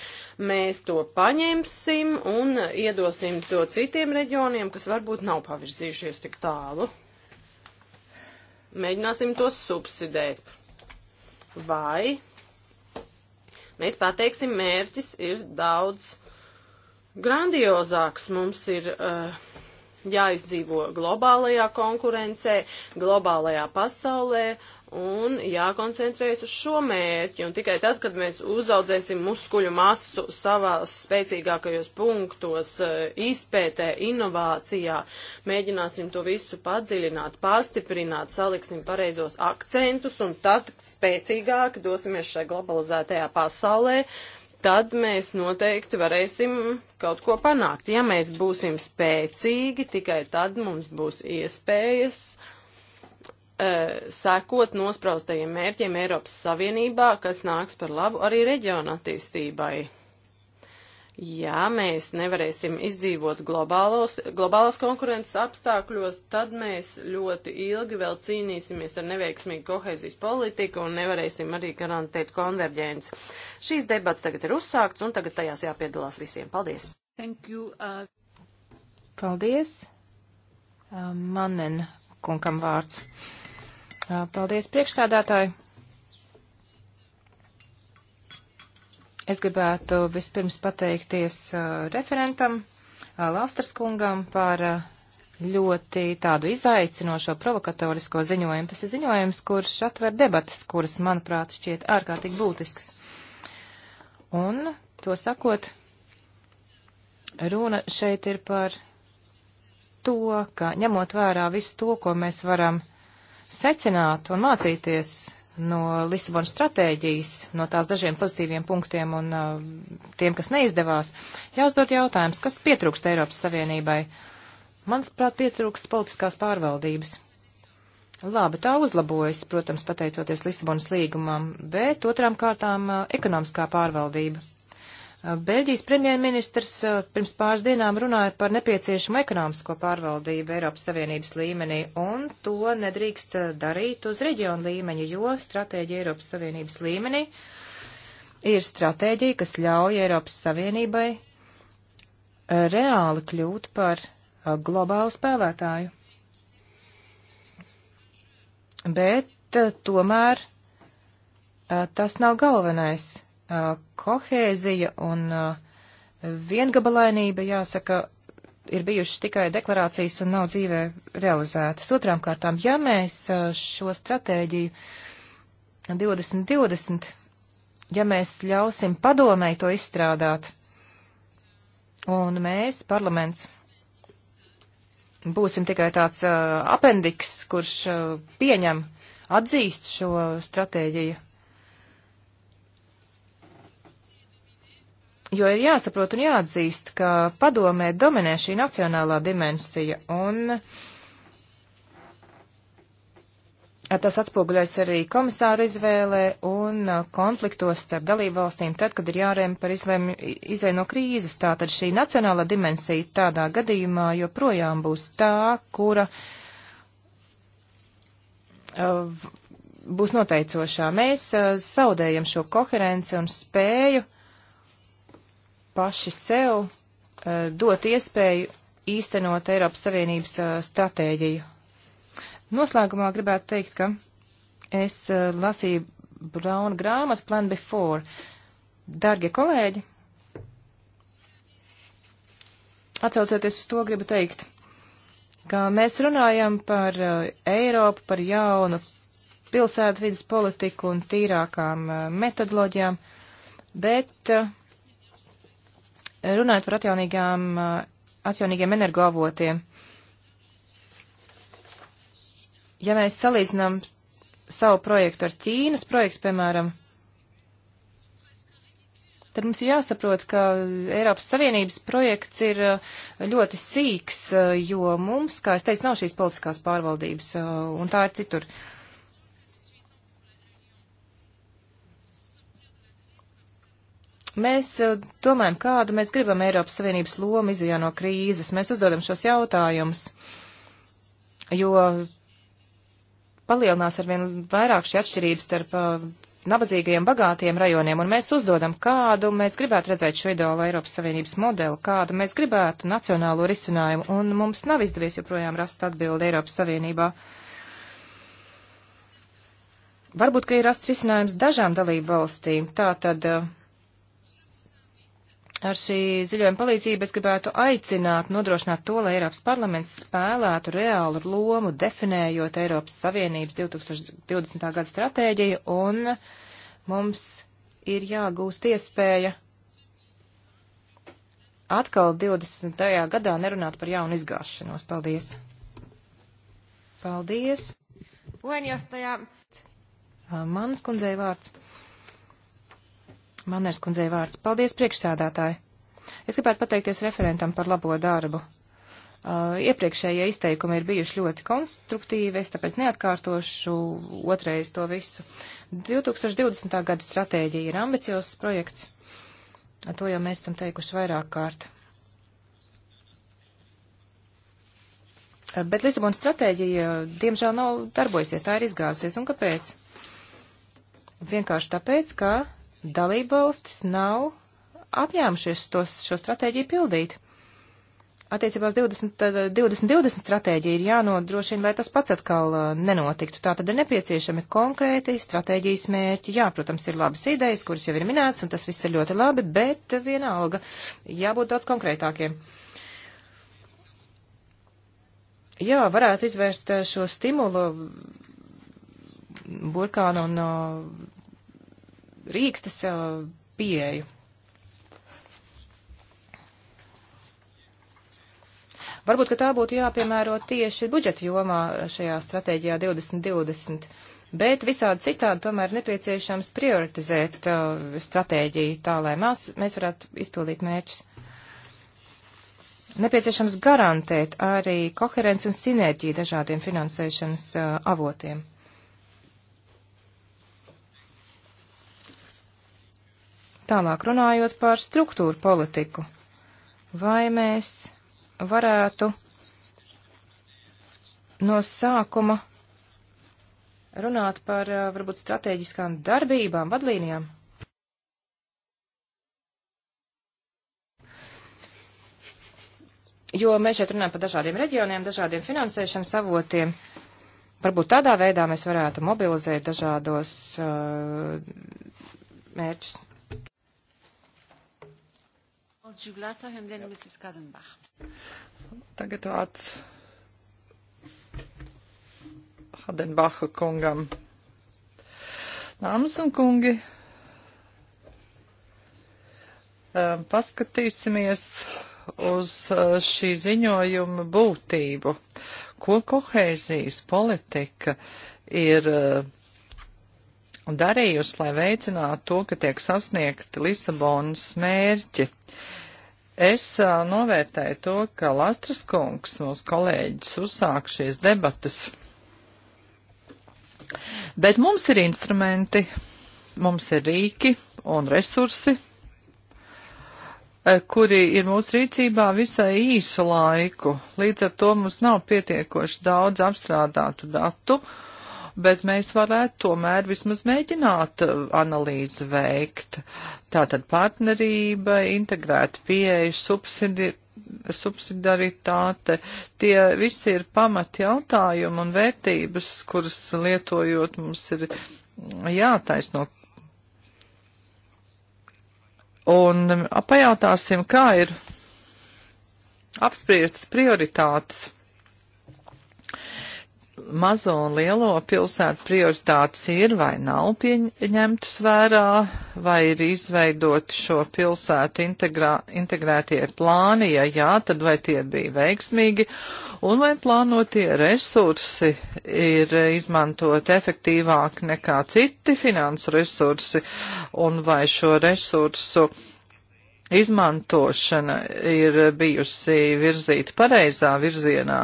mēs to paņemsim un iedosim to citiem reģioniem, kas varbūt nav pavirzījušies tik tālu mēģināsim tos subsidēt. Vai mēs pateiksim, mērķis ir daudz grandiozāks. Mums ir uh, jāizdzīvo globālajā konkurencē, globālajā pasaulē, uh, un jākoncentrējas uz šo mērķi. Un tikai tad, kad mēs uzaudzēsim muskuļu masu savās spēcīgākajos punktos, eh, izpētē, inovācijā, mēģināsim to visu padziļināt, pastiprināt, saliksim pareizos akcentus un tad spēcīgāk dosimies šajā globalizētajā pasaulē. Tad mēs noteikti varēsim kaut ko panākt. Ja mēs būsim spēcīgi, tikai tad mums būs iespējas uh, Uh, sekot nospraustajiem mērķiem Eiropas Savienībā, kas nāks par labu arī reģiona attīstībai. Ja mēs nevarēsim izdzīvot globālos, globālās konkurences apstākļos, tad mēs ļoti ilgi vēl cīnīsimies ar neveiksmīgu kohēzijas politiku un nevarēsim arī garantēt konverģenci. Šīs debats tagad ir uzsākts un tagad tajās jāpiedalās visiem. Paldies! Thank you, uh... Paldies! Uh, manen kungam vārds. Paldies, priekšsādātāji! Es gribētu vispirms pateikties uh, referentam uh, Lastras kungam par uh, ļoti tādu izaicinošo provokatorisko ziņojumu. Tas ir ziņojums, kurš atver debatas, kuras, manuprāt, šķiet ārkārtīgi būtisks. Un, to sakot, runa šeit ir par to, ka ņemot vērā visu to, ko mēs varam uh, secināt un mācīties no Lisabonas stratēģijas, no tās dažiem pozitīviem punktiem un uh, tiem, kas neizdevās, jāuzdod jautājums, kas pietrūkst Eiropas Savienībai. Manuprāt, pietrūkst politiskās pārvaldības. Labi, tā uzlabojas, protams, pateicoties Lisabonas līgumam, bet otrām kārtām uh, ekonomiskā pārvaldība. Beļģijas premjerministrs eh, pirms pāris dienām runāja par nepieciešamu ekonomisko pārvaldību Eiropas Savienības līmenī, un to nedrīkst eh, darīt uz reģionu līmeņa, jo stratēģija Eiropas Savienības līmenī ir stratēģija, kas ļauj Eiropas Savienībai eh, reāli kļūt par globālu spēlētāju. Bet tomēr tas nav galvenais Uh, kohēzija un uh, viengabalainība, jāsaka, ir bijušas tikai deklarācijas un nav dzīvē realizētas. Otrām kārtām, ja mēs uh, šo stratēģiju 2020, ja mēs ļausim padomēji to izstrādāt, un mēs, parlaments, būsim tikai tāds uh, apendiks, kurš uh, pieņem, atzīst šo stratēģiju Jo ir jāsaprot un jāatzīst, ka padomē dominē šī nacionālā dimensija, un tas atspoguļojas arī komisāru izvēlē un konfliktos starp dalību valstīm, tad, kad ir jārēma par izlēmu izēju no krīzes. Tātad šī nacionālā dimensija tādā gadījumā joprojām būs tā, kura uh, būs noteicošā. Mēs uh, zaudējam šo koherenci un spēju uh, paši sev eh, dot iespēju īstenot Eiropas Savienības eh, stratēģiju. Noslēgumā gribētu teikt, ka es eh, lasīju Brauna grāmatu Plan Before. Dargie kolēģi, atcaucoties uz to, gribu teikt, ka mēs runājam par Eiropu, par jaunu pilsētu vidas politiku un tīrākām metodoloģijām, bet uh, Runājot par atjaunīgām, eh, atjaunīgiem energoavotiem, ja mēs salīdzinām savu projektu ar Ķīnas projektu, piemēram, tad mums ir jāsaprot, ka Eiropas Savienības projekts ir eh, ļoti sīks, eh, jo mums, kā es teicu, nav šīs politiskās pārvaldības, un tā ir citur. Uh, Mēs e, domājam, kādu mēs gribam Eiropas Savienības lomu izjā no krīzes. Mēs uzdodam šos jautājumus, jo palielinās arvien vairāk šī atšķirības starp uh, nabadzīgajiem bagātiem rajoniem, un mēs uzdodam, kādu mēs gribētu redzēt šo ideālo Eiropas Savienības modeli, kādu mēs gribētu nacionālo risinājumu, un mums nav izdevies joprojām rast atbildi Eiropas Savienībā. Varbūt, ka ir rasts risinājums dažām dalību valstīm, tā tad uh, e, Ar šī ziļojuma palīdzību es gribētu aicināt nodrošināt to, lai Eiropas parlaments spēlētu reālu lomu, definējot Eiropas Savienības 2020. gada stratēģiju, un mums ir jāgūst iespēja atkal 20. gadā nerunāt par jaunu izgāšanos. Paldies! Paldies! Puheenjohtaja! Manas kundzei vārds. Manners kundzei vārds. Paldies, priekšsādātāji! Es gribētu pateikties referentam par labo darbu. Uh, iepriekšējie izteikumi ir bijuši ļoti konstruktīvi, es tāpēc neatkārtošu otrais to visu. 2020. gada stratēģija ir ambiciozs projekts, to jau mēs esam teikuši vairāk kārt. Bet Lisabonas stratēģija, diemžēl, nav darbojusies, tā ir izgāzusies. Un kāpēc? Vienkārši tāpēc, ka dalībvalstis nav apņēmušies tos, šo stratēģiju pildīt. Attiecībās 2020 20, 20 stratēģija ir jānodrošina, lai tas pats atkal uh, nenotiktu. Tā tad ir nepieciešami konkrēti stratēģijas mērķi. Jā, protams, ir labas idejas, kuras jau ir minētas, un tas viss ir ļoti labi, bet vienalga jābūt daudz konkrētākiem. Jā, varētu izvērst eh, šo stimulu burkānu un uh, rīkstas uh, pieeju. Varbūt, ka tā būtu jāpiemēro tieši budžeta jomā šajā stratēģijā 2020, bet visādi citādi tomēr nepieciešams prioritizēt uh, stratēģiju tā, lai mēs, mēs varētu izpildīt mērķus. Nepieciešams garantēt arī koherenci un sinerģiju dažādiem finansēšanas uh, avotiem. Tālāk runājot par struktūru politiku, vai mēs varētu no sākuma runāt par uh, varbūt strateģiskām darbībām, vadlīnijām? Jo mēs šeit runājam par dažādiem reģioniem, dažādiem finansēšanas avotiem. Varbūt tādā veidā mēs varētu mobilizēt dažādos uh, mērķus. Tagad vārds Hadenbacha kungam. Nāmas un kungi, um, paskatīsimies uz uh, šī ziņojuma būtību. Ko kohēzijas politika ir uh, darījusi, lai veicinātu to, ka tiek sasniegti Lisabonas mērķi? Uh, Es uh, novērtēju to, ka Lastras kungs, mūsu kolēģis, uzsāk šīs debatas. Bet mums ir instrumenti, mums ir rīki un resursi, kuri ir mūsu rīcībā visai īsu laiku. Līdz ar to mums nav pietiekoši daudz apstrādātu datu. Uh, bet mēs varētu tomēr vismaz mēģināt uh, analīzi veikt. Tātad partnerība, integrēta pieeja, subsidi, subsidaritāte, tie visi ir pamati jautājumi un vērtības, kuras lietojot mums ir jātaisno. Un um, pajautāsim, kā ir apspriestas prioritātes mazo un lielo pilsētu prioritātes ir vai nav pieņemtas vērā, vai ir izveidoti šo pilsētu integrā, integrētie plāni, ja jā, tad vai tie bija veiksmīgi, un vai plānotie resursi ir izmantot efektīvāk nekā citi finansu resursi, un vai šo resursu izmantošana ir bijusi virzīta pareizā virzienā.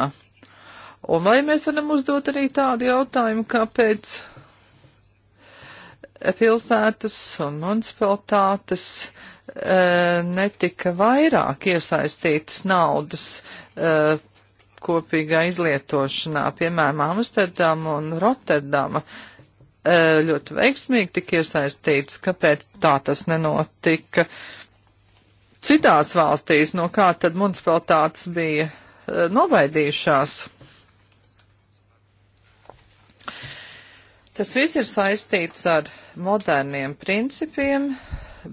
Un vai mēs varam uzdot arī tādu jautājumu, kāpēc pilsētas un municipalitātes e, netika vairāk iesaistītas naudas e, kopīgā izlietošanā, piemēram, Amsterdama un Rotterdama e, ļoti veiksmīgi tika iesaistīts, kāpēc tā tas nenotika citās valstīs, no kā tad municipalitātes bija e, novaidījušās. Tas viss ir saistīts ar moderniem principiem,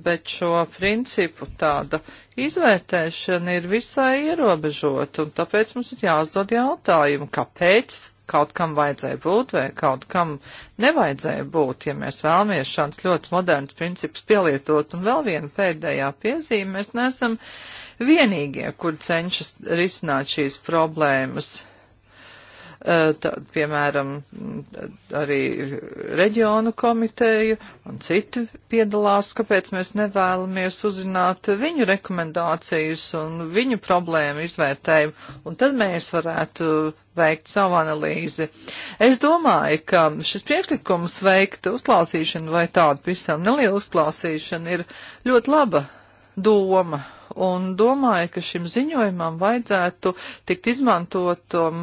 bet šo principu tāda izvērtēšana ir visai ierobežota, un tāpēc mums ir jāuzdod jautājumu, kāpēc kaut kam vajadzēja būt vai kaut kam nevajadzēja būt, ja mēs vēlamies šāds ļoti moderns princips pielietot. Un vēl viena pēdējā piezīme, mēs neesam vienīgie, kur cenšas risināt šīs problēmas. Eh, tā, piemēram, arī reģionu komiteju un citi piedalās, kāpēc mēs nevēlamies uzzināt viņu rekomendācijas un viņu problēmu izvērtējumu, un tad mēs varētu veikt savu analīzi. Es domāju, ka šis priekšlikums veikt uzklausīšanu vai tādu visam nelielu uzklausīšanu ir ļoti laba doma un domāju, ka šim ziņojumam vajadzētu tikt izmantotam,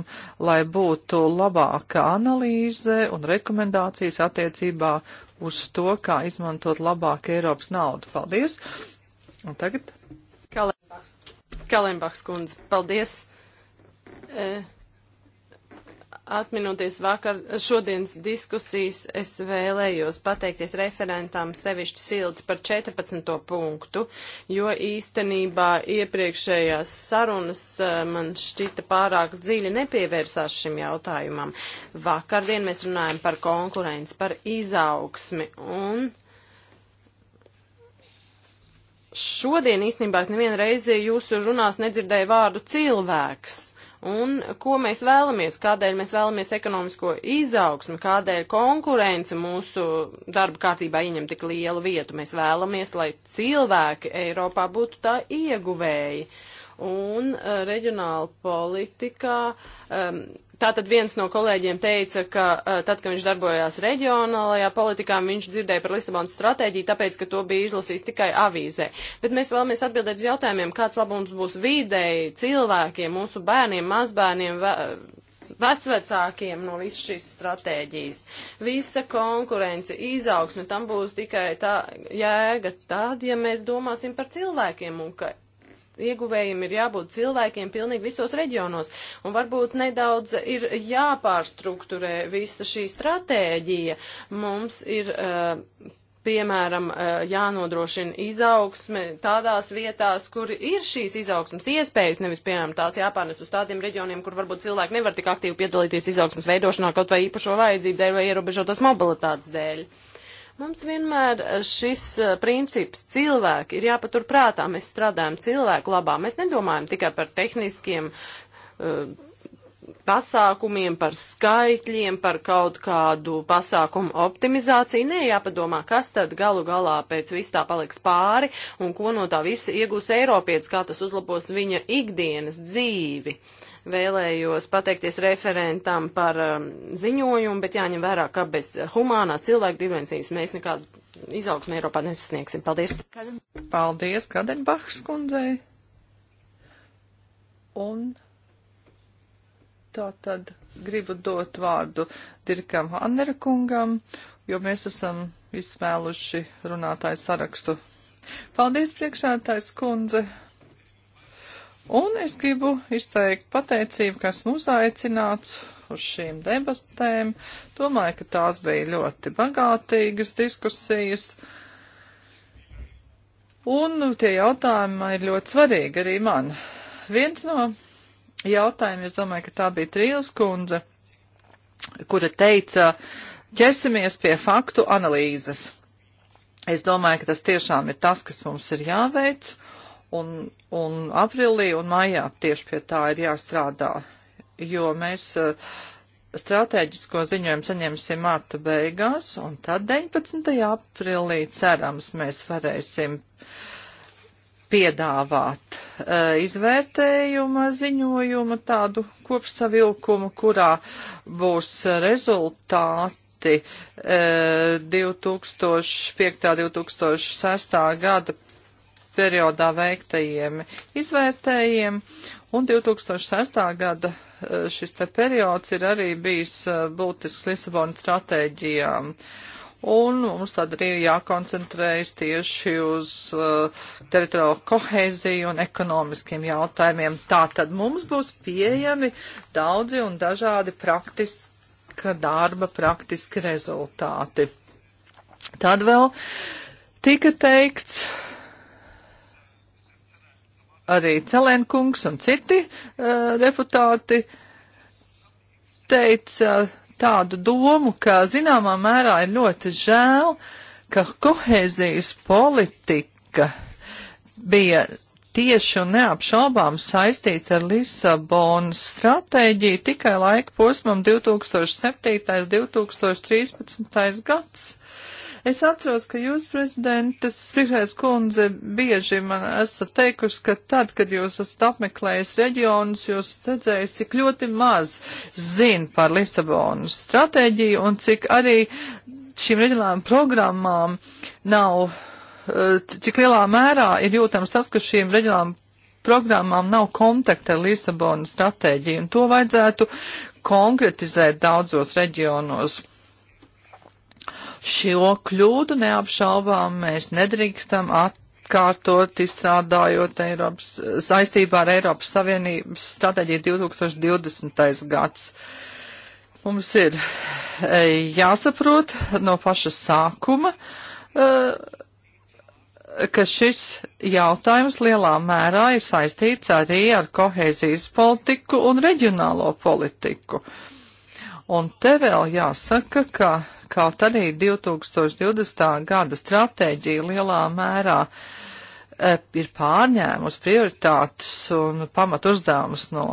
lai būtu labāka analīze un rekomendācijas attiecībā uz to, kā izmantot labāk Eiropas naudu. Paldies! Un tagad? Kalenbachs kundze, paldies! E Atminoties vakar, šodienas diskusijas, es vēlējos pateikties referentām sevišķi silti par 14. punktu, jo īstenībā iepriekšējās sarunas eh, man šķita pārāk dziļi nepievērsās šim jautājumam. Vakardien mēs runājam par konkurenci, par izaugsmi un. Šodien īstenībā es nevienu reizi jūsu runās nedzirdēju vārdu cilvēks un ko mēs vēlamies, kādēļ mēs vēlamies ekonomisko izaugsmu, kādēļ konkurence mūsu darba kārtībā ieņem tik lielu vietu. Mēs vēlamies, lai cilvēki Eiropā būtu tā ieguvēji. Un uh, reģionāla politikā um, Tātad viens no kolēģiem teica, ka eh, tad, kad viņš darbojās reģionālajā politikā, viņš dzirdēja par Lisabonas stratēģiju, tāpēc, ka to bija izlasījis tikai avīzē. Bet mēs vēlamies atbildēt uz jautājumiem, kāds labums būs videi, cilvēkiem, mūsu bērniem, mazbērniem, vecvecākiem no visas šīs stratēģijas. Visa konkurence, izaugsme, tam būs tikai tā jēga tad, ja mēs domāsim par cilvēkiem un ka ieguvējiem ir jābūt cilvēkiem pilnīgi visos reģionos. Un varbūt nedaudz ir jāpārstruktūrē visa šī stratēģija. Mums ir. Uh, Piemēram, eh, jānodrošina izaugsme tādās vietās, kur ir šīs izaugsmes iespējas, nevis, piemēram, tās jāpārnes uz tādiem reģioniem, kur varbūt cilvēki nevar tik aktīvi piedalīties izaugsmes veidošanā, kaut vai īpašo vajadzību dēļ vai ierobežotas mobilitātes dēļ. Uh, Mums vienmēr eh, šis eh, princips cilvēki ir jāpatur prātā. Mēs strādājam cilvēku labā. Mēs nedomājam tikai par tehniskiem uh, pasākumiem, par skaitļiem, par kaut kādu pasākumu optimizāciju. Nē, jāpadomā, kas tad galu galā pēc vis tā paliks pāri un ko no tā visa iegūs Eiropietis, kā tas uzlabos viņa ikdienas dzīvi. Uh, Vēlējos pateikties referentam par um, ziņojumu, bet jāņem vērā, ka bez humānās cilvēku dimensijas mēs nekādu izaugsmu Eiropā nesasniegsim. Paldies! Paldies, Kadenbachs kundzei! Un tā tad gribu dot vārdu Dirkam Hannerkungam, jo mēs esam izsmēluši runātāju sarakstu. Paldies, priekšētājs kundze! Un es gribu izteikt pateicību, kas mūs aicināts uz šīm debatēm. Domāju, ka tās bija ļoti bagātīgas diskusijas. Un tie jautājumi ir ļoti svarīgi arī man. Viens no jautājumiem, es domāju, ka tā bija Trīls kundze, kura teica, ķersimies pie faktu analīzes. Es domāju, ka tas tiešām ir tas, kas mums ir jāveic. Uh, un, un aprīlī un maijā tieši pie tā ir jāstrādā, jo mēs uh, eh, stratēģisko ziņojumu saņemsim marta beigās, un tad 19. aprīlī cerams mēs varēsim piedāvāt uh, izvērtējuma ziņojumu tādu kopsavilkumu, kurā būs rezultāti uh, 2005. 2006. gada periodā veiktajiem izvērtējiem, un 2006. gada e, šis te periods ir arī bijis e, būtisks Lisabonas stratēģijām. Un mums tad arī jākoncentrējas tieši uz uh, teritoriālo kohēziju un ekonomiskiem jautājumiem. Tā tad mums būs pieejami daudzi un dažādi praktiska darba, praktiski rezultāti. Tad vēl tika teikts, uh, arī Celenkungs un citi uh, deputāti teica tādu domu, ka zināmā mērā ir ļoti žēl, ka kohēzijas politika bija tieši un neapšaubām saistīta ar Lisabonas stratēģiju tikai laika posmam 2007. 2013. gads. Es atceros, ka jūs, prezidentas priekšējais kundze, bieži man esat teikusi, ka tad, kad jūs esat apmeklējis reģionus, jūs redzējis, cik ļoti maz zin par Lisabonas stratēģiju un cik arī šīm reģionālām programmām nav, eh, cik lielā mērā ir jūtams tas, ka šīm reģionālām programmām nav kontakta ar Lisabonas stratēģiju, un to vajadzētu konkretizēt daudzos reģionos. Šo kļūdu neapšaubām mēs nedrīkstam atkārtot izstrādājot Eiropas, saistībā ar Eiropas Savienības stratēģiju 2020. gads. Mums ir eh, jāsaprot no paša sākuma, eh, ka šis jautājums lielā mērā ir saistīts arī ar kohēzijas politiku un reģionālo politiku. Un te vēl jāsaka, ka Kaut arī 2020. gada stratēģija lielā mērā e, ir pārņēmusi prioritātes un pamat uzdevumus no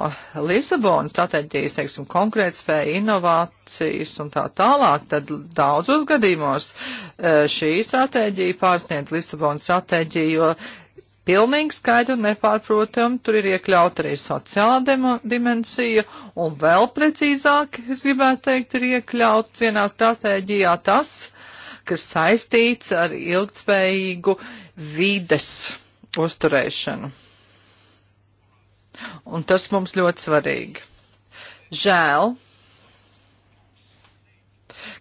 Lisabonas stratēģijas, teiksim, konkurētspēja, inovācijas un tā tālāk, tad daudzos gadījumos e, šī stratēģija pārsniedz Lisabonas stratēģiju, jo pilnīgi skaidri un nepārprotami. Tur ir iekļauta arī sociāla dimensija, un vēl precīzāk, es gribētu teikt, ir iekļauts vienā stratēģijā tas, kas saistīts ar ilgtspējīgu vides uzturēšanu. Un tas mums ļoti svarīgi. Žēl,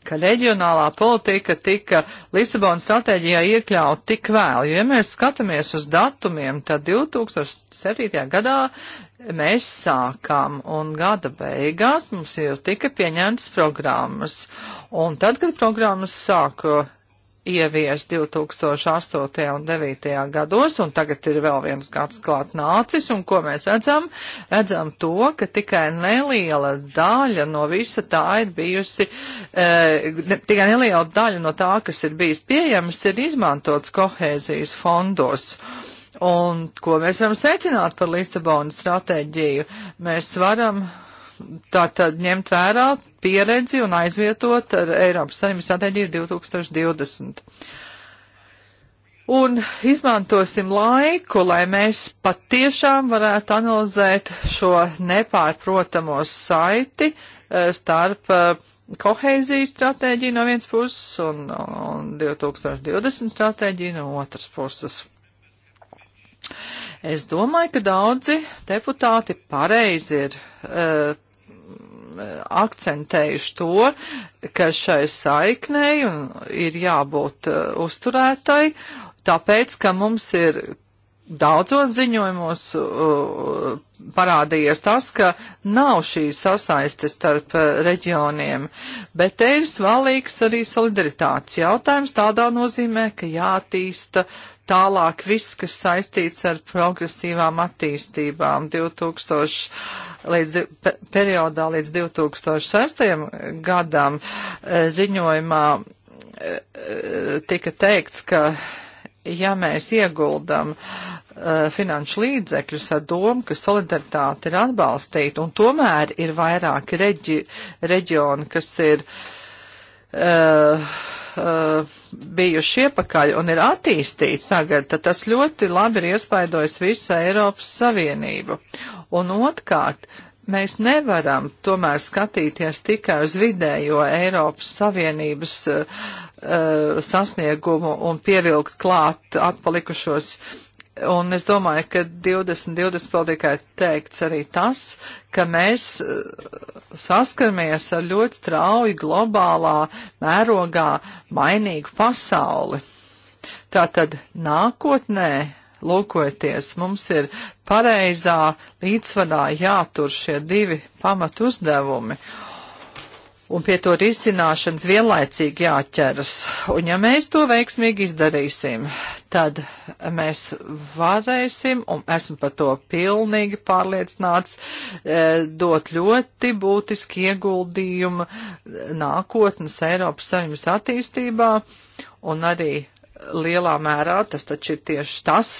ka reģionālā politika tika Lisabonas stratēģijā iekļaut tik vēl, jo, ja mēs skatāmies uz datumiem, tad 2007. gadā mēs sākām un gada beigās mums jau tika pieņemtas programmas. Un tad, kad programmas sāka ievies 2008. un 2009. gados, un tagad ir vēl viens gads klāt nācis, un ko mēs redzam? Redzam to, ka tikai neliela daļa no visa tā ir bijusi, e, ne, tikai neliela daļa no tā, kas ir bijis pieejams, ir izmantots kohēzijas fondos. Un ko mēs varam secināt par Lisabonas stratēģiju? Mēs varam tā tad ņemt vērā pieredzi un aizvietot ar Eiropas saimnes strateģiju 2020. Un izmantosim laiku, lai mēs patiešām varētu analizēt šo nepārprotamo saiti eh, starp eh, koheizijas stratēģiju no vienas puses un, un 2020 stratēģiju no otras puses. Es domāju, ka daudzi deputāti pareizi ir uh, Eh, akcentējuši to, ka šai saiknei ir jābūt eh, uzturētai, tāpēc, ka mums ir daudzos ziņojumos uh, parādījies tas, ka nav šī sasaiste starp uh, reģioniem, bet te ir svalīgs arī solidaritātes jautājums tādā nozīmē, ka jātīsta tālāk viss, kas saistīts ar progresīvām attīstībām 2000 līdz periodā līdz 2006. gadam eh, ziņojumā eh, eh, tika teikts, ka ja mēs ieguldam finanšu līdzekļus ar domu, ka solidaritāte ir atbalstīta, un tomēr ir vairāki reģi, reģioni, kas ir uh, uh, bijuši iepakaļ un ir attīstīts tagad, tad tas ļoti labi ir iespaidojis visu Eiropas Savienību. Un otrkārt, mēs nevaram tomēr skatīties tikai uz vidējo Eiropas Savienības uh, sasniegumu un pievilkt klāt atpalikušos uh, Un es domāju, ka 2020 vēl tikai teikts arī tas, ka mēs eh, saskaramies ar ļoti strauju globālā mērogā mainīgu pasauli. Tātad nākotnē, lūkojoties, mums ir pareizā līdzsvarā jātur šie divi pamat uzdevumi. Uh, un pie to risināšanas vienlaicīgi jāķeras. Un ja mēs to veiksmīgi izdarīsim, tad mēs varēsim, un esmu par to pilnīgi pārliecināts, eh, dot ļoti būtiski ieguldījumu nākotnes Eiropas Savienības attīstībā, un arī lielā mērā tas taču ir tieši tas,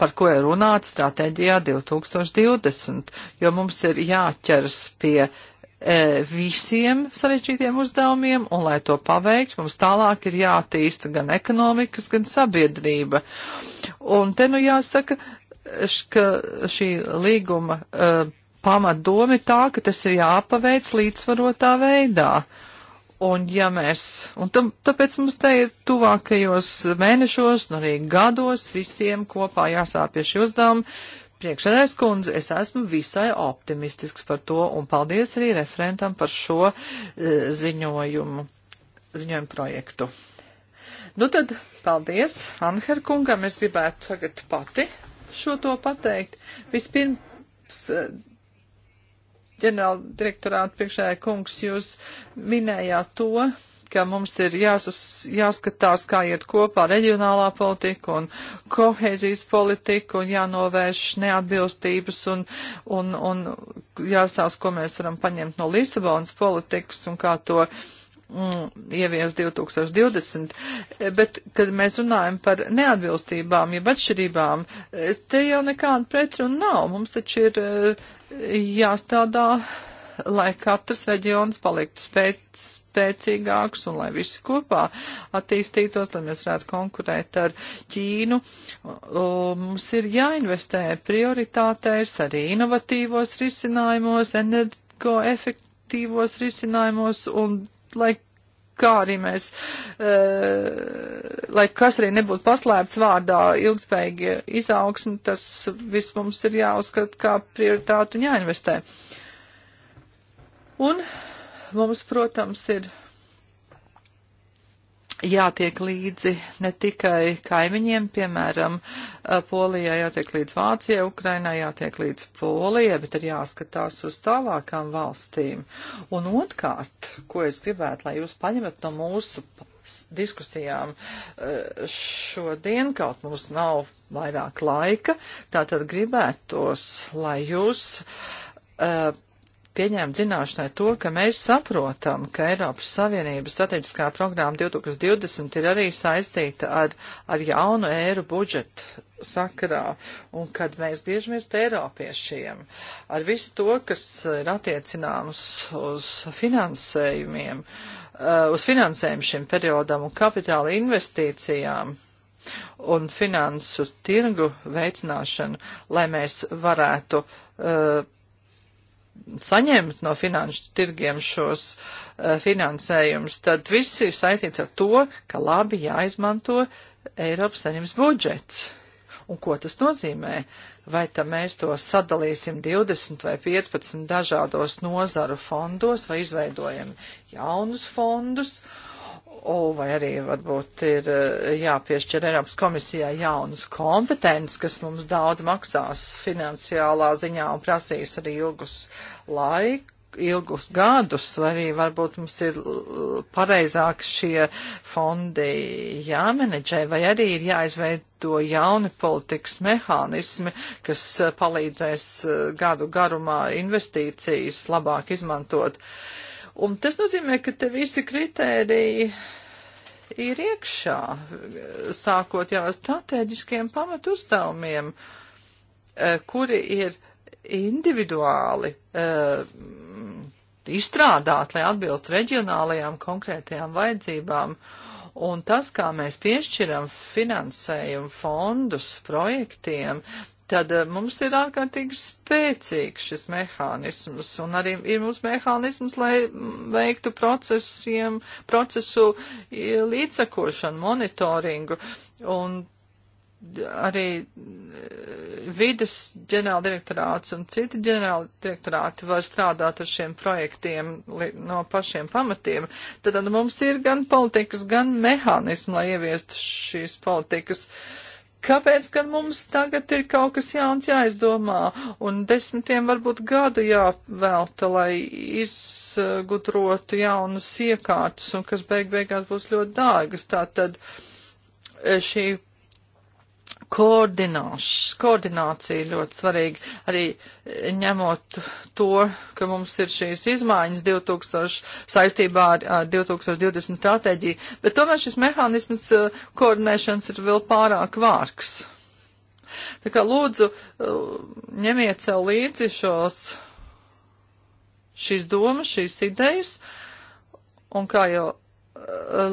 par ko ir runāts stratēģijā 2020, jo mums ir jāķers pie E, visiem sarežģītiem uzdevumiem, un lai to paveikt, mums tālāk ir jātīsta gan ekonomikas, gan sabiedrība. Un te nu jāsaka, ka šī līguma uh, pamatdoma ir tā, ka tas ir jāpaveic līdzsvarotā veidā. Un ja mēs, un tam, tāpēc mums te ir tuvākajos mēnešos, nu arī gados visiem kopā jāsāpie šī uzdevuma, Priekšsēdājas kundze, es esmu visai optimistisks par to, un paldies arī referentam par šo e, ziņojumu, ziņojumu projektu. Nu tad, paldies Anher kungam, es gribētu tagad pati šo to pateikt. Vispirms, eh, ģenerāla direktorāta priekšsēdāja kungs, jūs minējāt to, ka mums ir jāsas, jāskatās, kā iet kopā reģionālā politika un kohēzijas politika un jānovērš neatbilstības un, un, un jāstāsta, ko mēs varam paņemt no Lisabonas politikas un kā to mm, ievies 2020, bet, kad mēs runājam par neatbilstībām, jeb atšķirībām, te jau nekāda pretruna nav. Mums taču ir eh, jāstrādā, lai katrs reģions paliktu spēc, spēcīgāks un lai visi kopā attīstītos, lai mēs varētu konkurēt ar Ķīnu. Mums ir jāinvestē prioritātēs, arī inovatīvos risinājumos, energoefektīvos risinājumos un lai kā arī mēs, e, lai kas arī nebūtu paslēpts vārdā ilgspējīgi izaugsmi, tas viss mums ir jāuzskata kā prioritātu un jāinvestē. Un Mums, protams, ir jātiek līdzi ne tikai kaimiņiem, piemēram, eh, Polijai jātiek līdz Vācijai, Ukrainai jātiek līdz Polijai, bet ir jāskatās uz tālākām valstīm. Un otrkārt, ko es gribētu, lai jūs paņemat no mūsu diskusijām eh, šodien, kaut mums nav vairāk laika, tātad gribētos, lai jūs uh, pieņēma zināšanai to, ka mēs saprotam, ka Eiropas Savienības strateģiskā programma 2020 ir arī saistīta ar, ar jaunu eiru budžetu sakarā, un kad mēs griežamies pie Eiropiešiem, ar visu to, kas ir attiecināms uz finansējumiem, uh, uz finansējumu šim periodam un kapitāla investīcijām, un finansu tirgu veicināšanu, lai mēs varētu uh, saņemt no finanšu tirgiem šos uh, finansējumus, tad viss ir saistīts ar to, ka labi jāizmanto Eiropas saņems budžets. Un ko tas nozīmē? Vai tad mēs to sadalīsim 20 vai 15 dažādos nozaru fondos vai izveidojam jaunus fondus? Uh, O, vai arī varbūt ir eh, jāpiešķir Eiropas komisijai jaunas kompetences, kas mums daudz maksās finansiālā ziņā un prasīs arī ilgus laiku, ilgus gadus, vai arī varbūt mums ir eh, pareizāk šie fondi jāmenedžē, vai arī ir jāizveido jauni politikas mehānismi, kas eh, palīdzēs gadu garumā investīcijas labāk izmantot. Uh, Un tas nozīmē, ka te visi kritēriji ir iekšā, sākot jau ar strateģiskiem pamatu uzdevumiem, e, kuri ir individuāli e, izstrādāti, lai atbilst reģionālajām konkrētajām vajadzībām. Un tas, kā mēs piešķiram finansējumu fondus projektiem, tad eh, mums ir ārkārtīgi spēcīgs šis mehānisms, un arī ir mums mehānisms, lai mm, veiktu procesiem, procesu līdzsakošanu, monitoringu, un arī eh, vides ģenerāldirektorāts un citi ģenerāldirektorāti var strādāt ar šiem projektiem no pašiem pamatiem, tad, tad mums ir gan politikas, gan mehānismi, lai ieviestu šīs politikas. Uh, Kāpēc gan mums tagad ir kaut kas jauns jāizdomā un desmitiem varbūt gadu jāvelta, lai izgudrotu jaunus iekārtas un kas beig beigās būs ļoti dārgas? Tātad eh, šī koordinācija ļoti svarīga, arī ņemot to, ka mums ir šīs izmaiņas 2000, saistībā ar, ar 2020 stratēģiju, bet tomēr šis mehānisms eh, koordinēšanas ir vēl pārāk vārgs. Tā kā lūdzu, eh, ņemiet sev līdzi šos, šīs domas, šīs idejas, un kā jau eh,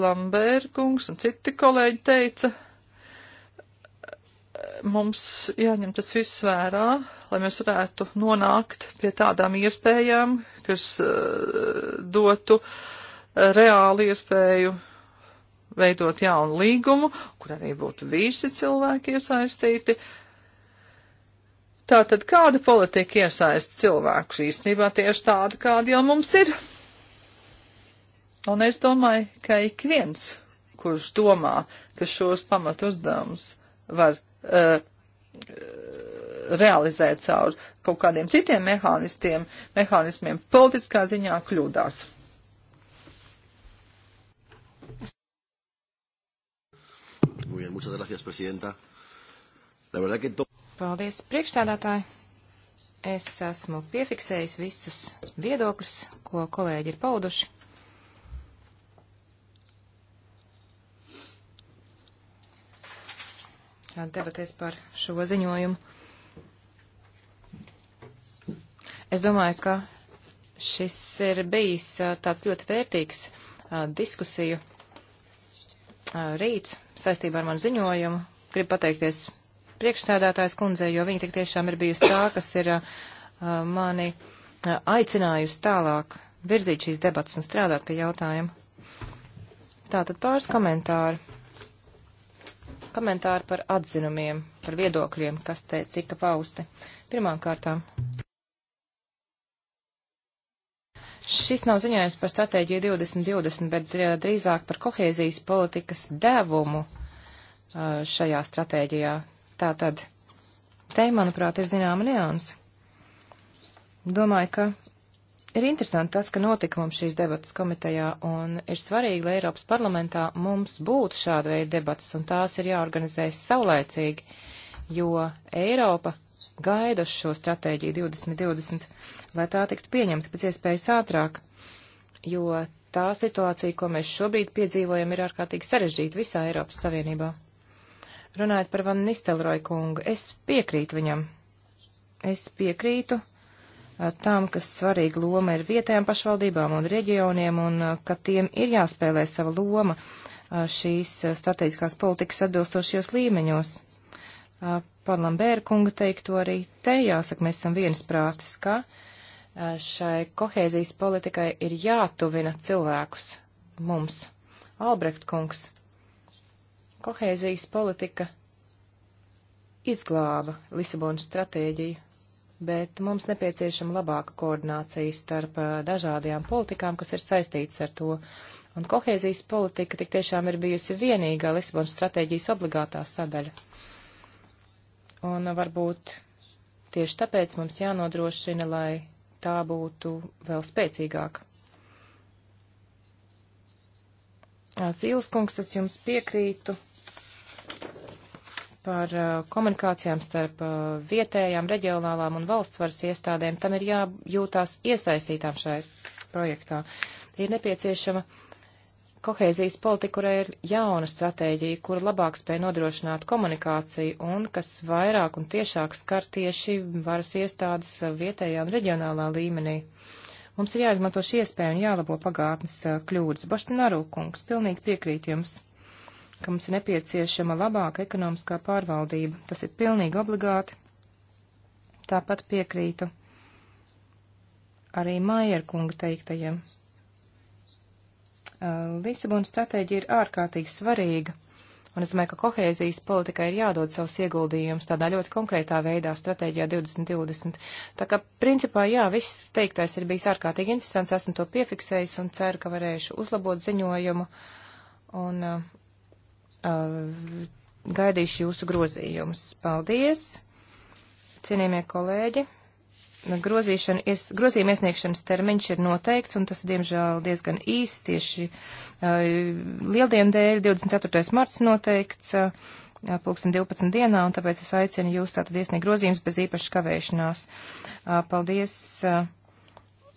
Lambērkungs un citi kolēģi teica, mums jāņem tas viss vērā, lai mēs varētu nonākt pie tādām iespējām, kas uh, dotu eh, reāli iespēju veidot jaunu līgumu, kur arī būtu visi cilvēki iesaistīti. Tātad kāda politika iesaista cilvēkus īstenībā tieši tāda, kāda jau mums ir? Un es domāju, ka ik viens, kurš domā, ka šos pamatu uzdevumus var uh, realizēt caur kaut kādiem citiem mehānistiem, mehānismiem politiskā ziņā kļūdās. Muy bien, muchas gracias, presidenta. La verdad que to... Paldies, priekšsēdētāji. Es esmu piefiksējis visus viedokļus, ko kolēģi ir pauduši. debatēs par šo ziņojumu. Es domāju, ka šis ir bijis uh, tāds ļoti vērtīgs uh, diskusiju uh, rīts saistībā ar manu ziņojumu. Gribu pateikties priekšsēdētājs kundzei, jo viņa tik tiešām ir bijusi tā, kas ir mani aicinājusi tālāk virzīt šīs debatas un strādāt pie jautājuma. Tātad pāris komentāri komentāri par atzinumiem, par viedokļiem, kas te tika pausti. Pirmām kārtām. Šis nav ziņojums par stratēģiju 2020, bet drīzāk par kohēzijas politikas devumu uh, šajā stratēģijā. Tātad, te, manuprāt, ir zināma neansa. Domāju, ka Ir interesanti tas, ka notika mums šīs debatas komitejā, un ir svarīgi, lai Eiropas parlamentā mums būtu šāda veida debatas, un tās ir jāorganizē saulēcīgi, jo Eiropa gaida uz šo stratēģiju 2020, lai tā tiktu pieņemta pēc iespējas ātrāk, jo tā situācija, ko mēs šobrīd piedzīvojam, ir ārkārtīgi sarežģīta visā Eiropas Savienībā. Runājot par Van Nistelroju kungu, es piekrītu viņam. Es piekrītu Eh, tam, kas svarīga loma ir vietējām pašvaldībām un reģioniem, un eh, ka tiem ir jāspēlē sava loma eh, šīs strateģiskās politikas atbilstošajos līmeņos. Par Lambēra kunga teikto arī te jāsaka, mēs esam viensprātis, ka šai kohēzijas politikai ir jātuvina cilvēkus mums. Albrecht kungs, kohēzijas politika izglāba Lisabonas stratēģiju bet mums nepieciešama labāka koordinācija starp dažādajām politikām, kas ir saistītas ar to. Un kohēzijas politika tik tiešām ir bijusi vienīgā Lisabonas stratēģijas obligātā sadaļa. Un varbūt tieši tāpēc mums jānodrošina, lai tā būtu vēl spēcīgāka. Sīles kungs, es jums piekrītu par uh, komunikācijām starp uh, vietējām, reģionālām un valsts varas iestādēm, tam ir jājūtās iesaistītām šai projektā. Ir nepieciešama kohēzijas politika, kurai ir jauna stratēģija, kur labāk spēj nodrošināt komunikāciju un kas vairāk un tiešāk skar tieši varas iestādes uh, vietējā un reģionālā līmenī. Mums ir jāizmanto šī iespēja un jālabo pagātnes kļūdas. Baštināru kungs, pilnīgi piekrīt jums ka mums ir nepieciešama labāka ekonomiskā pārvaldība. Tas ir pilnīgi obligāti. Tāpat piekrītu arī Maier kunga teiktajiem. Uh, Lisabonas stratēģija ir ārkārtīgi svarīga, un es domāju, ka kohēzijas politikai ir jādod savus ieguldījumus tādā ļoti konkrētā veidā stratēģijā 2020. Tā kā, principā, jā, viss teiktais ir bijis ārkārtīgi interesants, esmu to piefiksējis un ceru, ka varēšu uzlabot ziņojumu un uh, Uh, gaidīšu jūsu grozījumus. Paldies, cienījamie kolēģi! Ies, grozījuma iesniegšanas termiņš ir noteikts, un tas, diemžēl, diezgan īsts tieši uh, lieldienu dēļ, 24. marts noteikts, uh, pulksten 12 dienā, un tāpēc es aicinu jūs tātad iesniegt grozījums bez īpašas kavēšanās. Uh, paldies! Uh,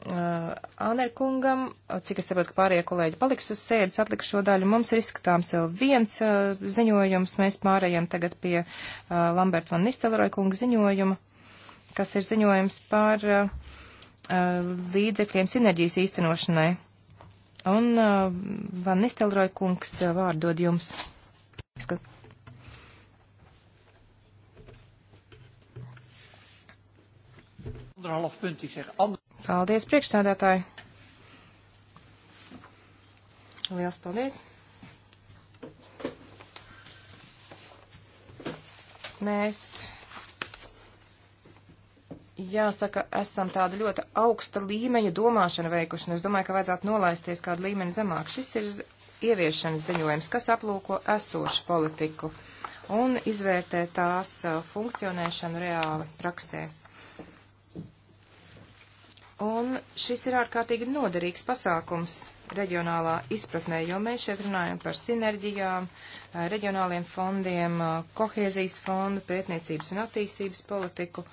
uh, Anerkungam, uh, cik es saprotu, ka pārējie kolēģi paliks uz sēdes, atliks šo daļu. Mums ir izskatāms vēl viens uh, ziņojums. Mēs pārējām tagad pie uh, Lamberta van Nistelroja kunga ziņojuma, kas ir ziņojums par uh, uh līdzekļiem sinerģijas īstenošanai. Un uh, van Nistelroja kungs uh, vārdu dod jums. Skat. Paldies, priekšsēdētāji. Liels paldies. Mēs jāsaka, esam tāda ļoti augsta līmeņa domāšana veikuši, un es domāju, ka vajadzētu nolaisties kādu līmeni zemāk. Šis ir ieviešanas ziņojums, kas aplūko esošu politiku un izvērtē tās funkcionēšanu reāli praksē. Un šis ir ārkārtīgi noderīgs pasākums reģionālā izpratnē, jo mēs šeit runājam par sinerģijām, eh, reģionāliem fondiem, eh, kohēzijas fondu, pētniecības un attīstības politiku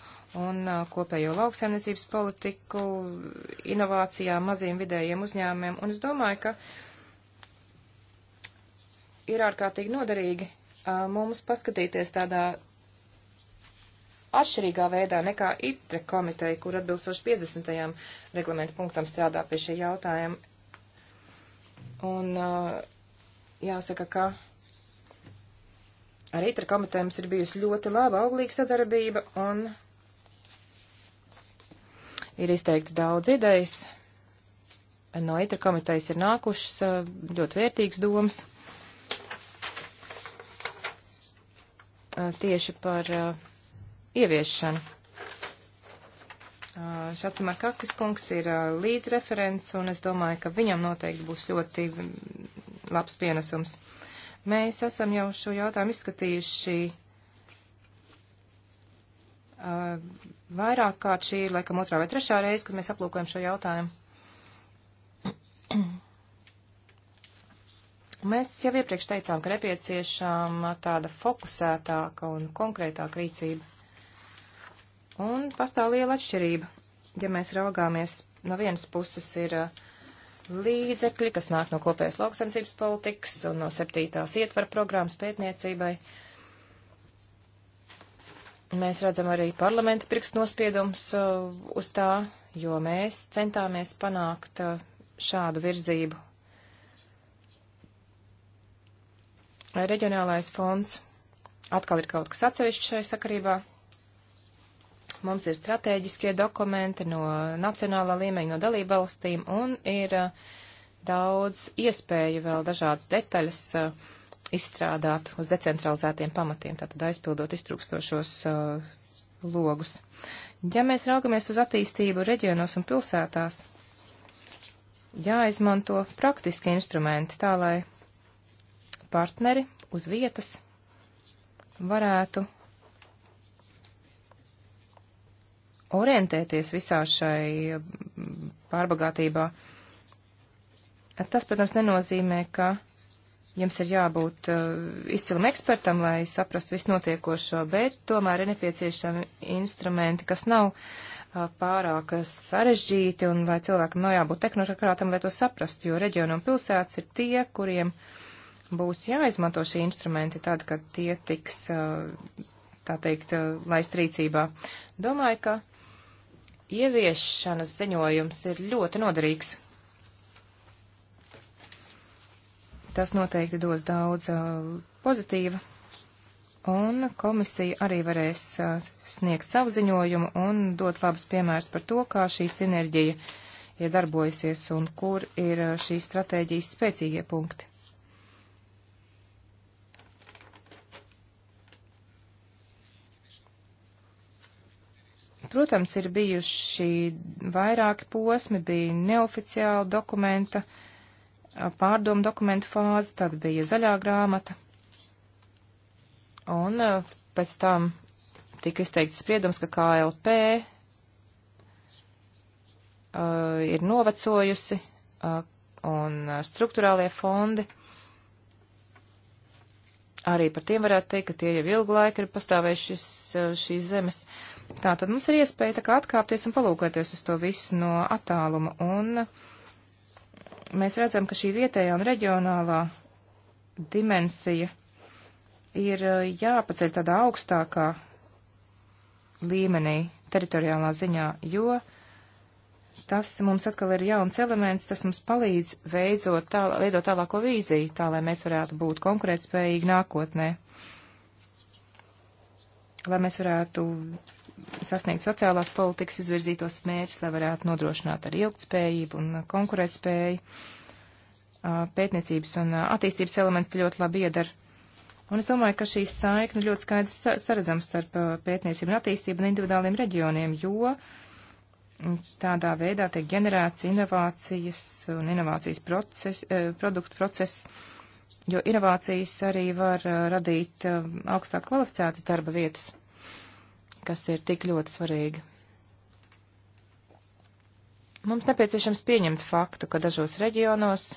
un eh, kopējo lauksaimniecības politiku, inovācijām, maziem vidējiem uzņēmumiem. Un es domāju, ka ir ārkārtīgi noderīgi mums paskatīties tādā atšķirīgā veidā nekā ITRE komiteja, kur atbilstoši 50. reglamentu punktam strādā pie šī jautājuma. Un uh, jāsaka, ka ar ITRE komiteju mums ir bijusi ļoti laba auglīga sadarbība un ir izteikts daudz idejas. No ITRE komitejas ir nākušas uh, ļoti vērtīgas domas. Uh, tieši par uh, ieviešanu. Uh, Šācamā Kakas kungs ir uh, līdzreferents, un es domāju, ka viņam noteikti būs ļoti mm, labs pienesums. Mēs esam jau šo jautājumu izskatījuši uh, vairāk kārt šī ir laikam otrā vai trešā reize, kad mēs aplūkojam šo jautājumu. mēs jau iepriekš teicām, ka nepieciešama tāda fokusētāka un konkrētāka rīcība. Un pastāv liela atšķirība. Ja mēs raugāmies, no vienas puses ir uh, līdzekļi, kas nāk no kopējās lauksaimniecības politikas un no septītās ietvara programmas pētniecībai. Mēs redzam arī parlamenta pirkstnospiedums uh, uz tā, jo mēs centāmies panākt uh, šādu virzību reģionālais fonds atkal ir kaut kas atsevišķs šai sakarībā. Mums ir strateģiskie dokumenti no nacionālā līmeņa, no dalību valstīm, un ir uh, daudz iespēju vēl dažādas detaļas uh, izstrādāt uz decentralizētiem pamatiem, tātad aizpildot iztrūkstošos uh, logus. Ja mēs raugamies uz attīstību reģionos un pilsētās, jāizmanto praktiski instrumenti tā, lai partneri uz vietas varētu orientēties visā šai pārbagātībā. Tas, protams, nenozīmē, ka jums ir jābūt uh, izcilam ekspertam, lai saprastu visu notiekošo, bet tomēr ir nepieciešami instrumenti, kas nav uh, pārāk sarežģīti un lai cilvēkam nav jābūt tehnokrātam, lai to saprastu, jo reģionu un pilsētas ir tie, kuriem būs jāizmanto šie instrumenti tad, kad tie tiks, uh, tā teikt, uh, laist rīcībā. Domāju, ka ieviešanas ziņojums ir ļoti noderīgs. Tas noteikti dos daudz uh, pozitīva, un komisija arī varēs uh, sniegt savu ziņojumu un dot labus piemērus par to, kā šī sinerģija ir darbojusies un kur ir uh, šīs stratēģijas spēcīgie punkti. Protams, ir bijuši vairāki posmi, bija neoficiāla dokumenta, pārdomu dokumentu fāze, tad bija zaļā grāmata. Un e, pēc tam tika izteikts spriedums, ka KLP uh, e, ir novecojusi uh, un struktūrālie fondi. Arī par tiem varētu teikt, ka tie jau ilgu laiku ir pastāvējuši šis, šīs zemes. Uh, Tā tad mums ir iespēja tā kā atkāpties un palūkoties uz to visu no attāluma, un mēs redzam, ka šī vietējā un reģionālā dimensija ir eh, jāpaceļ tādā augstākā līmenī teritoriālā ziņā, jo tas mums atkal ir jauns elements, tas mums palīdz veidot, tā, veidot tālāko vīziju, tā lai mēs varētu būt konkurētspējīgi nākotnē. Lai mēs varētu sasniegt sociālās politikas izvirzītos mērķus, lai varētu nodrošināt arī ilgtspējību un konkurētspēju. Pētniecības un attīstības elements ļoti labi iedara Un es domāju, ka šī saikne ļoti skaidrs saredzama starp pētniecību un attīstību un individuāliem reģioniem, jo tādā veidā tiek ģenerēts inovācijas un inovācijas proces, produktu process, jo inovācijas arī var radīt augstāk kvalificētas darba vietas kas ir tik ļoti svarīga. Mums nepieciešams pieņemt faktu, ka dažos reģionos,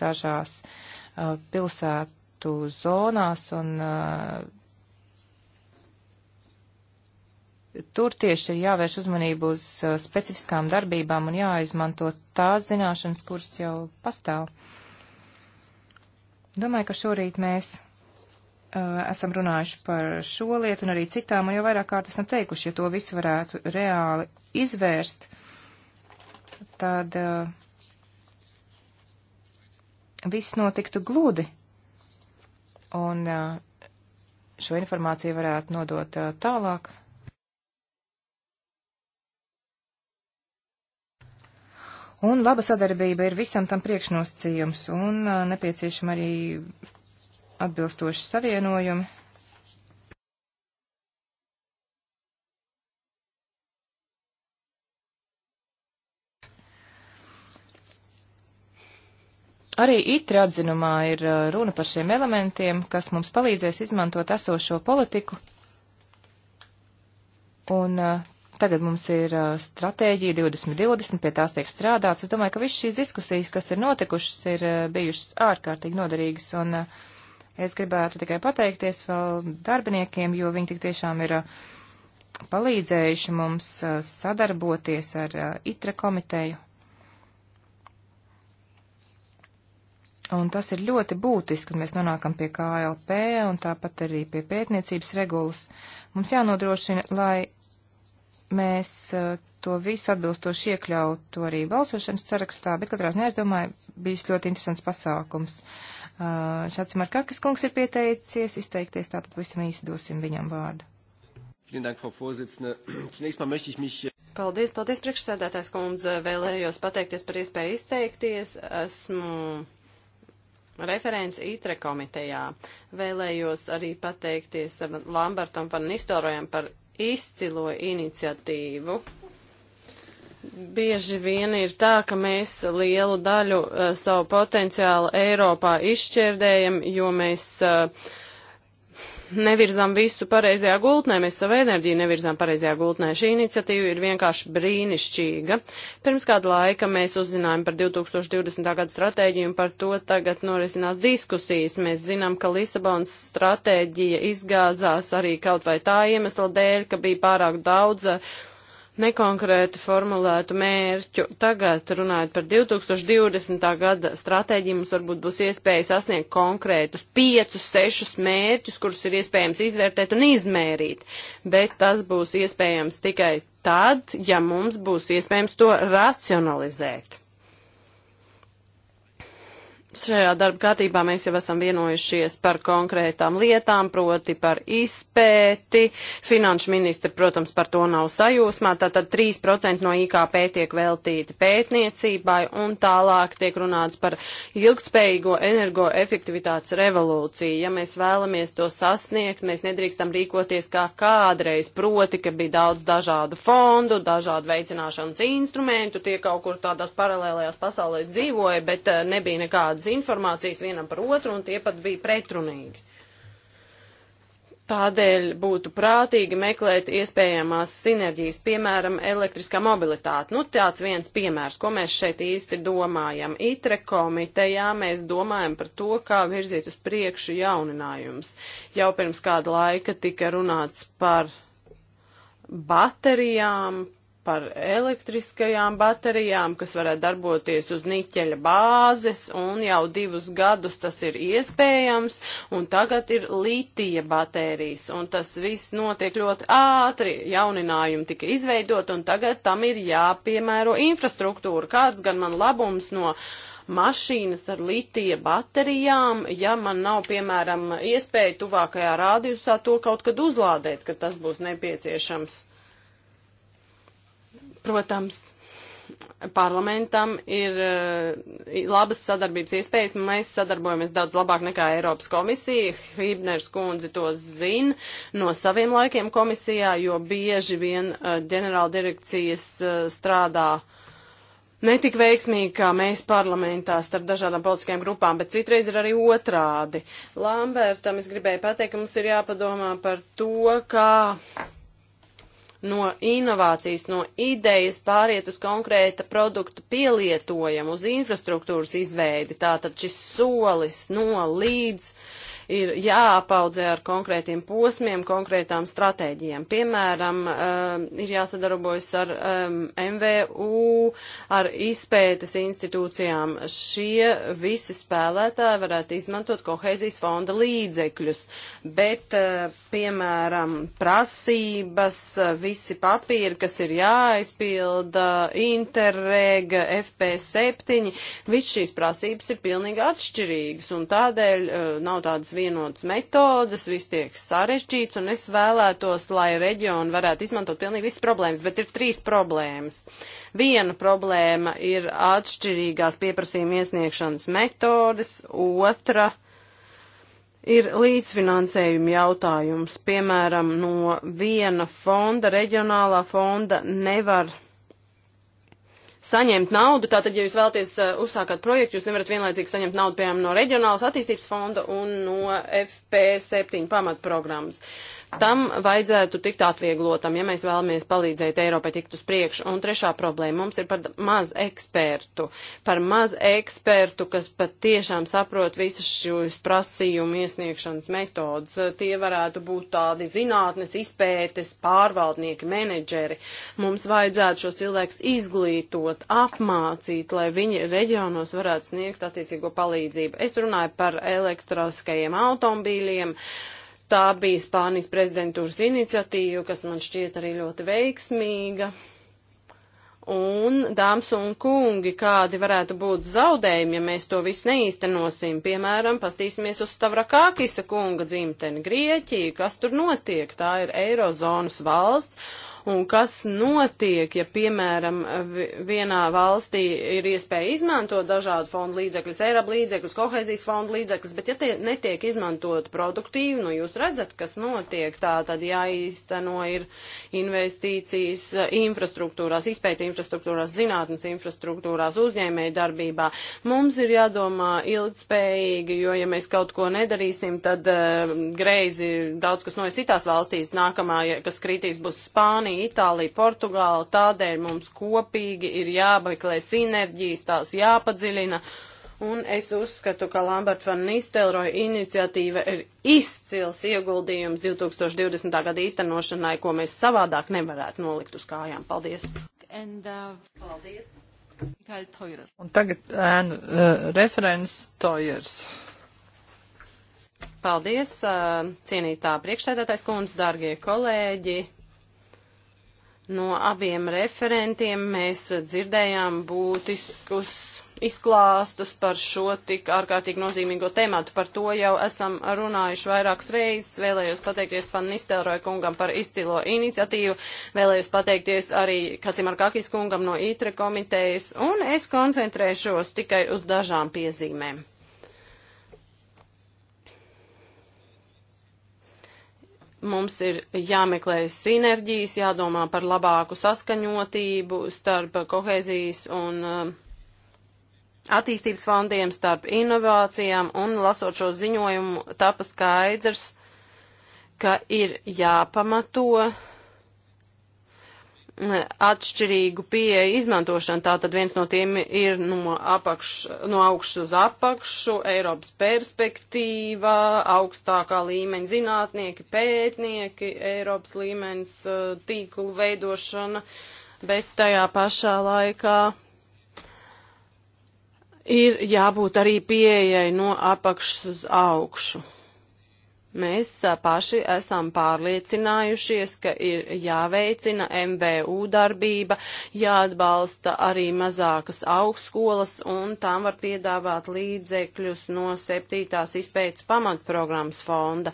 dažās pilsētu zonās un tur tieši ir jāvērš uzmanību uz specifiskām darbībām un jāizmanto tās zināšanas, kuras jau pastāv. Domāju, ka šorīt mēs Eh, esam runājuši par šo lietu un arī citām, un jau vairāk kārt esam teikuši, ja to visu varētu reāli izvērst, tad uh, viss notiktu gludi. Un uh, šo informāciju varētu nodot uh, tālāk. Un laba sadarbība ir visam tam priekšnosacījums un nepieciešama arī atbilstoši savienojumi. Arī itri atzinumā ir uh, runa par šiem elementiem, kas mums palīdzēs izmantot esošo politiku. Un uh, Tagad mums ir uh, stratēģija 2020, pie tās tiek strādāts. Es domāju, ka visas šīs diskusijas, kas ir notikušas, ir bijušas ārkārtīgi noderīgas. Un, uh, Es gribētu tikai pateikties vēl darbiniekiem, jo viņi tik tiešām ir uh, palīdzējuši mums uh, sadarboties ar uh, ITRE komiteju. Un tas ir ļoti būtiski, kad mēs nonākam pie KLP un tāpat arī pie pētniecības regulas. Mums jānodrošina, lai mēs to visu atbilstoši iekļautu arī balsošanas sarakstā, bet katrā ziņā, es domāju, bijis ļoti interesants pasākums. Uh, Šāds Markakas kungs ir pieteicies izteikties, tātad pavisam īsi dosim viņam vārdu. Äh, paldies, paldies, priekšsēdētājs kundze. Vēlējos pateikties par iespēju izteikties. Esmu referents ITRE komitejā. Vēlējos arī pateikties Lambertam van Nistorojam par izcilo iniciatīvu bieži vien ir tā, ka mēs lielu daļu uh, savu potenciālu Eiropā izšķērdējam, jo mēs uh, eh, nevirzām visu pareizajā gultnē, mēs savu enerģiju nevirzām pareizajā gultnē. Šī iniciatīva ir vienkārši brīnišķīga. Pirms kāda laika mēs uzzinājām par 2020. gada stratēģiju un par to tagad norisinās diskusijas. Mēs zinām, ka Lisabonas stratēģija izgāzās arī kaut vai tā iemesla dēļ, ka bija pārāk daudz eh, nekonkrēti formulētu mērķu. Tagad, runājot par 2020. gada stratēģiju, mums varbūt būs iespēja sasniegt konkrētus 5, 6 mērķus, kurus ir iespējams izvērtēt un izmērīt, bet tas būs iespējams tikai tad, ja mums būs iespējams to racionalizēt. Šajā darba kārtībā mēs jau esam vienojušies par konkrētām lietām, proti par izpēti. Finanšu ministri, protams, par to nav sajūsmā. Tātad 3% no IKP tiek veltīti pētniecībai un tālāk tiek runāts par ilgspējīgo energoefektivitātes revolūciju. Ja mēs vēlamies to sasniegt, mēs nedrīkstam rīkoties kā kādreiz, proti, ka bija daudz dažādu fondu, dažādu veicināšanas instrumentu, tie kaut kur tādās paralēlējās pasaulēs dzīvoja, bet eh, nebija nekādas daudz informācijas vienam par otru, un tie pat bija pretrunīgi. Tādēļ būtu prātīgi meklēt iespējamās sinerģijas, piemēram, elektriskā mobilitāte. Nu, tāds viens piemērs, ko mēs šeit īsti domājam. ITRE komitejā mēs domājam par to, kā virzīt uz priekšu jauninājums. Jau pirms kāda laika tika runāts par baterijām, par elektriskajām baterijām, kas varētu darboties uz niķeļa bāzes, un jau divus gadus tas ir iespējams, un tagad ir litija baterijas, un tas viss notiek ļoti ātri, jauninājumi tika izveidot, un tagad tam ir jāpiemēro infrastruktūra, kāds gan man labums no mašīnas ar litija baterijām, ja man nav, piemēram, iespēja tuvākajā rādījusā to kaut kad uzlādēt, kad tas būs nepieciešams. Protams, parlamentam ir eh, labas sadarbības iespējas. Mēs sadarbojamies daudz labāk nekā Eiropas komisija. Hībners kundze to zina no saviem laikiem komisijā, jo bieži vien eh, ģenerāldirekcijas eh, strādā netik veiksmīgi, kā mēs parlamentā starp dažādām politiskajām grupām, bet citreiz ir arī otrādi. Lambertam es gribēju pateikt, ka mums ir jāpadomā par to, kā no inovācijas, no idejas pāriet uz konkrēta produktu pielietojumu, uz infrastruktūras izveidi. Tātad šis solis no līdz uh, ir jāapaudzē ar konkrētiem posmiem, konkrētām stratēģijām. Piemēram, um, ir jāsadarbojas ar MVU, um, ar izpētes institūcijām. Šie visi spēlētāji varētu izmantot kohēzijas fonda līdzekļus, bet, uh, piemēram, prasības, visi papīri, kas ir jāaizpilda, Interreg, FP7, viss šīs prasības ir pilnīgi atšķirīgas un tādēļ uh, nav tādas vienotas metodas, viss tiek sarežģīts, un es vēlētos, lai reģioni varētu izmantot pilnīgi visas problēmas, bet ir trīs problēmas. Viena problēma ir atšķirīgās pieprasījuma iesniegšanas metodas, otra ir līdzfinansējuma jautājums. Piemēram, no viena fonda, reģionālā fonda nevar saņemt naudu. Tātad, ja jūs vēlaties eh, uzsākāt projektu, jūs nevarat vienlaicīgi saņemt naudu, piemēram, no Reģionālas attīstības fonda un no FP7 pamatprogrammas. Uh, Tam vajadzētu tikt atvieglotam, ja mēs vēlamies palīdzēt Eiropai tikt uz priekšu. Un trešā problēma mums ir par maz ekspertu. Par maz ekspertu, kas pat tiešām saprot visas šīs prasījumu iesniegšanas metodas. Tie varētu būt tādi zinātnes, izpētes, pārvaldnieki, menedžeri. Mums vajadzētu šos cilvēkus izglītot, apmācīt, lai viņi reģionos varētu sniegt attiecīgo palīdzību. Es runāju par elektriskajiem automobīļiem. Uh, Tā bija Spānijas prezidentūras iniciatīva, kas man šķiet arī ļoti veiksmīga. Un, dāmas un kungi, kādi varētu būt zaudējumi, ja mēs to visu neīstenosim? Piemēram, pastīsimies uz Stavrakākisa kunga dzimteni, Grieķiju, kas tur notiek? Tā ir Eirozonas valsts, Un kas notiek, ja, piemēram, vienā valstī ir iespēja izmantot dažādu fondu līdzekļus, Eiropa līdzekļus, kohēzijas fondu līdzekļus, bet ja tie netiek izmantot produktīvi, nu jūs redzat, kas notiek, tā tad jāīsteno ir investīcijas eh, infrastruktūrās, izpētes infrastruktūrās, zinātnes infrastruktūrās, uzņēmēju darbībā. Mums ir jādomā ilgspējīgi, jo ja mēs kaut ko nedarīsim, tad uh, greizi daudz kas noies citās valstīs, nākamā, kas kritīs, būs Spānija Spānija, Itālija, Portugāla, tādēļ mums kopīgi ir jābeklē sinerģijas, tās jāpadziļina. Un es uzskatu, ka Lambert van Nistelroja iniciatīva ir izcils ieguldījums 2020. gada īstenošanai, ko mēs savādāk nevarētu nolikt uz kājām. Paldies! And, uh, Paldies! Un tagad ēnu uh, referents Tojers. Paldies, uh, cienītā priekšsēdētājs kundze, dārgie kolēģi. No abiem referentiem mēs dzirdējām būtiskus izklāstus par šo tik ārkārtīgi nozīmīgo tēmatu. Par to jau esam runājuši vairākas reizes. Vēlējos pateikties Van Nistelroja kungam par izcilo iniciatīvu. Vēlējos pateikties arī Kacimar Kakis kungam no ITRE komitejas. Un es koncentrēšos tikai uz dažām piezīmēm. mums ir jāmeklē sinerģijas, jādomā par labāku saskaņotību starp kohēzijas un eh, attīstības fondiem, starp inovācijām, un lasot šo ziņojumu, tapa skaidrs, ka ir jāpamato atšķirīgu pieeju izmantošanu. Tātad viens no tiem ir nu, no, apakš, no augšas uz apakšu, Eiropas perspektīva, augstākā līmeņa zinātnieki, pētnieki, Eiropas līmenis eh, tīklu veidošana, bet tajā pašā laikā ir jābūt arī pieejai no apakšas uz augšu. Mēs paši esam pārliecinājušies, ka ir jāveicina MVU darbība, jāatbalsta arī mazākas augstskolas, un tām var piedāvāt līdzekļus no septītās izpētes pamatprogrammas fonda.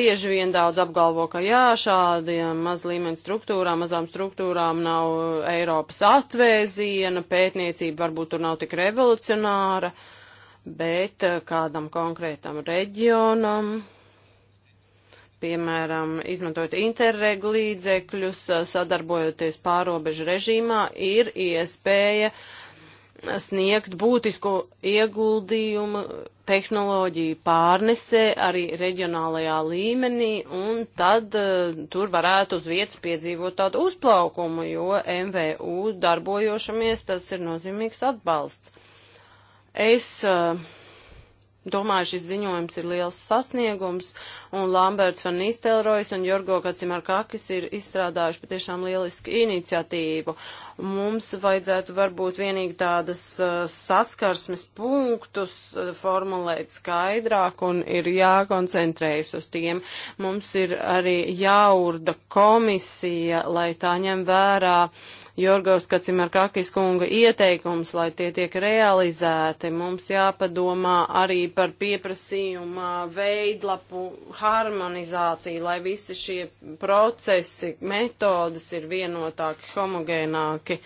Bieži vien daudz apgalvo, ka jā, šādiem maz līmeņu struktūrām, mazām struktūrām nav Eiropas atvēziena, pētniecība varbūt tur nav tik revolucionāra, bet kādam konkrētam reģionam piemēram, izmantojot interregu līdzekļus, sadarbojoties pārobežu režīmā, ir iespēja sniegt būtisku ieguldījumu tehnoloģiju pārnesē arī reģionālajā līmenī, un tad uh, tur varētu uz vietas piedzīvot tādu uzplaukumu, jo MVU darbojošamies tas ir nozīmīgs atbalsts. Es uh, Domāju, šis ziņojums ir liels sasniegums, un Lamberts van Nistelrojas un Jorgo Kacimarkakis ir izstrādājuši patiešām lielisku iniciatīvu. Mums vajadzētu varbūt vienīgi tādas uh, saskarsmes punktus uh, formulēt skaidrāk un ir jākoncentrējas uz tiem. Mums ir arī jāurda komisija, lai tā ņem vērā uh, Jorgos Kacimarkakis kunga ieteikums, lai tie tiek realizēti. Mums jāpadomā arī par pieprasījumā veidlapu harmonizāciju, lai visi šie procesi, metodas ir vienotāk, homogēnāki.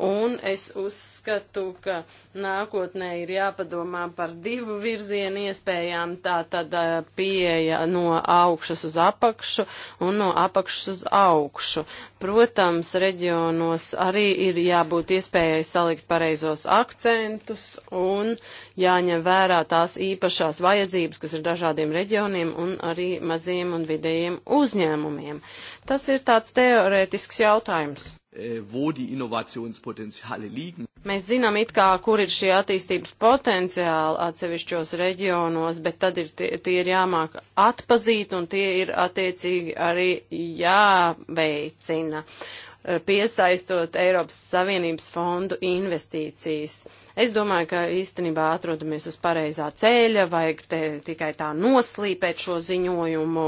Un es uzskatu, ka nākotnē ir jāpadomā par divu virzienu iespējām. Tā tad eh, pieeja no augšas uz apakšu un no apakšas uz augšu. Protams, reģionos arī ir jābūt iespējai salikt pareizos akcentus un jāņem vērā tās īpašās vajadzības, kas ir dažādiem reģioniem un arī maziem un vidējiem uzņēmumiem. Tas ir tāds teorētisks jautājums. Äh, wo die Innovationspotenziale liegen. Mēs zinām it kā, kur ir šie attīstības potenciāli atsevišķos reģionos, bet tad ir tie, tie ir jāmāk atpazīt un tie ir attiecīgi arī jāveicina, äh, piesaistot Eiropas Savienības fondu investīcijas. Es domāju, ka īstenībā atrodamies uz pareizā ceļa, vajag te tikai tā noslīpēt šo ziņojumu,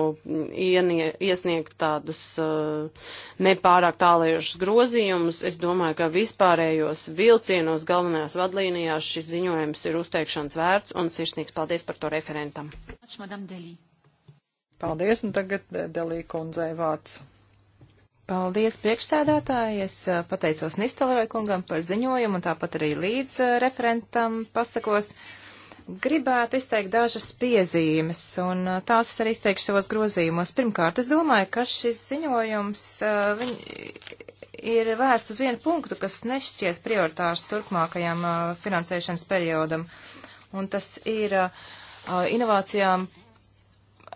ienie, iesniegt tādus uh, nepārāk tālējušus grozījumus. Es domāju, ka vispārējos vilcienos galvenajās vadlīnijās šis ziņojums ir uzteikšanas vērts un sirsnīgs paldies par to referentam. Paldies, un tagad eh, Delī kundzei vārds. Paldies priekšsēdētāji. Es pateicos Nistelerai kungam par ziņojumu un tāpat arī līdz referentam pasakos. Gribētu izteikt dažas piezīmes, un tās es arī izteikšu savos grozījumos. Pirmkārt, es domāju, ka šis ziņojums viņ, ir vērsts uz vienu punktu, kas nešķiet prioritārs turpmākajam finansēšanas periodam, un tas ir inovācijām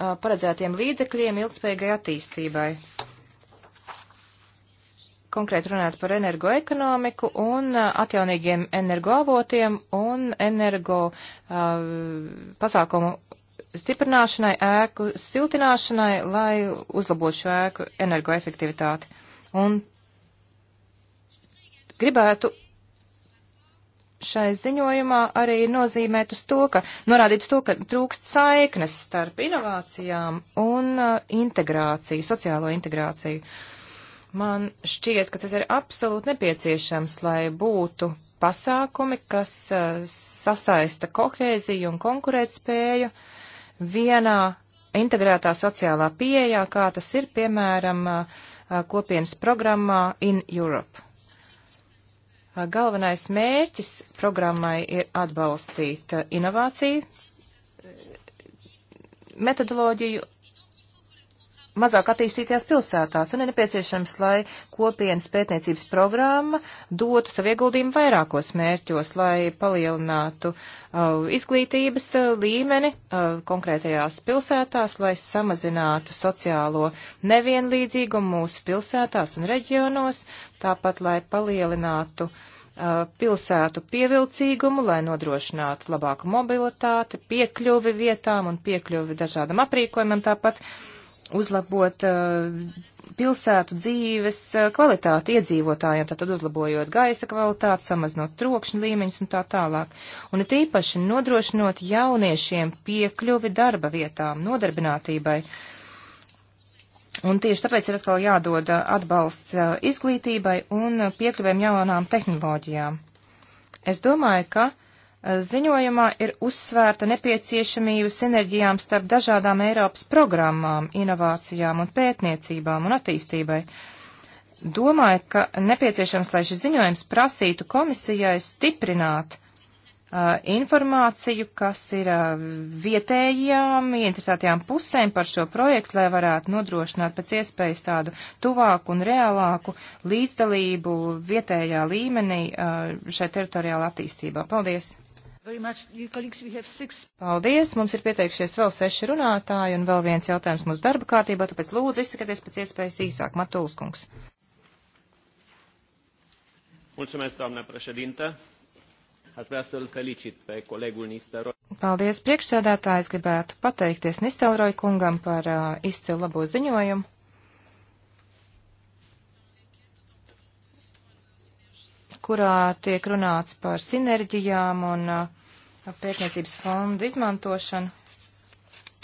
paredzētiem līdzekļiem ilgspējīgai attīstībai konkrēti runāt par energoekonomiku un uh, atjaunīgiem energoavotiem un energo uh, pasākumu stiprināšanai, ēku siltināšanai, lai uzlabotu šo ēku energoefektivitāti. Un gribētu šai ziņojumā arī nozīmēt uz to, ka norādīt uz to, ka trūkst saiknes starp inovācijām un uh, integrāciju, sociālo integrāciju. Uh, Man šķiet, ka tas ir absolūti nepieciešams, lai būtu pasākumi, kas uh, sasaista kohēziju un konkurētspēju vienā integrētā sociālā pieejā, kā tas ir, piemēram, uh, kopienas programmā In Europe. Uh, galvenais mērķis programmai ir atbalstīt inovāciju metodoloģiju mazāk attīstītajās pilsētās, un ir nepieciešams, lai kopienas pētniecības programma dotu savu ieguldījumu vairākos mērķos, lai palielinātu uh, izglītības uh, līmeni uh, konkrētajās pilsētās, lai samazinātu sociālo nevienlīdzīgumu mūsu pilsētās un reģionos, tāpat, lai palielinātu uh, pilsētu pievilcīgumu, lai nodrošinātu labāku mobilitāti, piekļuvi vietām un piekļuvi dažādam aprīkojumam tāpat. Uh, uzlabot eh, pilsētu dzīves eh, kvalitāti iedzīvotājiem, tātad uzlabojot gaisa kvalitāti, samazinot trokšņu līmeņus un tā tālāk. Un it īpaši nodrošinot jauniešiem piekļuvi darba vietām, nodarbinātībai. Un tieši tāpēc ir atkal jādod eh, atbalsts izglītībai un piekļuviem jaunām tehnoloģijām. Es domāju, ka Ziņojumā ir uzsvērta nepieciešamība sinerģijām starp dažādām Eiropas programmām, inovācijām un pētniecībām un attīstībai. Domāju, ka nepieciešams, lai šis ziņojums prasītu komisijai stiprināt uh, informāciju, kas ir uh, vietējām, interesētajām pusēm par šo projektu, lai varētu nodrošināt pēc iespējas tādu tuvāku un reālāku līdzdalību vietējā līmenī uh, šai teritoriāla attīstībā. Paldies! Paldies! Mums ir pieteikšies vēl seši runātāji un vēl viens jautājums mūsu darba kārtībā, tāpēc lūdzu izsakaties pēc iespējas īsāk. Matūls kungs. Mulțumesc, doamnă președintă. Aș vrea să-l felicit pe colegul Nistelrooy. Paldies, priekšsēdētājs gribētu pateikties Nistelrooy kungam par uh, izcilu labo ziņojumu. kurā tiek runāts par sinerģijām un uh, pētniecības fondu izmantošanu.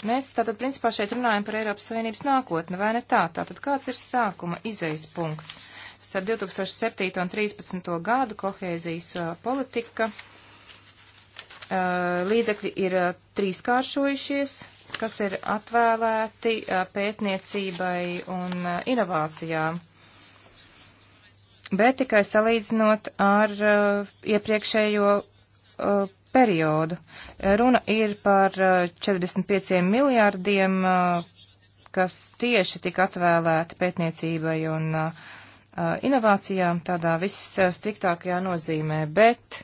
Mēs tātad principā šeit runājam par Eiropas Savienības nākotni, vai ne tā? Tātad kāds ir sākuma izejas punkts? Starp 2007 un 2013 gadu kohēzijas uh, politika uh, līdzekļi ir uh, trīskāršojušies, kas ir atvēlēti uh, pētniecībai un uh, inovācijām bet tikai salīdzinot ar uh, iepriekšējo uh, periodu. Runa ir par uh, 45 miljārdiem, uh, kas tieši tika atvēlēti pētniecībai un uh, uh inovācijām tādā visstriktākajā nozīmē, bet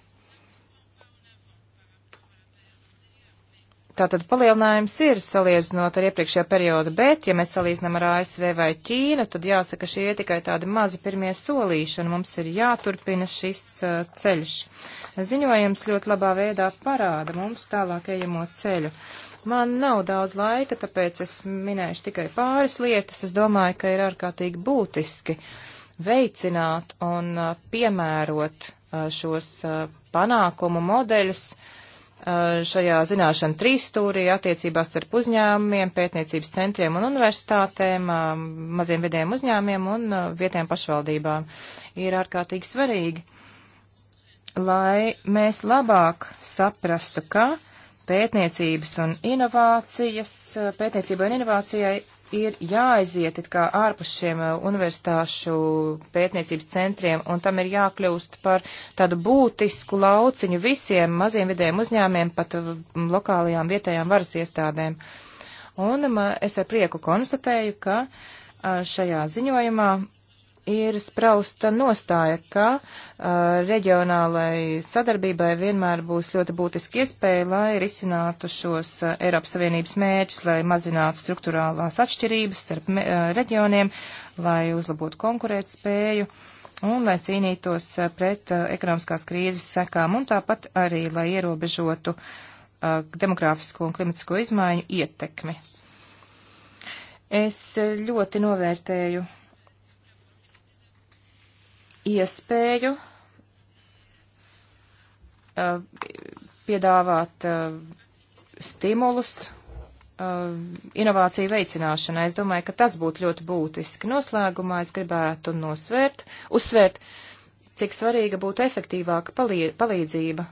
Tātad palielinājums ir salīdzinot ar iepriekšējo periodu, bet, ja mēs salīdzinām ar ASV vai Ķīnu, tad jāsaka, šie ir tikai tādi mazi pirmie solīši, un mums ir jāturpina šis uh, ceļš. Ziņojums ļoti labā veidā parāda mums tālāk ejamo ceļu. Man nav daudz laika, tāpēc es minēšu tikai pāris lietas. Es domāju, ka ir ārkārtīgi būtiski veicināt un uh, piemērot uh, šos uh, panākumu modeļus, uh, šajā zināšanu trīsstūrī attiecībās starp uzņēmumiem, pētniecības centriem un universitātēm, maziem vidiem uzņēmiem un vietējām pašvaldībām ir ārkārtīgi svarīgi, lai mēs labāk saprastu, ka pētniecības un inovācijas, pētniecībai un inovācijai ir jāaiziet kā ārpus šiem uh, universitāšu pētniecības centriem, un tam ir jākļūst par tādu būtisku lauciņu visiem maziem vidējiem uzņēmiem, pat uh, lokālajām vietējām varas iestādēm. Un um, es ar prieku konstatēju, ka uh, šajā ziņojumā ir sprausta nostāja, ka uh, reģionālai sadarbībai vienmēr būs ļoti būtiski iespēja, lai risinātu šos uh, Eiropas Savienības mērķus, lai mazinātu struktūrālās atšķirības starp uh, reģioniem, lai uzlabotu konkurētspēju un lai cīnītos uh, pret uh, ekonomiskās krīzes sekām un tāpat arī, lai ierobežotu uh, demografisko un klimatisko izmaiņu ietekmi. Es uh, ļoti novērtēju iespēju uh, piedāvāt uh, stimulus uh, inovāciju veicināšanai. Es domāju, ka tas būtu ļoti būtiski. Noslēgumā es gribētu nosvērt, uzsvērt, cik svarīga būtu efektīvāka palīdzība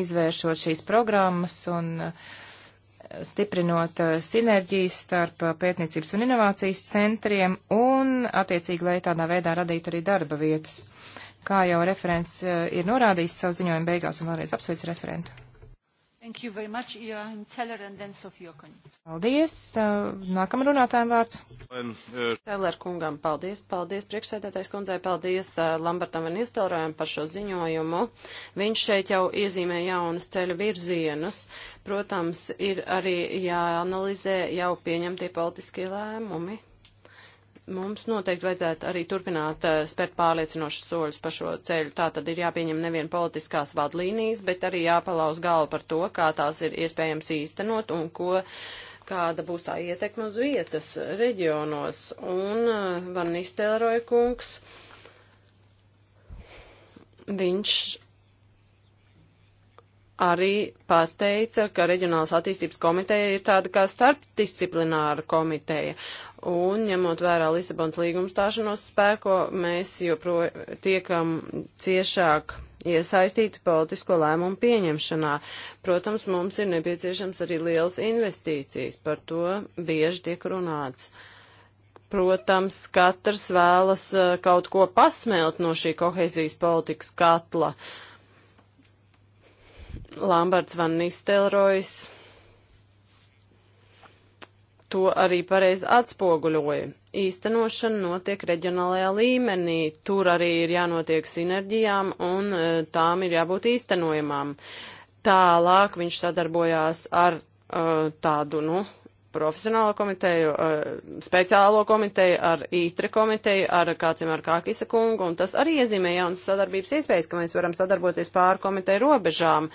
izvēršot šīs programmas un uh, stiprinot eh, sinerģijas starp eh, pētniecības un inovācijas centriem un, attiecīgi, lai tādā veidā radītu arī darba vietas. Kā jau referents eh, ir norādījis savu ziņojumu beigās un vēlreiz apsveic referentu. Thank you very much, Johan Celler and then Sofija Okoņa. Paldies. Uh, nākamā runātājiem vārds. Celler um, uh, kungam, paldies. Paldies priekšsēdētais kundzei, paldies uh, Lambertam un Istorājam par šo ziņojumu. Viņš šeit jau iezīmē jaunus ceļu virzienus. Protams, ir arī jāanalizē jau pieņemtie politiskie lēmumi. Mums noteikti vajadzētu arī turpināt uh, spērt pārliecinošus soļus pa šo ceļu. Tā tad ir jāpieņem nevien politiskās vadlīnijas, bet arī jāpalauz galvu par to, kā tās ir iespējams īstenot un ko kāda būs tā ietekme uz vietas reģionos. Un uh, Van Nistelroja kungs, viņš arī pateica, ka Reģionālās attīstības komiteja ir tāda kā starpdisciplināra komiteja. Un, ņemot vērā Lisabons līguma stāšanos spēko, mēs joprojām tiekam ciešāk iesaistīti politisko lēmumu pieņemšanā. Protams, mums ir nepieciešams arī liels investīcijas, par to bieži tiek runāts. Protams, katrs vēlas eh, kaut ko pasmelt no šī kohēzijas politikas katla. Uh, Lamberts Van Nistelrojs to arī pareizi atspoguļoja. Īstenošana notiek reģionālajā līmenī, tur arī ir jānotiek sinerģijām un e, tām ir jābūt īstenojamām. Tālāk viņš sadarbojās ar uh, tādu, nu, profesionālo komiteju, eh, speciālo komiteju, ar ITRE komiteju, ar kādiem ar Kākisa kungu, un tas arī iezīmē jaunas sadarbības iespējas, ka mēs varam sadarboties pāri komiteju robežām.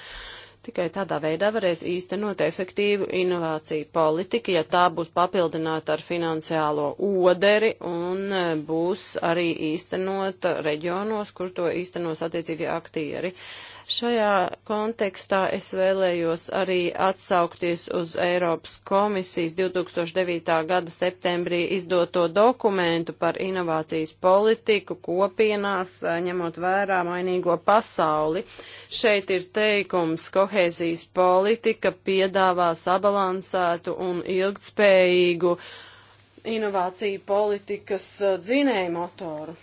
Tikai tādā veidā varēs īstenot efektīvu inovāciju politiku, ja tā būs papildināta ar finansiālo oderi un eh, būs arī īstenota reģionos, kur to īstenos attiecīgi aktieri. Uh, Šajā kontekstā es vēlējos arī atsaukties uz Eiropas komisijas 2009. gada septembrī izdoto dokumentu par inovācijas politiku kopienās, eh, ņemot vērā mainīgo pasauli. Šeit ir teikums, kohēzijas politika piedāvā sabalansētu un ilgtspējīgu inovāciju politikas eh, dzinēju motoru.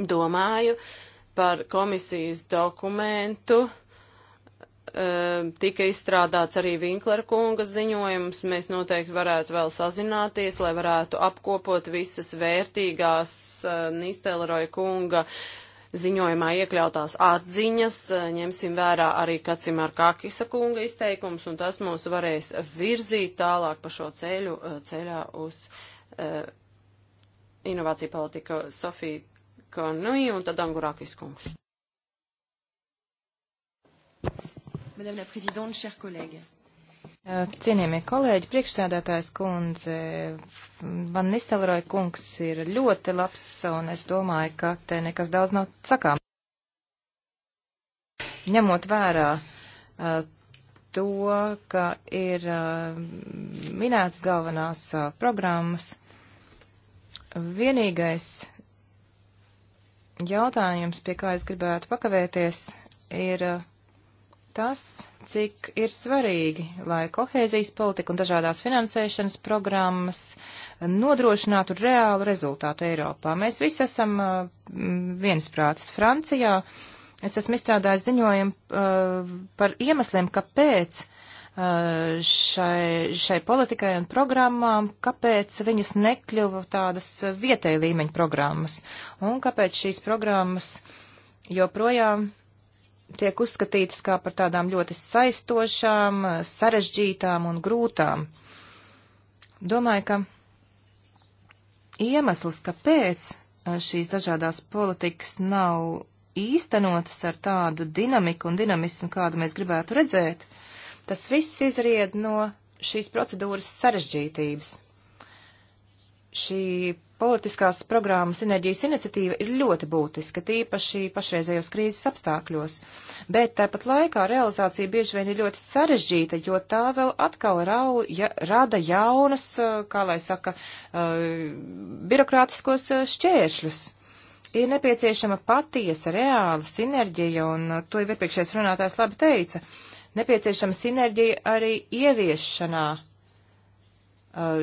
Domāju, uh, par komisijas dokumentu ehm, tika izstrādāts arī Vinklera kunga ziņojums. Mēs noteikti varētu vēl sazināties, lai varētu apkopot visas vērtīgās ehm, Nīsteleroja kunga ziņojumā iekļautās atziņas. Ehm, ņemsim vērā arī Kacimāra Kakisa kunga izteikums, un tas mūs varēs virzīt tālāk pa šo ceļu, ceļā uz uh, inovāciju politiku. Sofija Konui un tad Angurākis kungs. Madame la Présidente, chers collègues. Cienījamie kolēģi, priekšsēdētājs kundze, Van Nistelroja kungs ir ļoti labs, un es domāju, ka te nekas daudz nav sakām. Ņemot vērā to, ka ir minētas galvenās programmas, vienīgais jautājums, pie kā es gribētu pakavēties, ir uh, tas, cik ir svarīgi, lai kohēzijas politika un dažādās finansēšanas programmas nodrošinātu reālu rezultātu Eiropā. Mēs visi esam uh, viensprātis Francijā. Es esmu izstrādājis ziņojumu uh, par iemesliem, kāpēc šai, šai politikai un programmām, kāpēc viņas nekļuva tādas vietēja līmeņa programmas un kāpēc šīs programmas joprojām tiek uzskatītas kā par tādām ļoti saistošām, sarežģītām un grūtām. Domāju, ka iemesls, kāpēc šīs dažādās politikas nav īstenotas ar tādu dinamiku un dinamismu, kādu mēs gribētu redzēt, Tas viss izried no šīs procedūras sarežģītības. Šī politiskās programmas enerģijas iniciatīva ir ļoti būtiska, tīpaši pašreizējos krīzes apstākļos, bet tāpat laikā realizācija bieži vien ir ļoti sarežģīta, jo tā vēl atkal rau, ja, rada jaunas, eh, kā lai saka, eh, birokrātiskos eh, šķēršļus. Ir nepieciešama patiesa, reāla sinerģija, un to jau iepriekšējais runātājs labi teica. Uh, nepieciešama sinerģija arī ieviešanā uh,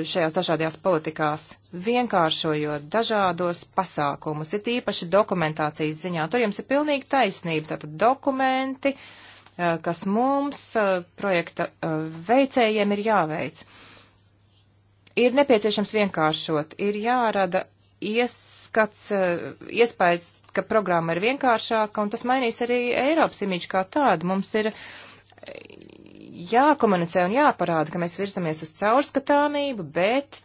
šajās dažādajās politikās, vienkāršojot dažādos pasākumus, ir īpaši dokumentācijas ziņā. Tur jums ir pilnīgi taisnība, tātad dokumenti, uh, kas mums uh, projekta veicējiem ir jāveic. Ir nepieciešams vienkāršot, ir jārada ieskats, iespējas, ka programma ir vienkāršāka, un tas mainīs arī Eiropas imīģu kā tādu. Mums ir uh, jākomunicē un jāparāda, ka mēs virzamies uz caurskatāmību, bet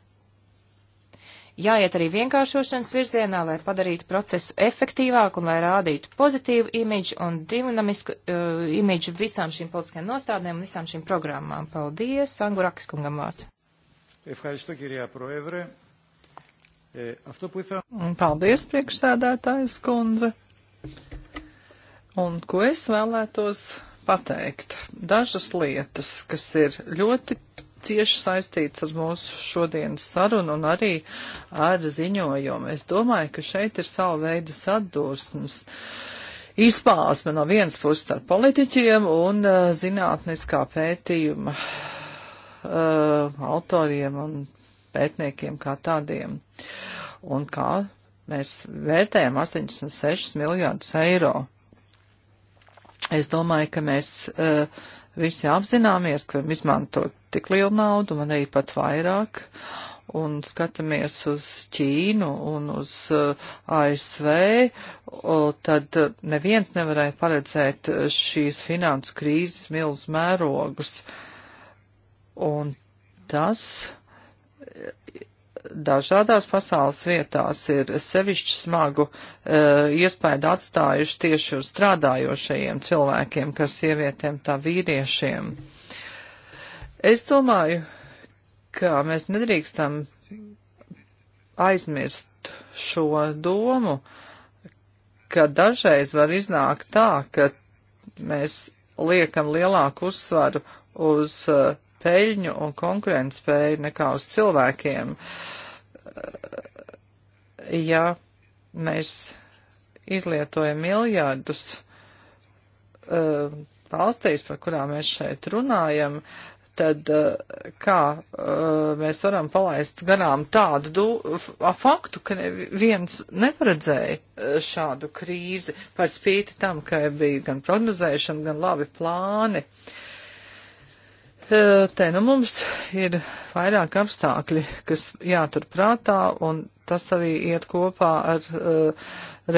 jāiet arī vienkāršošanas virzienā, lai padarītu procesu efektīvāku un lai rādītu pozitīvu imidžu un dinamisku uh, imidžu visām šīm politiskajām nostādnēm un visām šīm programmām. Paldies, Angurakis kungam vārds. E, paldies, priekšsēdētājs kundze. Un ko es vēlētos pateikt dažas lietas, kas ir ļoti cieši saistīts ar mūsu šodienas sarunu un arī ar ziņojumu. Es domāju, ka šeit ir sava veida sadursmes. Izpāsme no vienas puses ar politiķiem un uh, zinātniskā pētījuma uh, autoriem un pētniekiem kā tādiem. Un kā mēs vērtējam 86 miljārdus eiro Es domāju, ka mēs uh, visi apzināmies, ka varam izmantot tik lielu naudu, man arī pat vairāk, un skatāmies uz Ķīnu un uz uh, eh, ASV, un tad eh, neviens nevarēja paredzēt šīs finansu krīzes milz mērogus. Un tas dažādās pasaules vietās ir sevišķi smagu uh, iespēju atstājuši tieši uz strādājošajiem cilvēkiem, kas sievietēm tā vīriešiem. Es domāju, ka mēs nedrīkstam aizmirst šo domu, ka dažreiz var iznākt tā, ka mēs liekam lielāku uzsvaru uz uh, peļņu un konkurētspēju nekā uz cilvēkiem. Ja mēs izlietojam miljardus uh, valstīs, par kurām mēs šeit runājam, tad uh, kā uh, mēs varam palaist garām tādu du, faktu, ka neviens neparedzēja šādu krīzi, par spīti tam, ka bija gan prognozēšana, gan labi plāni. Uh, Te nu mums ir vairāk apstākļi, kas jātur prātā, un tas arī iet kopā ar uh,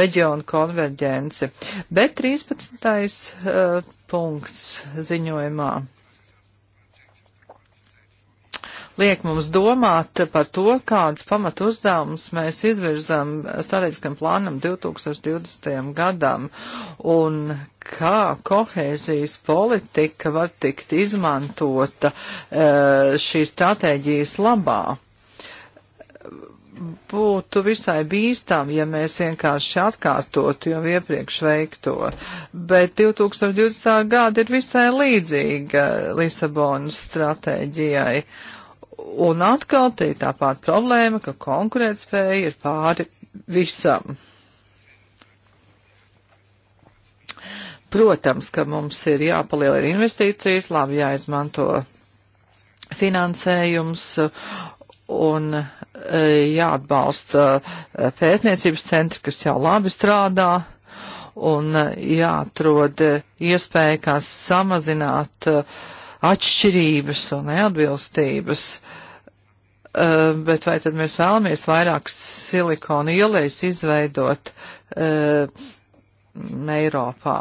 reģionu konverģenci. Bet 13. Uh, punkts ziņojumā liek mums domāt par to, kādus pamatu uzdevumus mēs izvirzam strateģiskam plānam 2020. gadam un kā kohēzijas politika var tikt izmantota eh, šīs stratēģijas labā. Būtu visai bīstam, ja mēs vienkārši atkārtotu jau iepriekš veikto, bet 2020. gada ir visai līdzīga Lisabonas stratēģijai. Uh, Un atkal te ir tā pati problēma, ka konkurētspēja ir pāri visam. Protams, ka mums ir jāpalielina investīcijas, labi jāizmanto finansējums un e, jāatbalsta e, pētniecības centri, kas jau labi strādā, un e, jāatrod iespēja, kā samazināt atšķirības un neatbilstības uh, Eh, bet vai tad mēs vēlamies vairāk silikona ielējas izveidot uh, Eiropā?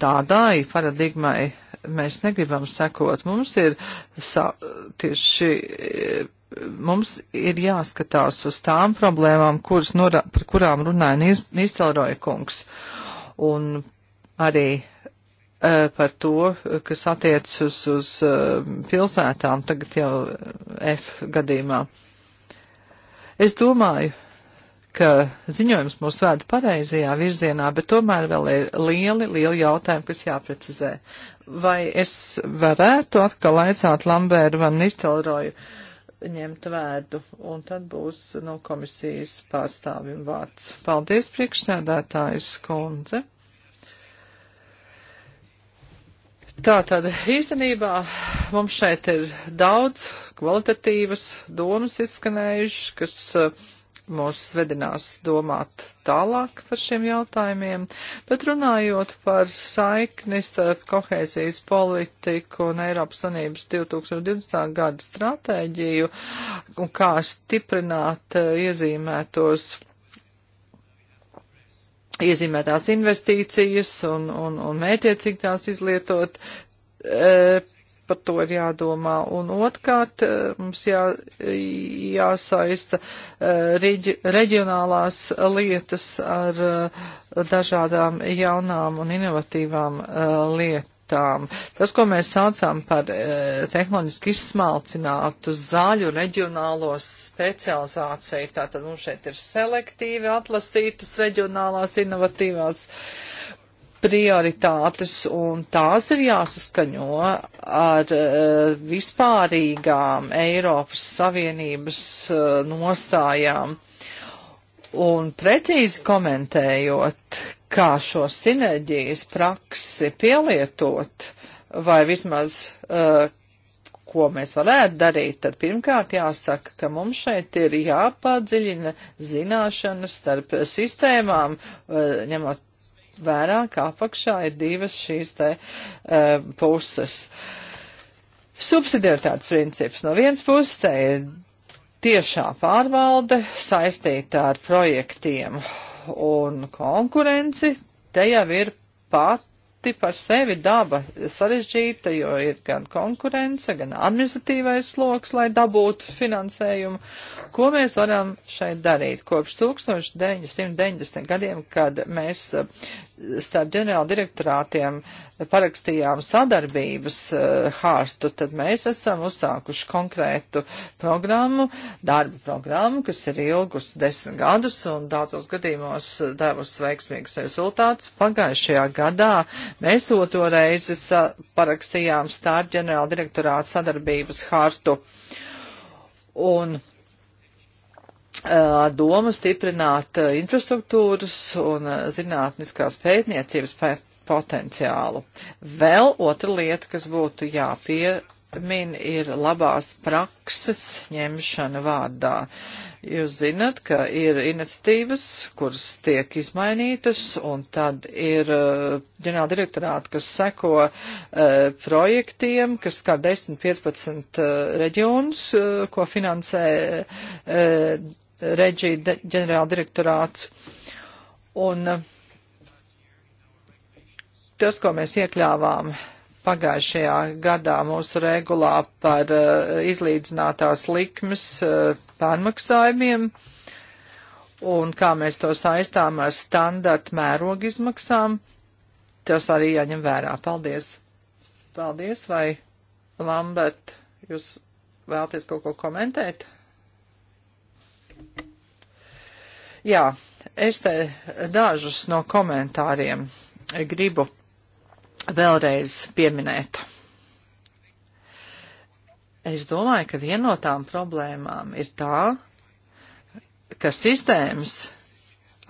Tādai paradigmai mēs negribam sekot. Mums ir sa, tieši. Eh, mums ir jāskatās uz tām problēmām, kuras norā, par kurām runāja Nīstelroja kungs. Un arī par to, kas attiec uz, uz pilsētām, tagad jau F gadījumā. Es domāju, ka ziņojums mūs vēda pareizajā virzienā, bet tomēr vēl ir lieli, lieli jautājumi, kas jāprecizē. Vai es varētu atkal aicāt Lambēru van Nistelroju ņemt vērdu, un tad būs no nu, komisijas pārstāvim vārds. Paldies, priekšsēdētājs kundze. Tātad īstenībā mums šeit ir daudz kvalitatīvas domas izskanējušas, kas eh, mūs svedinās domāt tālāk par šiem jautājumiem, bet runājot par saikni starp kohēzijas politiku un Eiropas Sanības 2020. gada stratēģiju un kā stiprināt eh, iezīmētos iezīmētās investīcijas un, un, un mētiecīgi tās izlietot. E, par to ir jādomā. Un otrkārt, e, mums jā, jāsaista e, reģi, reģionālās lietas ar e, dažādām jaunām un inovatīvām lietām lietām. Tas, ko mēs saucam par e, tehnoloģiski izsmalcinātu zāļu reģionālo specializāciju, tātad mums šeit ir selektīvi atlasītas reģionālās inovatīvās prioritātes, un tās ir jāsaskaņo ar uh, vispārīgām Eiropas Savienības uh, nostājām. Un precīzi komentējot, kā šo sinerģijas praksi pielietot, vai vismaz, uh, ko mēs varētu darīt, tad pirmkārt jāsaka, ka mums šeit ir jāpadziļina zināšanas starp sistēmām, uh, ņemot vērā, ka apakšā ir divas šīs te uh, puses. Subsidiaritātes princips no vienas puses te ir tiešā pārvalde saistīta ar projektiem. Uh, un konkurenci, te jau ir pati par sevi daba sarežģīta, jo ir gan konkurence, gan administratīvais sloks, lai dabūtu finansējumu. Ko mēs varam šeit darīt? Kopš 1990 gadiem, kad mēs eh, starp ģenerāla direktorātiem uh, parakstījām sadarbības uh, eh, hārtu, tad mēs esam uzsākuši konkrētu programmu, darba programmu, kas ir ilgus desmit gadus un daudzos gadījumos devus veiksmīgus rezultātus. Pagājušajā gadā mēs otro reizi parakstījām starp ģenerāla direktorāta sadarbības hārtu. Un ar eh, domu stiprināt eh, infrastruktūras un zinātniskās pētniecības potenciālu. Vēl otra lieta, kas būtu jāpiemin, ir labās prakses ņemšana vārdā. Jūs zinat, ka ir iniciatīvas, kuras tiek izmainītas, un tad ir eh, ģenerāla direktorāta, kas seko uh, projektiem, kas skar 10-15 uh, eh, reģionus, uh, ko finansē uh, reģija ģenerāla direktorāts. Un, uh, tas, ko mēs iekļāvām pagājušajā gadā mūsu regulā par uh, izlīdzinātās likmes uh, pārmaksājumiem un kā mēs to saistām ar standarta mērogu izmaksām, tas arī jāņem vērā. Paldies! Paldies, vai Lambert, jūs vēlties kaut ko komentēt? Jā, es te dažus no komentāriem gribu vēlreiz pieminēt. Es domāju, ka viena no tām problēmām ir tā, ka sistēmas,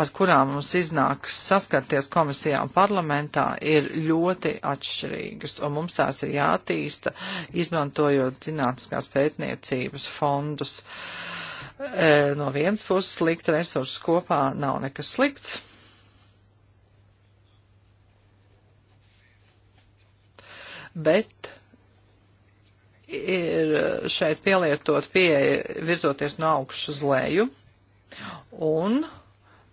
ar kurām mums iznāks saskarties komisijā un parlamentā, ir ļoti atšķirīgas, un mums tās ir jātīsta, izmantojot zinātniskās pētniecības fondus. E, no vienas puses likt resursus kopā nav nekas slikts bet ir šeit pielietot pieeja virzoties no augšas uz leju, un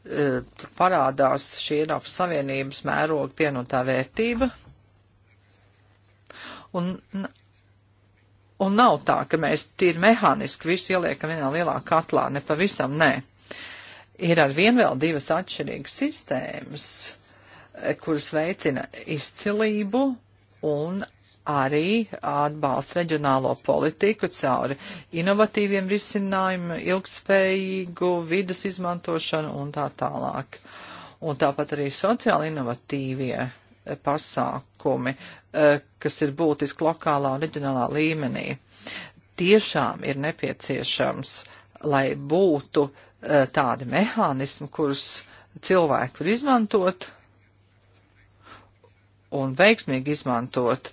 e, tur parādās šī Eiropas Savienības mēroga pienotā vērtība. Un, un nav tā, ka mēs tīri mehāniski visu ieliekam vienā lielā katlā, ne pavisam nē. Ir ar vien vēl divas atšķirīgas sistēmas, e, kuras veicina izcilību un arī atbalsta reģionālo politiku cauri inovatīviem risinājumiem, ilgspējīgu vidas izmantošanu un tā tālāk. Un tāpat arī sociāli inovatīvie eh, pasākumi, eh, kas ir būtiski lokālā un reģionālā līmenī, tiešām ir nepieciešams, lai būtu eh, tādi mehānismi, kurus cilvēki var izmantot un veiksmīgi izmantot.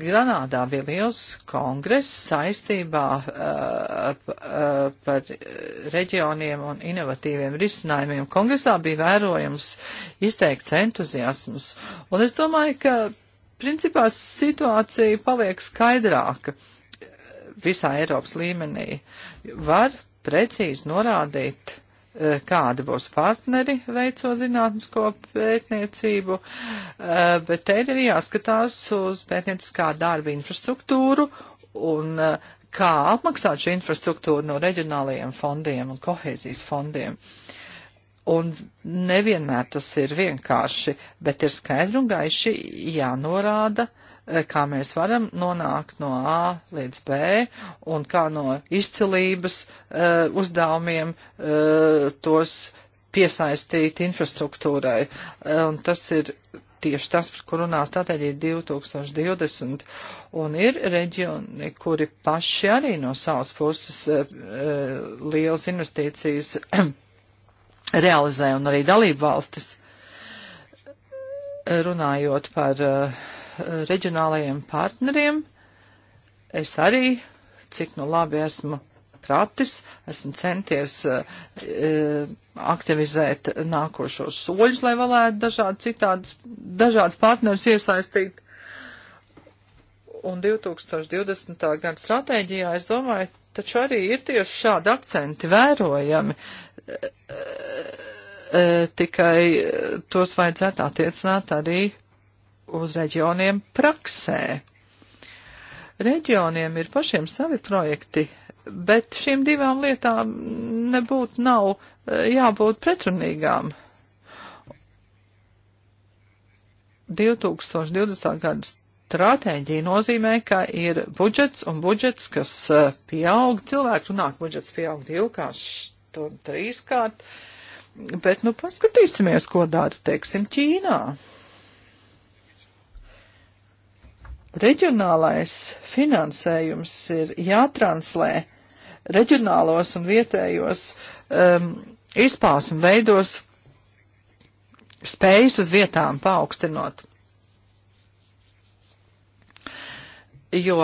Granādā bija liels kongress saistībā uh, par reģioniem un inovatīviem risinājumiem. Kongresā bija vērojams izteikts entuziasms, un es domāju, ka principā situācija paliek skaidrāka eh, visā Eiropas līmenī. Var precīzi norādīt Eh, kādi būs partneri veico zinātnisko pētniecību, eh, bet te ir jāskatās uz pētnieciskā darba infrastruktūru un eh, kā apmaksāt šo infrastruktūru no reģionālajiem fondiem un kohēzijas fondiem. Un nevienmēr tas ir vienkārši, bet ir skaidri un gaiši jānorāda, Eh, kā mēs varam nonākt no A līdz B un kā no izcilības uh, uzdevumiem uh, tos piesaistīt infrastruktūrai. Uh, un tas ir tieši tas, par kur runā strateģija 2020, un ir reģioni, kuri paši arī no savas puses uh, lielas investīcijas realizē, un arī dalību valstis. Runājot par uh, reģionālajiem partneriem. Es arī, cik nu labi esmu pratis, esmu centies uh, aktivizēt nākošos soļus, lai varētu dažādi citādas, dažādas partnerus iesaistīt. Un 2020. gada stratēģijā, es domāju, taču arī ir tieši šādi akcenti vērojami. Uh, uh, tikai tos vajadzētu attiecināt arī uz reģioniem praksē. Reģioniem ir pašiem savi projekti, bet šīm divām lietām nebūtu nav eh, jābūt pretrunīgām. 2020. gada stratēģija nozīmē, ka ir budžets un budžets, kas eh, pieaug, cilvēku runāk budžets pieaug divkārt un trīskārt, bet nu paskatīsimies, ko dara, teiksim, Ķīnā. Reģionālais finansējums ir jātranslē reģionālos un vietējos um, izpās un veidos spējas uz vietām paaugstinot. Jo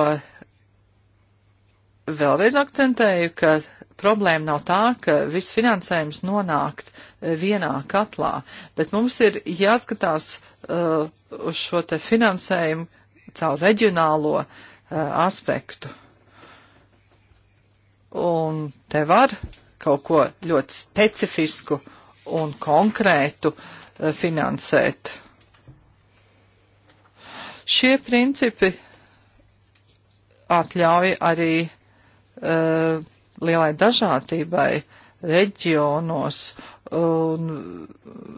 vēlreiz akcentēju, ka problēma nav tā, ka viss finansējums nonākt eh, vienā katlā, bet mums ir jāskatās uh, uz šo te finansējumu caur reģionālo uh, aspektu. Un te var kaut ko ļoti specifisku un konkrētu uh, finansēt. Šie principi atļauj arī uh, lielai dažādībai reģionos un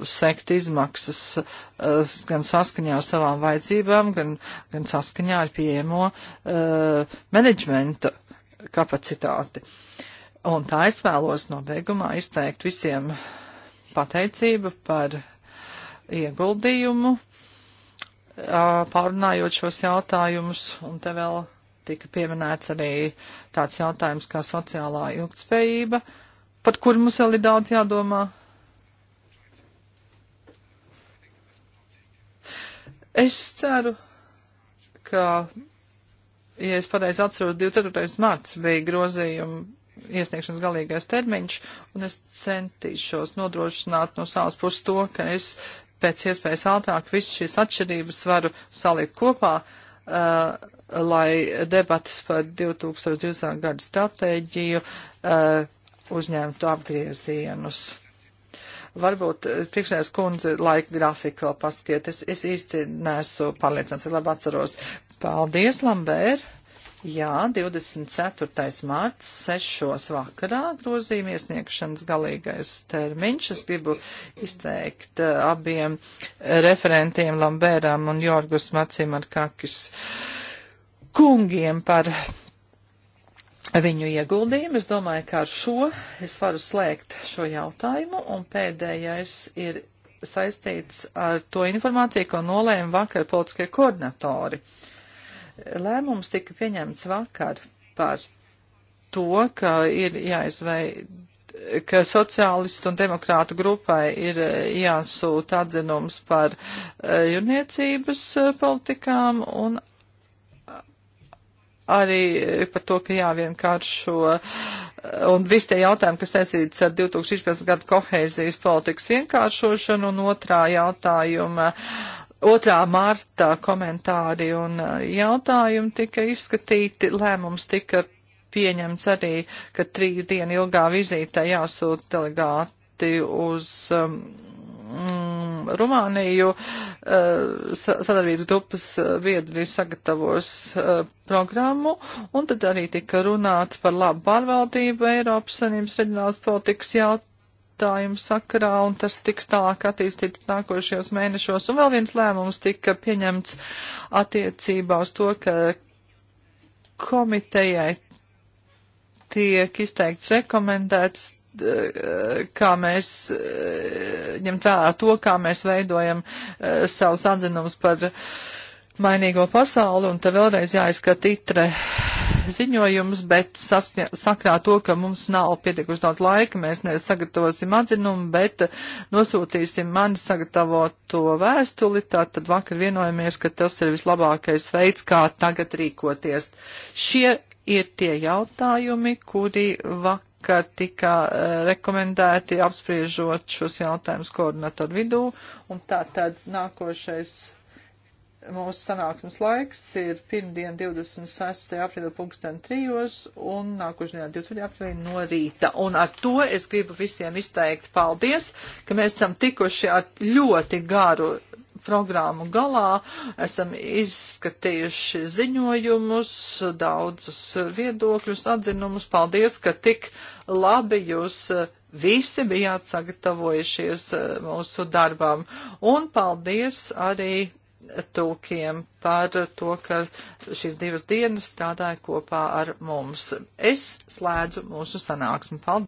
sekt izmaksas eh, gan saskaņā ar savām vajadzībām, gan, gan saskaņā ar pieejamo uh, menedžmenta kapacitāti. Un tā es vēlos nobeigumā izteikt visiem pateicību par ieguldījumu, uh, pārunājot šos jautājumus, un te vēl tika pieminēts arī tāds jautājums kā sociālā ilgtspējība, par kur mums vēl ir daudz jādomā Es ceru, ka, ja es pareizi atceros, 24. marts bija grozījuma iesniegšanas galīgais termiņš, un es centīšos nodrošināt no savas puses to, ka es pēc iespējas ātrāk visas šīs atšķirības varu salikt kopā, uh, lai debatas par 2020. gadu stratēģiju uh, uzņemtu apgriezienus. Varbūt eh, priekšnēs kundze laika grafiku vēl paskiet. Es, es īsti nesu pārliecināts, ja labi atceros. Paldies, Lambēr! Jā, 24. mārts, 6. vakarā grozījuma iesniegšanas galīgais termiņš. Es gribu izteikt uh, abiem referentiem Lambēram un Jorgus Macim ar Kakis kungiem par viņu ieguldījumu. Es domāju, ka ar šo es varu slēgt šo jautājumu, un pēdējais ir saistīts ar to informāciju, ko nolēma vakar politiskie koordinatori. Lēmums tika pieņemts vakar par to, ka ir jāizveid ka sociālistu un demokrātu grupai ir eh, jāsūta atzinums par eh, jūrniecības eh, politikām un arī par to, ka jāvienkāršo un visi tie jautājumi, kas saistīts ar 2016. gadu kohēzijas politikas vienkāršošanu un otrā jautājuma. 2. martā komentāri un jautājumi tika izskatīti, lēmums tika pieņemts arī, ka triju dienu ilgā vizītē jāsūta delegāti uz um, Rumāniju. Eh, sadarbības grupas eh, biedri sagatavos eh, programmu, un tad arī tika runāts par labu pārvaldību Eiropas Savienības reģionālas politikas jautājumu sakarā, un tas tiks tālāk attīstīts nākošajos mēnešos. Un vēl viens lēmums tika pieņemts attiecībā uz to, ka komitejai tiek izteikts rekomendēts Eh, kā mēs eh, ņemt vērā to, kā mēs veidojam eh, savus atzinumus par mainīgo pasauli, un te vēlreiz jāizskat itre ziņojums, bet sakrā to, ka mums nav pietiekuši daudz laika, mēs nesagatavosim atzinumu, bet nosūtīsim mani sagatavoto vēstuli, tātad vakar vienojamies, ka tas ir vislabākais veids, kā tagad rīkoties. Šie ir tie jautājumi, kuri vakar vakar tika eh, rekomendēti apspriežot šos jautājumus koordinatoru vidū, un tā tad nākošais mūsu sanāksmes laiks ir pirmdien 26. aprīļa pulksten trijos un nākošajā 20. aprīļa no rīta. Un ar to es gribu visiem izteikt paldies, ka mēs esam tikuši ar ļoti garu programmu galā. Esam izskatījuši ziņojumus, daudzus viedokļus, atzinumus. Paldies, ka tik labi jūs eh, visi bijāt sagatavojušies eh, mūsu darbām. Un paldies arī tūkiem par to, ka šīs divas dienas strādāja kopā ar mums. Es slēdzu mūsu sanāksmi. Paldies!